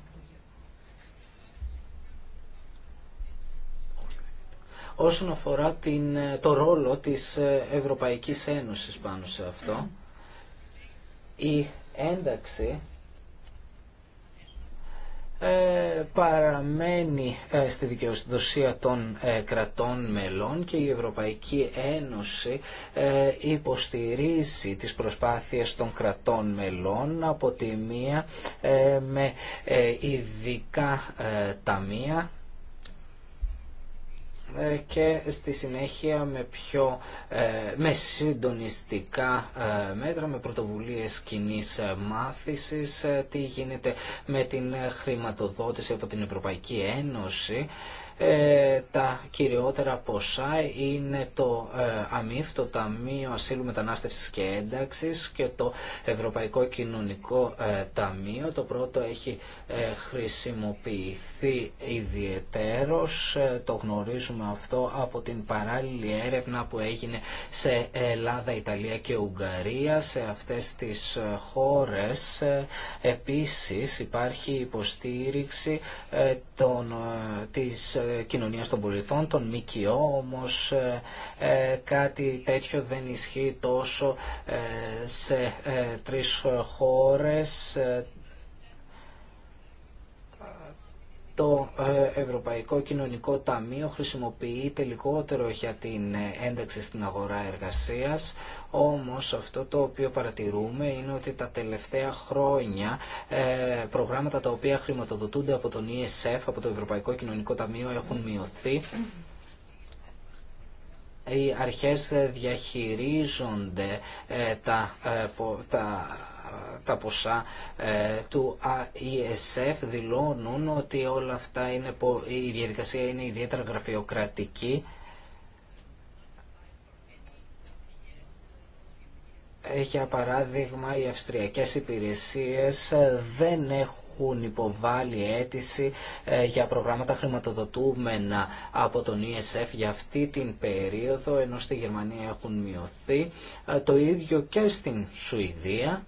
όσον αφορά την, το ρόλο της Ευρωπαϊκής Ένωσης πάνω σε αυτό. Η ένταξη ε, παραμένει ε, στη δικαιοσυνδοσία των ε, κρατών μελών και η Ευρωπαϊκή Ένωση υποστηρίζει τις προσπάθειες των κρατών μελών από τη μία με ειδικά ταμεία ε, και στη συνέχεια με πιο ε, με συντονιστικά ε, μέτρα, με πρωτοβουλίες κοινή μάθησης, τι γίνεται με την χρηματοδότηση από την Ευρωπαϊκή Ένωση ε, τα κυριότερα ποσά είναι το ε, ΑΜΙΦ, το Ταμείο Ασύλου Μετανάστευσης και Ένταξης και το Ευρωπαϊκό Κοινωνικό ε, Ταμείο. Το πρώτο έχει χρησιμοποιηθεί ιδιαιτέρως, το γνωρίζουμε αυτό από την παράλληλη έρευνα που έγινε σε Ελλάδα, Ιταλία και Ουγγαρία. Σε αυτές τις χώρες επίσης υπάρχει υποστήριξη των, της κοινωνίας των πολιτών, των ΜΚΟ, όμως ε, ε, κάτι τέτοιο δεν ισχύει τόσο ε, σε τρεις χώρες το ε, Ευρωπαϊκό Κοινωνικό Ταμείο χρησιμοποιεί τελικότερο για την ε, ένταξη στην αγορά εργασίας, όμως αυτό το οποίο παρατηρούμε είναι ότι τα τελευταία χρόνια ε, προγράμματα τα οποία χρηματοδοτούνται από τον ESF, από το Ευρωπαϊκό Κοινωνικό Ταμείο έχουν μειωθεί οι αρχές διαχειρίζονται τα, τα τα ποσά ε, του ISF δηλώνουν ότι όλα αυτά είναι, η διαδικασία είναι ιδιαίτερα γραφειοκρατική ε, για παράδειγμα οι αυστριακές υπηρεσίες δεν έχουν υποβάλει αίτηση ε, για προγράμματα χρηματοδοτούμενα από τον ESF για αυτή την περίοδο, ενώ στη Γερμανία έχουν μειωθεί. Το ίδιο και στην Σουηδία.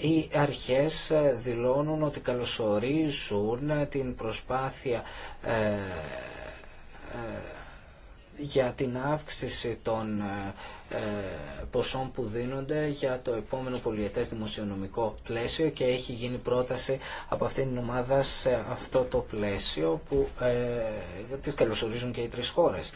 οι αρχές ε, δηλώνουν ότι καλωσορίζουν ε, την προσπάθεια ε, για την αύξηση των ποσών που δίνονται για το επόμενο πολιετές δημοσιονομικό πλαίσιο και έχει γίνει πρόταση από αυτήν την ομάδα σε αυτό το πλαίσιο που τις καλωσορίζουν και οι τρεις χώρες.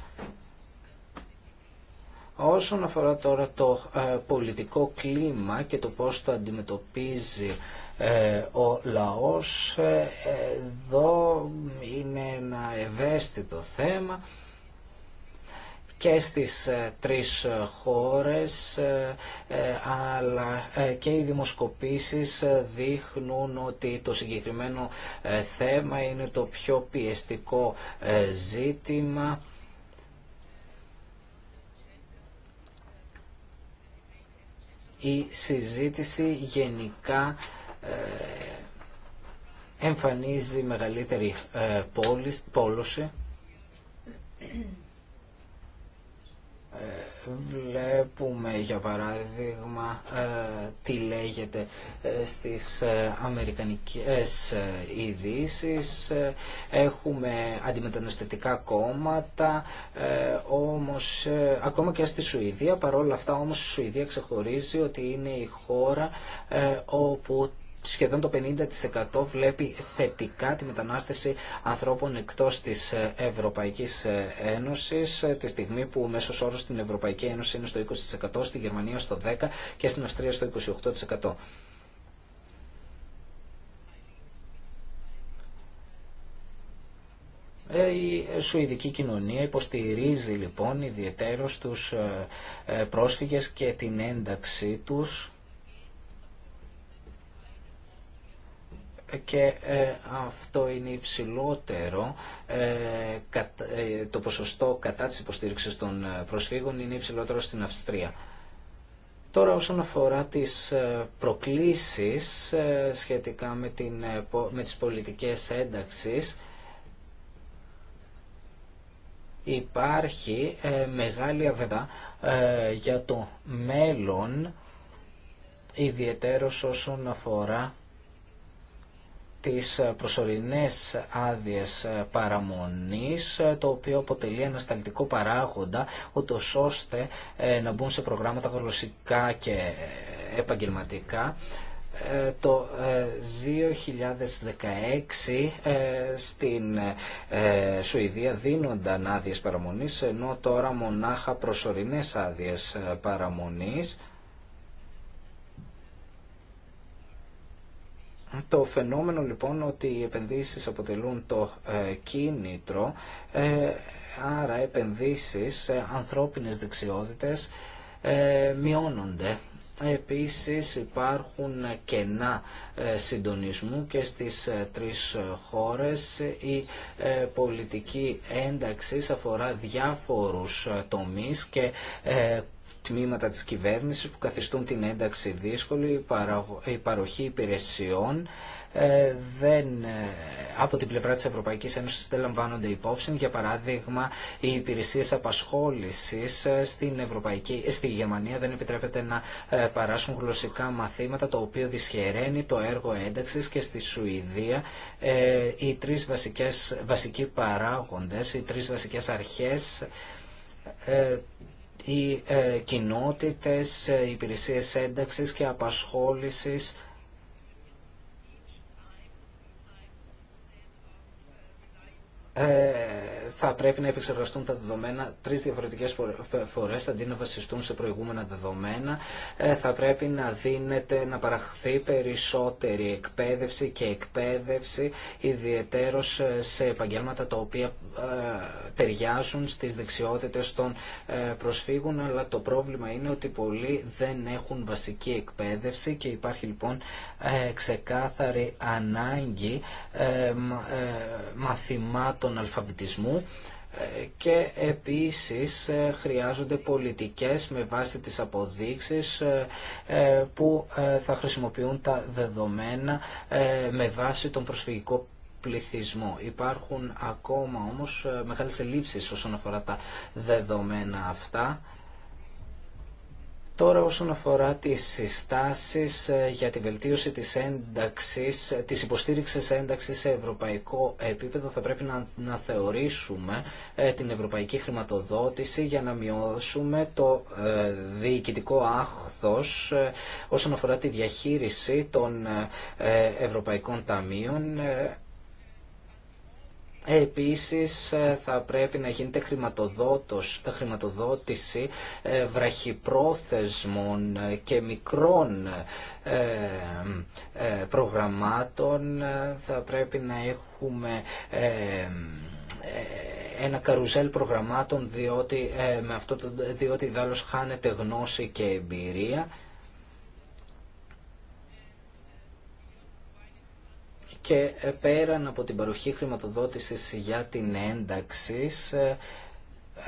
Όσον αφορά τώρα το ε, πολιτικό κλίμα και το πώς το αντιμετωπίζει ε, ο λαός, ε, εδώ είναι ένα ευαίσθητο θέμα και στις τρεις χώρες αλλά και οι δημοσκοπήσεις δείχνουν ότι το συγκεκριμένο θέμα είναι το πιο πιεστικό ζήτημα η συζήτηση γενικά ε, εμφανίζει μεγαλύτερη ε, πόλωση βλέπουμε για παράδειγμα ε, τι λέγεται ε, στις ε, αμερικανικές ειδήσει. Έχουμε αντιμεταναστευτικά κόμματα, όμως ακόμα και στη Σουηδία, παρόλα αυτά όμως η Σουηδία ξεχωρίζει ότι είναι η χώρα όπου σχεδόν το 50% βλέπει θετικά τη μετανάστευση ανθρώπων εκτός της ε, Ευρωπαϊκής ε, Ένωσης ε, τη στιγμή που ο μέσος όρος στην Ευρωπαϊκή Ένωση είναι στο 20%, στη Γερμανία στο 10% και στην Αυστρία στο 28%. Η Σουηδική κοινωνία υποστηρίζει λοιπόν ιδιαίτερως τους πρόσφυγες και την ένταξή τους και ε, αυτό είναι υψηλότερο. Ε, ε, το ποσοστό κατά της υποστήριξης των προσφύγων είναι υψηλότερο στην Αυστρία. Τώρα όσον αφορά τις προκλήσεις σχετικά με, την, με τις πολιτικές ένταξεις υπάρχει μεγάλη αβεβαιότητα για το μέλλον ιδιαίτερος όσον αφορά τις προσωρινές άδειες παραμονής, το οποίο αποτελεί ένα σταλτικό παράγοντα, ούτως ώστε ε, να μπουν σε προγράμματα γλωσσικά και ε, επαγγελματικά ε, το 2016 στην Σουηδία δίνονταν άδειες παραμονής ενώ τώρα μονάχα προσωρινές άδειες παραμονής Το φαινόμενο λοιπόν ότι οι επενδύσεις αποτελούν το ε, κίνητρο, ε, άρα επενδύσεις σε ανθρώπινες δεξιότητες ε, μειώνονται. Επίσης υπάρχουν κενά συντονισμού και στις τρεις χώρες η πολιτική ένταξη αφορά διάφορους τομείς και τμήματα της κυβέρνησης που καθιστούν την ένταξη δύσκολη, η παροχή υπηρεσιών ε, δεν, ε, από την πλευρά της Ευρωπαϊκής Ένωσης δεν λαμβάνονται υπόψη. Για παράδειγμα, οι υπηρεσίες απασχόλησης ε, στην Ευρωπαϊκή, στη Γερμανία δεν επιτρέπεται να παράσουν γλωσσικά μαθήματα, το οποίο δυσχεραίνει το έργο ένταξης και στη Σουηδία ε, οι τρεις βασικές, βασικοί παράγοντες, οι τρεις βασικές αρχές ε, οι ε, κοινότητες, οι ε, υπηρεσίες ένταξης και απασχόλησης ε, θα πρέπει να επεξεργαστούν τα δεδομένα τρεις διαφορετικές φορές αντί να βασιστούν σε προηγούμενα δεδομένα. Ε, θα πρέπει να δίνεται, να παραχθεί περισσότερη εκπαίδευση και εκπαίδευση ιδιαίτερω ε, σε επαγγέλματα τα οποία ε, ταιριάζουν στις δεξιότητες των προσφύγων αλλά το πρόβλημα είναι ότι πολλοί δεν έχουν βασική εκπαίδευση και υπάρχει λοιπόν ξεκάθαρη ανάγκη μαθημάτων αλφαβητισμού και επίσης ε, χρειάζονται πολιτικές με βάση τις αποδείξεις ε, ε, που θα χρησιμοποιούν τα δεδομένα με βάση τον προσφυγικό πληθυσμό. Υπάρχουν ακόμα όμως μεγάλες ελλείψεις όσον αφορά τα δεδομένα αυτά Τώρα όσον αφορά τις συστάσεις ε, για τη βελτίωση της ένταξης, της υποστήριξης ένταξης σε ευρωπαϊκό επίπεδο θα πρέπει να, να θεωρήσουμε ε, την ευρωπαϊκή χρηματοδότηση για να μειώσουμε το ε, διοικητικό άχθος όσον αφορά τη διαχείριση των ευρωπαϊκών ταμείων Επίσης ε, θα πρέπει να γίνεται χρηματοδότηση ε, βραχυπρόθεσμων ε, και μικρών προγραμμάτων. Θα πρέπει να έχουμε ένα καρουζέλ προγραμμάτων διότι, με αυτό, διότι χάνεται γνώση και εμπειρία. και ε, πέραν από την παροχή χρηματοδότησης για την ένταξη ε,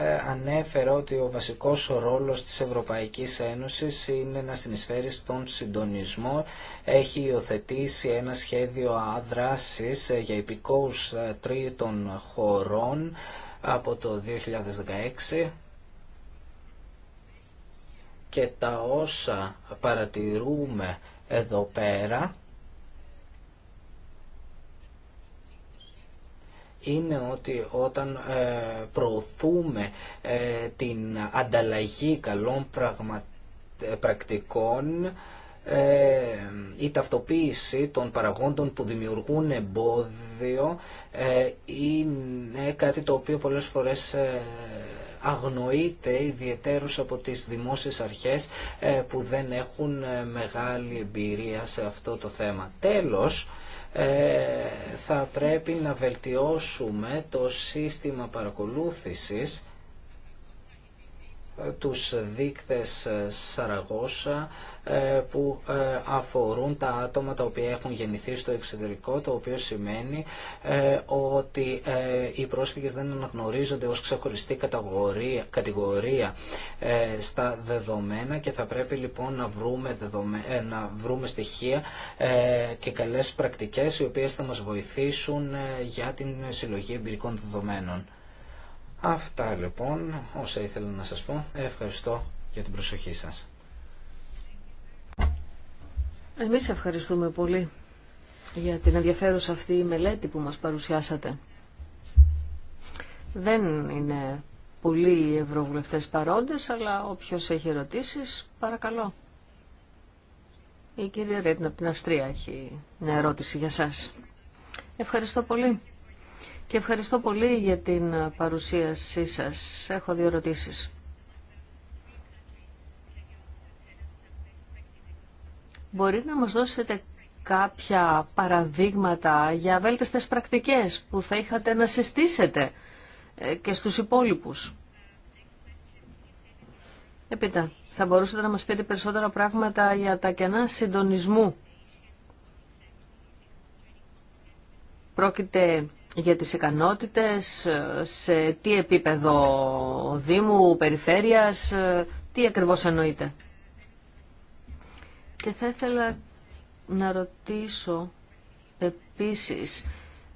ε, ανέφερα ότι ο βασικός ρόλος της Ευρωπαϊκής Ένωσης είναι να συνεισφέρει στον συντονισμό. Έχει υιοθετήσει ένα σχέδιο αδράσης για υπηκόους τρίτων χωρών από το 2016 και τα όσα παρατηρούμε εδώ πέρα είναι ότι όταν ε, προωθούμε ε, την ανταλλαγή καλών ε, πρακτικών η ταυτοποίηση των παραγόντων που δημιουργούν εμπόδιο είναι κάτι το οποίο πολλές φορές αγνοείται ιδιαιτέρως από τις δημόσιες αρχές που δεν έχουν μεγάλη εμπειρία σε αυτό το θέμα. Τέλος, ε, θα πρέπει να βελτιώσουμε το σύστημα παρακολούθησης ε, τους δείκτες ε, Σαραγώσα ε, που ε, αφορούν τα άτομα τα οποία έχουν γεννηθεί στο εξωτερικό, το οποίο σημαίνει ε, ότι οι πρόσφυγες δεν αναγνωρίζονται ως ξεχωριστή κατηγορία, κατηγορία στα δεδομένα και θα πρέπει λοιπόν να βρούμε, να βρούμε στοιχεία και καλές πρακτικές οι οποίες θα μας βοηθήσουν για την συλλογή εμπειρικών δεδομένων. Αυτά λοιπόν όσα ήθελα να σας πω. Ευχαριστώ για την προσοχή σας. Εμείς ευχαριστούμε πολύ για την ενδιαφέρουσα αυτή η μελέτη που μας παρουσιάσατε. Δεν είναι πολλοί οι ευρωβουλευτές παρόντες, αλλά όποιος έχει ερωτήσεις, παρακαλώ. Η κυρία Ρέτνα από την Αυστρία έχει μια ερώτηση για σας. Ευχαριστώ πολύ. Και ευχαριστώ πολύ για την παρουσίασή σας. Έχω δύο ερωτήσεις. Μπορείτε να μας δώσετε κάποια παραδείγματα για βέλτιστες πρακτικές που θα είχατε να συστήσετε ε, και στους υπόλοιπους. Επίτα, θα μπορούσατε να μας πείτε περισσότερα πράγματα για τα κενά συντονισμού. Πρόκειται για τις ικανότητες, ε, σε τι επίπεδο Δήμου, Περιφέρειας, ε, τι ακριβώς εννοείται. Και θα ήθελα να ρωτήσω επίσης,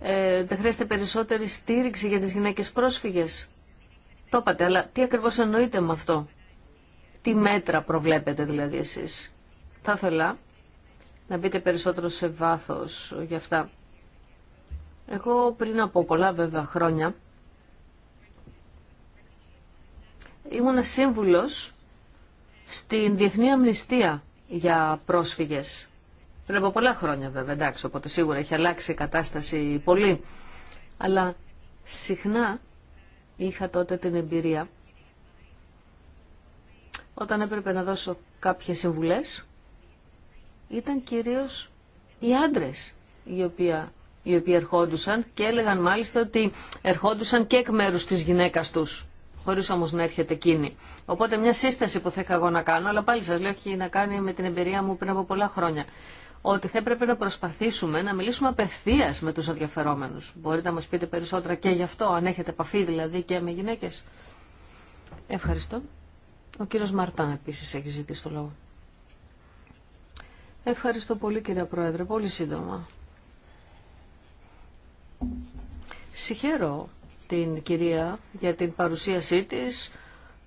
ε, δεν χρειάζεται περισσότερη στήριξη για τις γυναίκες πρόσφυγες. Το είπατε, αλλά τι ακριβώς εννοείτε με αυτό. Τι μέτρα προβλέπετε δηλαδή εσείς. Θα ήθελα να μπείτε περισσότερο σε βάθος για αυτά. Εγώ πριν από πολλά βέβαια χρόνια ήμουν σύμβουλος στην Διεθνή Αμνηστία για πρόσφυγες. Πριν από πολλά χρόνια βέβαια, εντάξει, οπότε σίγουρα έχει αλλάξει η κατάσταση πολύ. Αλλά συχνά είχα τότε την εμπειρία όταν έπρεπε να δώσω κάποιες συμβουλές ήταν κυρίως οι άντρες οι οποίοι, οι οποίοι ερχόντουσαν και έλεγαν μάλιστα ότι ερχόντουσαν και εκ μέρους της γυναίκας τους χωρί όμως να έρχεται εκείνη. Οπότε μια σύσταση που θα είχα εγώ να κάνω, αλλά πάλι σα λέω έχει να κάνει με την εμπειρία μου πριν από πολλά χρόνια, ότι θα έπρεπε να προσπαθήσουμε να μιλήσουμε απευθεία με του ενδιαφερόμενου. Μπορείτε να μα πείτε περισσότερα και γι' αυτό, αν έχετε επαφή δηλαδή και με γυναίκε. Ευχαριστώ. Ο κύριο Μαρτάν επίση έχει ζητήσει το λόγο. Ευχαριστώ πολύ κύριε Πρόεδρε, πολύ σύντομα. Συγχαίρω την κυρία για την παρουσίασή της,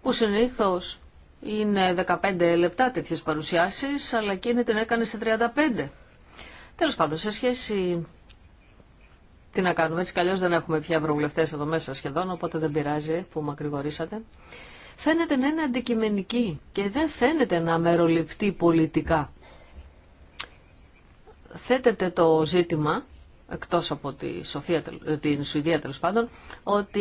που συνήθως είναι 15 λεπτά τέτοιε παρουσιάσεις, αλλά εκείνη την έκανε σε 35. Τέλος πάντων, σε σχέση... Τι να κάνουμε, έτσι καλώς δεν έχουμε πια ευρωβουλευτές εδώ μέσα σχεδόν, οπότε δεν πειράζει που μακρηγορήσατε. Φαίνεται να είναι αντικειμενική και δεν φαίνεται να μεροληπτεί πολιτικά. Θέτεται το ζήτημα εκτός από τη Σοφία, την Σουηδία τέλο πάντων, ότι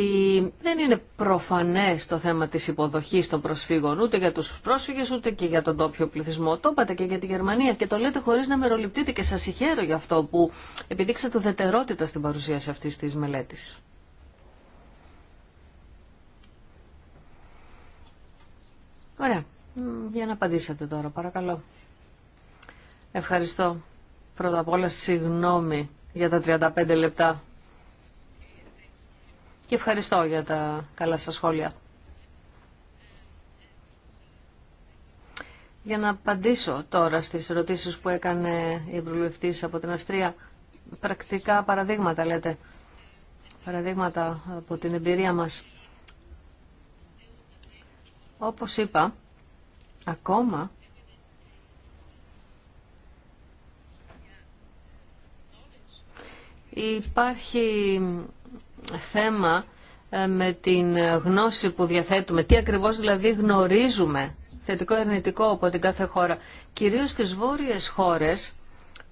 δεν είναι προφανές το θέμα της υποδοχής των προσφύγων ούτε για τους πρόσφυγες ούτε και για τον τόπιο πληθυσμό. Το είπατε και για τη Γερμανία και το λέτε χωρίς να μεροληπτείτε και σας συγχαίρω για αυτό που επιδείξατε ουδετερότητα στην παρουσίαση αυτής της μελέτης. Ωραία. Για να απαντήσετε τώρα, παρακαλώ. Ευχαριστώ. Πρώτα απ' όλα, συγγνώμη για τα 35 λεπτά. Και ευχαριστώ για τα καλά σας σχόλια. Για να απαντήσω τώρα στις ερωτήσεις που έκανε η Ευρωβουλευτής από την Αυστρία, πρακτικά παραδείγματα λέτε, παραδείγματα από την εμπειρία μας. Όπως είπα, ακόμα Υπάρχει θέμα ε, με την γνώση που διαθέτουμε, τι ακριβώς δηλαδή γνωρίζουμε, θετικό ή αρνητικό από την κάθε χώρα. Κυρίως στις βόρειες χώρες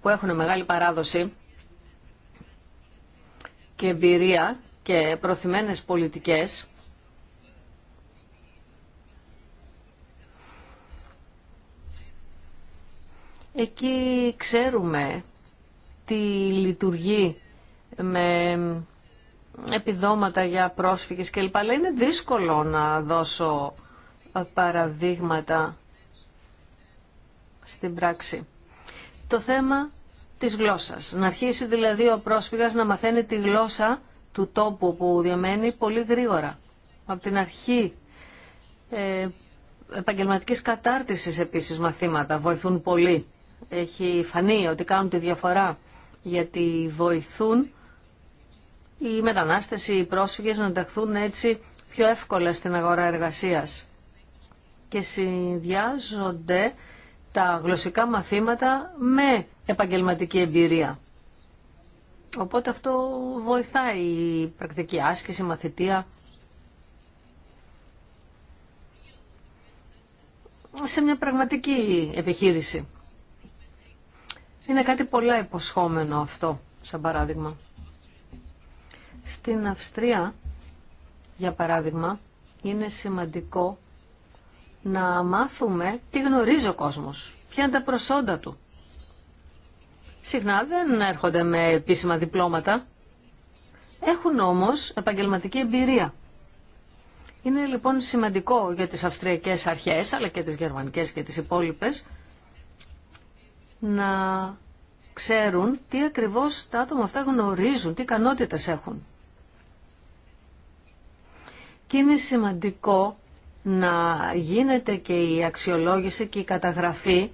που έχουν μεγάλη παράδοση και εμπειρία και προθυμένες πολιτικές, εκεί ξέρουμε τι λειτουργεί με επιδόματα για πρόσφυγες κλπ. Αλλά είναι δύσκολο να δώσω παραδείγματα στην πράξη. Το θέμα της γλώσσας. Να αρχίσει δηλαδή ο πρόσφυγας να μαθαίνει τη γλώσσα του τόπου που διαμένει πολύ γρήγορα. Από την αρχή ε, επαγγελματικής κατάρτισης επίσης μαθήματα βοηθούν πολύ. Έχει φανεί ότι κάνουν τη διαφορά γιατί βοηθούν οι μετανάστες, οι πρόσφυγες να ενταχθούν έτσι πιο εύκολα στην αγορά εργασίας. Και συνδυάζονται τα γλωσσικά μαθήματα με επαγγελματική εμπειρία. Οπότε αυτό βοηθάει η πρακτική άσκηση, η μαθητεία. σε μια πραγματική επιχείρηση. Είναι κάτι πολλά υποσχόμενο αυτό, σαν παράδειγμα. Στην Αυστρία, για παράδειγμα, είναι σημαντικό να μάθουμε τι γνωρίζει ο κόσμος, ποια είναι τα προσόντα του. Συχνά δεν έρχονται με επίσημα διπλώματα, έχουν όμως επαγγελματική εμπειρία. Είναι λοιπόν σημαντικό για τις αυστριακές αρχές, αλλά και τις γερμανικές και τις υπόλοιπες, να ξέρουν τι ακριβώς τα άτομα αυτά γνωρίζουν, τι ικανότητες έχουν. Και είναι σημαντικό να γίνεται και η αξιολόγηση και η καταγραφή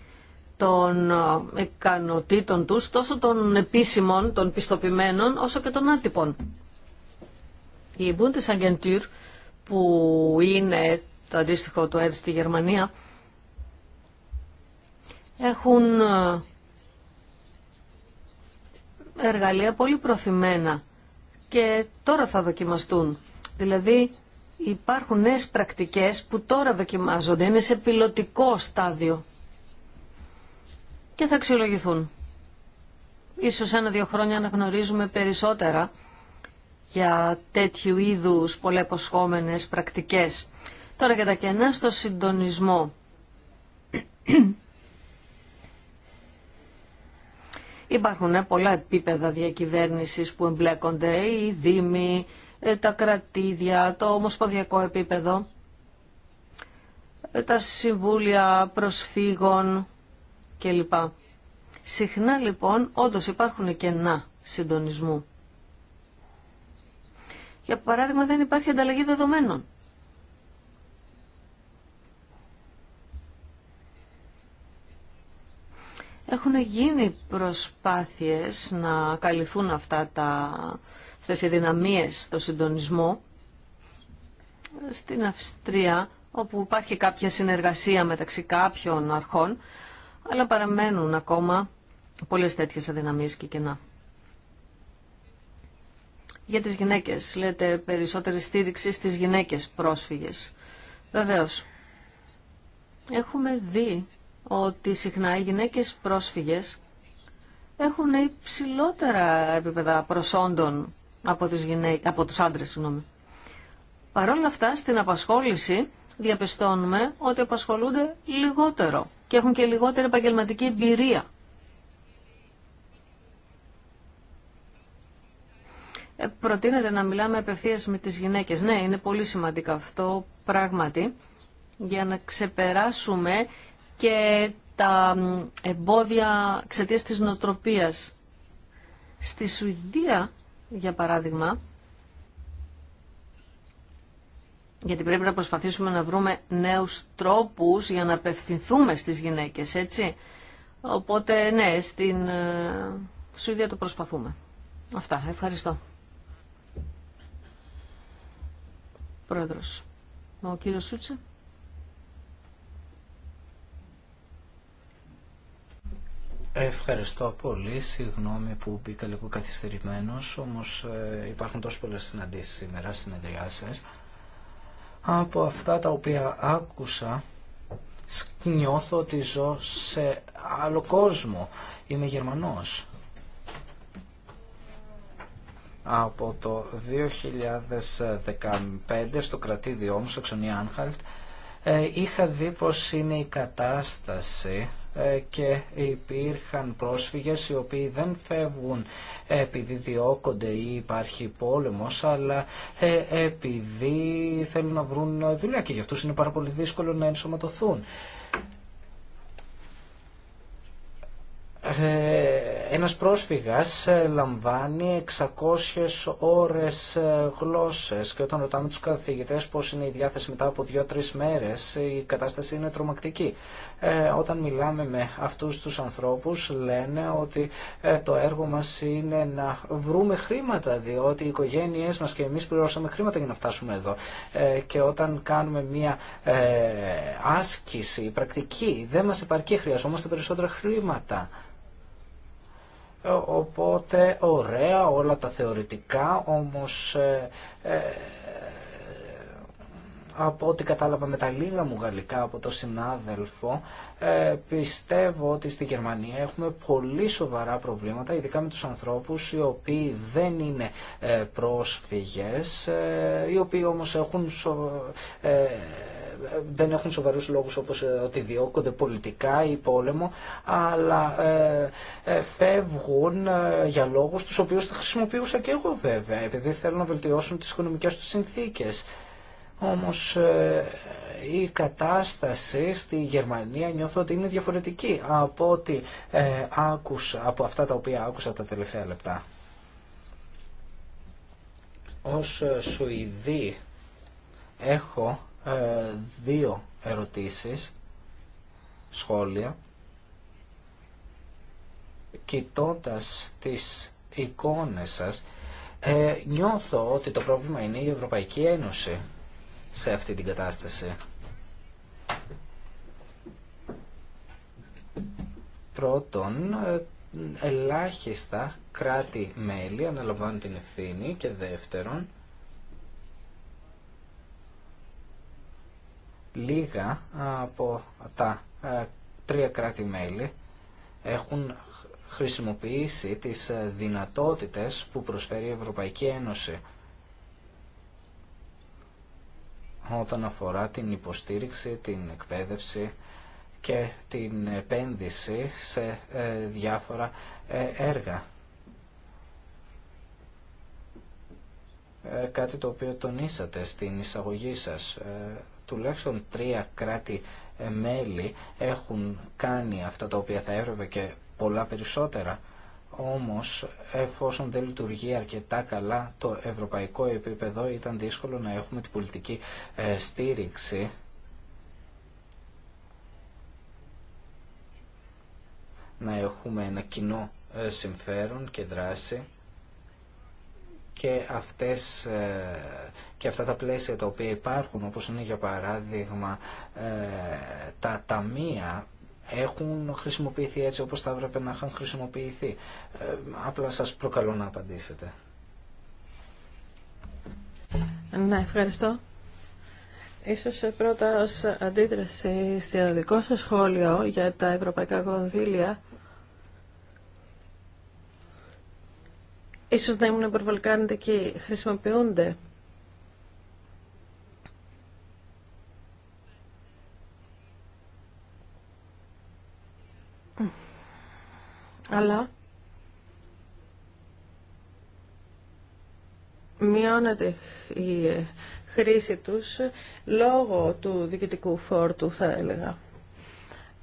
των ικανοτήτων τους, τόσο των επίσημων, των πιστοποιημένων, όσο και των άτυπων. Η Bundesagentur, που είναι το αντίστοιχο του ΕΔ στη Γερμανία, έχουν ε, εργαλεία πολύ προθυμένα και τώρα θα δοκιμαστούν. Δηλαδή υπάρχουν νέες πρακτικές που τώρα δοκιμάζονται, είναι σε πιλωτικό στάδιο και θα αξιολογηθούν. Ίσως ένα-δύο χρόνια να γνωρίζουμε περισσότερα για τέτοιου είδους πολλαποσχόμενες πρακτικές. Τώρα για τα κενά στο συντονισμό. Υπάρχουν ε, πολλά επίπεδα διακυβέρνησης που εμπλέκονται, οι δήμοι, ε, τα κρατήδια, το ομοσπονδιακό επίπεδο, ε, τα συμβούλια προσφύγων κλπ. Συχνά λοιπόν όντως υπάρχουν κενά συντονισμού. Για παράδειγμα δεν υπάρχει ανταλλαγή δεδομένων. Έχουν γίνει προσπάθειες να καλυφθούν αυτά τα στις δυναμίες στο συντονισμό στην Αυστρία, όπου υπάρχει κάποια συνεργασία μεταξύ κάποιων αρχών, αλλά παραμένουν ακόμα πολλές τέτοιες αδυναμίες και κενά. Για τις γυναίκες, λέτε περισσότερη στήριξη στις γυναίκες πρόσφυγες. Βεβαίως, έχουμε δει ότι συχνά οι γυναίκες πρόσφυγες έχουν υψηλότερα επίπεδα προσόντων από, από τους άντρες. Παρ' όλα αυτά στην απασχόληση διαπιστώνουμε ότι απασχολούνται λιγότερο και έχουν και λιγότερη επαγγελματική εμπειρία. Ε, προτείνεται να μιλάμε απευθεία με τις γυναίκες. Ναι, είναι πολύ σημαντικό αυτό πράγματι για να ξεπεράσουμε και τα εμπόδια εξαιτία της νοτροπίας. Στη Σουηδία για παράδειγμα, γιατί πρέπει να προσπαθήσουμε να βρούμε νέους τρόπους για να απευθυνθούμε στις γυναίκες, έτσι. Οπότε, ναι, στην ε, Σουηδία το προσπαθούμε. Αυτά. Ευχαριστώ. Πρόεδρος. Ο κύριος Σούτσε. Ευχαριστώ πολύ. Συγγνώμη που μπήκα λίγο καθυστερημένο, όμω ε, υπάρχουν τόσο πολλέ συναντήσει σήμερα, συνεδριάσει. Από αυτά τα οποία άκουσα, νιώθω ότι ζω σε άλλο κόσμο. Είμαι Γερμανός. Από το 2015 στο κρατήδιό μου, στο Ξωνία Άνχαλτ, ε, είχα δει πως είναι η κατάσταση ε, και υπήρχαν πρόσφυγες οι οποίοι δεν φεύγουν επειδή διώκονται ή υπάρχει πόλεμος αλλά ε, επειδή θέλουν να βρουν δουλειά και για αυτούς είναι πάρα πολύ δύσκολο να ενσωματωθούν. Ε, ένας πρόσφυγας ε, λαμβάνει 600 ώρες ε, γλώσσες και όταν ρωτάμε τους καθηγητές πώς είναι η διάθεση μετά από 2-3 μέρες η κατάσταση είναι τρομακτική. Όταν μιλάμε με αυτούς τους ανθρώπους λένε ότι το έργο μας είναι να βρούμε χρήματα διότι οι οικογένειές μας και εμείς πληρώσαμε χρήματα για να φτάσουμε εδώ και όταν κάνουμε μια άσκηση πρακτική δεν μας επαρκεί χρειαζόμαστε περισσότερα χρήματα. Οπότε ωραία όλα τα θεωρητικά, όμως ε, ε, από ό,τι κατάλαβα με τα λίγα μου γαλλικά από το συνάδελφο, ε, πιστεύω ότι στη Γερμανία έχουμε πολύ σοβαρά προβλήματα, ειδικά με τους ανθρώπους οι οποίοι δεν είναι πρόσφυγες, οι οποίοι όμως έχουν δεν έχουν σοβαρούς λόγους όπως ε, ότι διώκονται πολιτικά ή πόλεμο, αλλά ε, ε, φεύγουν για λόγους τους οποίους θα χρησιμοποιούσα και εγώ βέβαια, επειδή θέλουν να βελτιώσουν τις οικονομικές τους συνθήκες. Όμως η κατάσταση στη Γερμανία νιώθω ότι είναι διαφορετική από ό,τι άκουσα, από αυτά τα οποία άκουσα τα τελευταία λεπτά. Ως Σουηδή έχω δύο ερωτήσεις, σχόλια. Κοιτώντας τις εικόνες σας, ε, νιώθω ότι το πρόβλημα είναι η Ευρωπαϊκή Ένωση σε αυτή την κατάσταση. Πρώτον, ε, ελάχιστα κράτη-μέλη αναλαμβάνουν την ευθύνη και δεύτερον, Λίγα από τα ε, τρία κράτη-μέλη έχουν χρησιμοποιήσει τις ε, δυνατότητες που προσφέρει η Ευρωπαϊκή Ένωση όταν αφορά την υποστήριξη, την εκπαίδευση και την επένδυση σε ε, διάφορα έργα. Κάτι το οποίο τονίσατε στην εισαγωγή σας τουλάχιστον τρία κράτη-μέλη ε, έχουν κάνει αυτά τα οποία θα έπρεπε και πολλά περισσότερα. Όμως, εφόσον δεν λειτουργεί αρκετά καλά το ευρωπαϊκό επίπεδο, ήταν δύσκολο να έχουμε την πολιτική ε, στήριξη να έχουμε ένα κοινό ε, συμφέρον και δράση και, αυτές, ε, και αυτά τα πλαίσια τα οποία υπάρχουν, όπως είναι για παράδειγμα ε, τα ταμεία έχουν χρησιμοποιηθεί έτσι όπως θα έπρεπε να είχαν χρησιμοποιηθεί. Ε, απλά σας προκαλώ να απαντήσετε. Ναι, ευχαριστώ. Ίσως πρώτα ως αντίδραση στο δικό σας σχόλιο για τα ευρωπαϊκά κονδύλια ίσως να ήμουν υπερβολικά και χρησιμοποιούνται αλλά μειώνεται η χρήση τους λόγω του διοικητικού φόρτου θα έλεγα.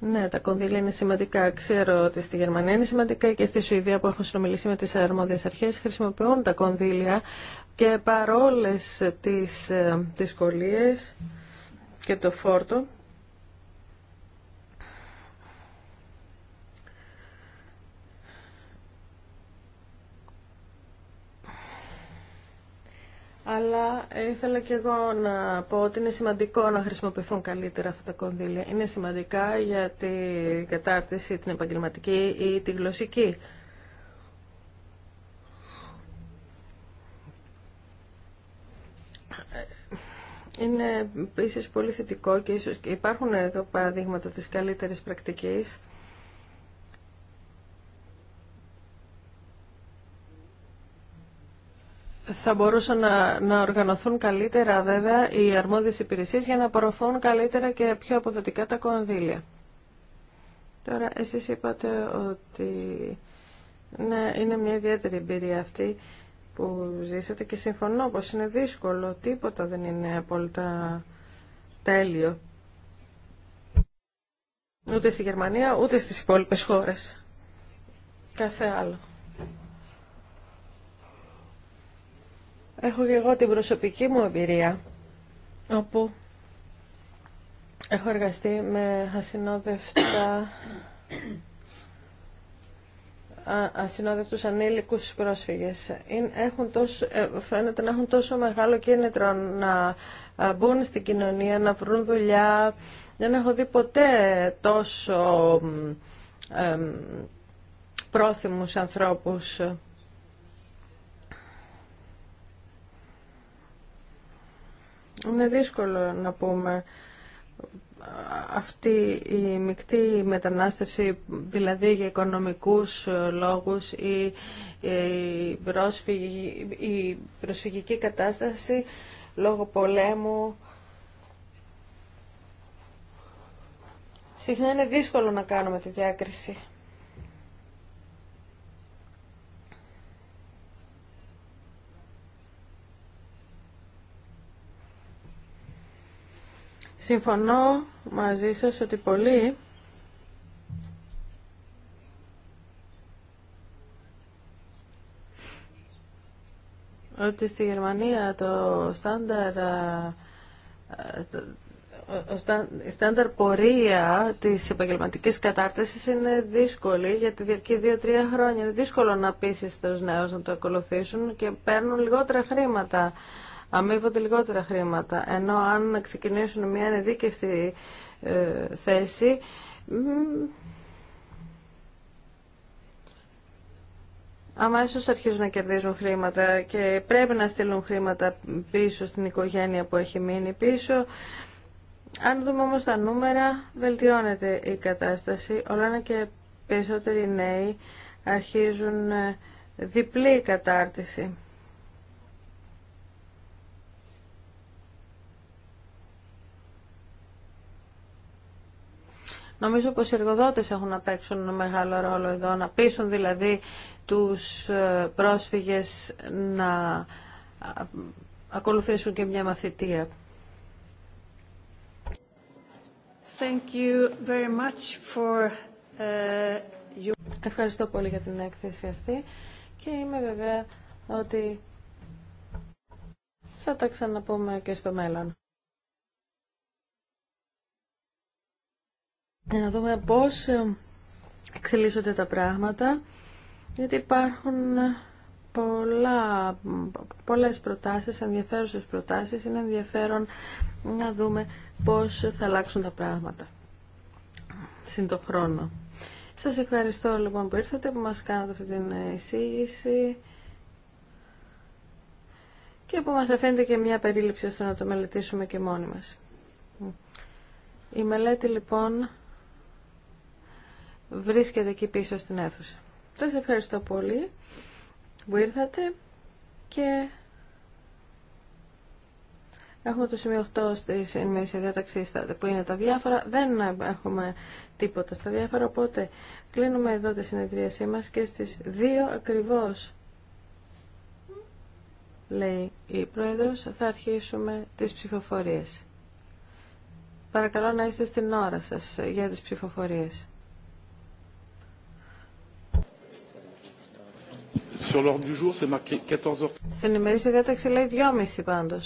Ναι, τα κονδύλια είναι σημαντικά. Ξέρω ότι στη Γερμανία είναι σημαντικά και στη Σουηδία που έχω συνομιλήσει με τις αρμόδιες αρχές χρησιμοποιούν τα κονδύλια και παρόλες τις ε, δυσκολίε και το φόρτο αλλά ήθελα και εγώ να πω ότι είναι σημαντικό να χρησιμοποιηθούν καλύτερα αυτά τα κονδύλια. Είναι σημαντικά για την κατάρτιση, την επαγγελματική ή την γλωσσική. Είναι επίση πολύ θετικό και ίσως υπάρχουν παραδείγματα της καλύτερης πρακτικής θα μπορούσαν να, να οργανωθούν καλύτερα βέβαια οι αρμόδιες υπηρεσίες για να απορροφούν καλύτερα και πιο αποδοτικά τα κονδύλια. Τώρα εσείς είπατε ότι ναι, είναι μια ιδιαίτερη εμπειρία αυτή που ζήσατε και συμφωνώ πως είναι δύσκολο, τίποτα δεν είναι απόλυτα τέλειο. Ούτε στη Γερμανία, ούτε στις υπόλοιπες χώρες. Κάθε άλλο. Έχω και εγώ την προσωπική μου εμπειρία, όπου έχω εργαστεί με ασυνόδευτα ασυνόδευτους ανήλικους πρόσφυγες. Έχουν τόσο, ε, φαίνεται να έχουν τόσο μεγάλο κίνητρο να μπουν στην κοινωνία, να βρουν δουλειά. Δεν έχω δει ποτέ τόσο ε, πρόθυμους ανθρώπους Είναι δύσκολο να πούμε αυτή η μεικτή μετανάστευση, δηλαδή για οικονομικούς ε, λόγους ή ε, η, προσφυγική, η προσφυγική λόγω πολέμου, συχνά είναι δύσκολο να κάνουμε τη διάκριση. Συμφωνώ μαζί σας ότι πολλοί ότι στη Γερμανία το στάνταρ η στάνταρ πορεία της επαγγελματικης καταρτισης κατάρτισης είναι δύσκολη γιατί διερκεί δύο-τρία χρόνια. Είναι δύσκολο να πείσει τους νέους να το ακολουθήσουν και παίρνουν λιγότερα χρήματα αμείβονται λιγότερα χρήματα. Ενώ αν ξεκινήσουν μια ανεδίκευτη ε, θέση, Αμέσω αρχίζουν να κερδίζουν χρήματα και πρέπει να στείλουν χρήματα πίσω στην οικογένεια που έχει μείνει πίσω. Αν δούμε όμως τα νούμερα, βελτιώνεται η κατάσταση. Όλα και περισσότεροι νέοι αρχίζουν ε, διπλή κατάρτιση. Νομίζω πως οι εργοδότες έχουν να παίξουν ένα μεγάλο ρόλο εδώ, να πείσουν δηλαδή τους ε, πρόσφυγες να ακολουθήσουν και μια μαθητεία. Ε, Ευχαριστώ πολύ για την έκθεση αυτή και είμαι βέβαια ότι θα τα ξαναπούμε και στο μέλλον. να δούμε πώς ε, εξελίσσονται τα πράγματα, γιατί υπάρχουν ε, πολλά, πολλές προτάσεις, ενδιαφέρουσες προτάσεις, είναι ενδιαφέρον να δούμε πώς θα αλλάξουν τα πράγματα συν το χρόνο. Σας ευχαριστώ λοιπόν που ήρθατε, που μας κάνατε αυτή την εισήγηση και που μας αφήνετε και μια περίληψη ώστε να το μελετήσουμε και μόνοι μας. Η μελέτη λοιπόν βρίσκεται εκεί πίσω στην αίθουσα. Σας ευχαριστώ πολύ που ήρθατε και έχουμε το σημείο 8 στις ενημερίσια διάταξη που είναι τα διάφορα. Δεν έχουμε τίποτα στα διάφορα, οπότε κλείνουμε εδώ τη συνεδρίασή μας και στις 2 ακριβώς λέει η Πρόεδρος, θα αρχίσουμε τις ψηφοφορίες. Παρακαλώ να είστε στην ώρα σας για τις ψηφοφορίες. Στην ημερήσια διάταξη λέει 2.30 πάντω.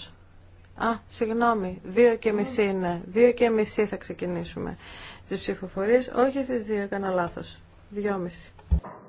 Α, συγγνώμη, 2.30 είναι. 2.30 θα ξεκινήσουμε. τι ψηφοφορίε. όχι στι 2, έκανα λάθο. 2.30.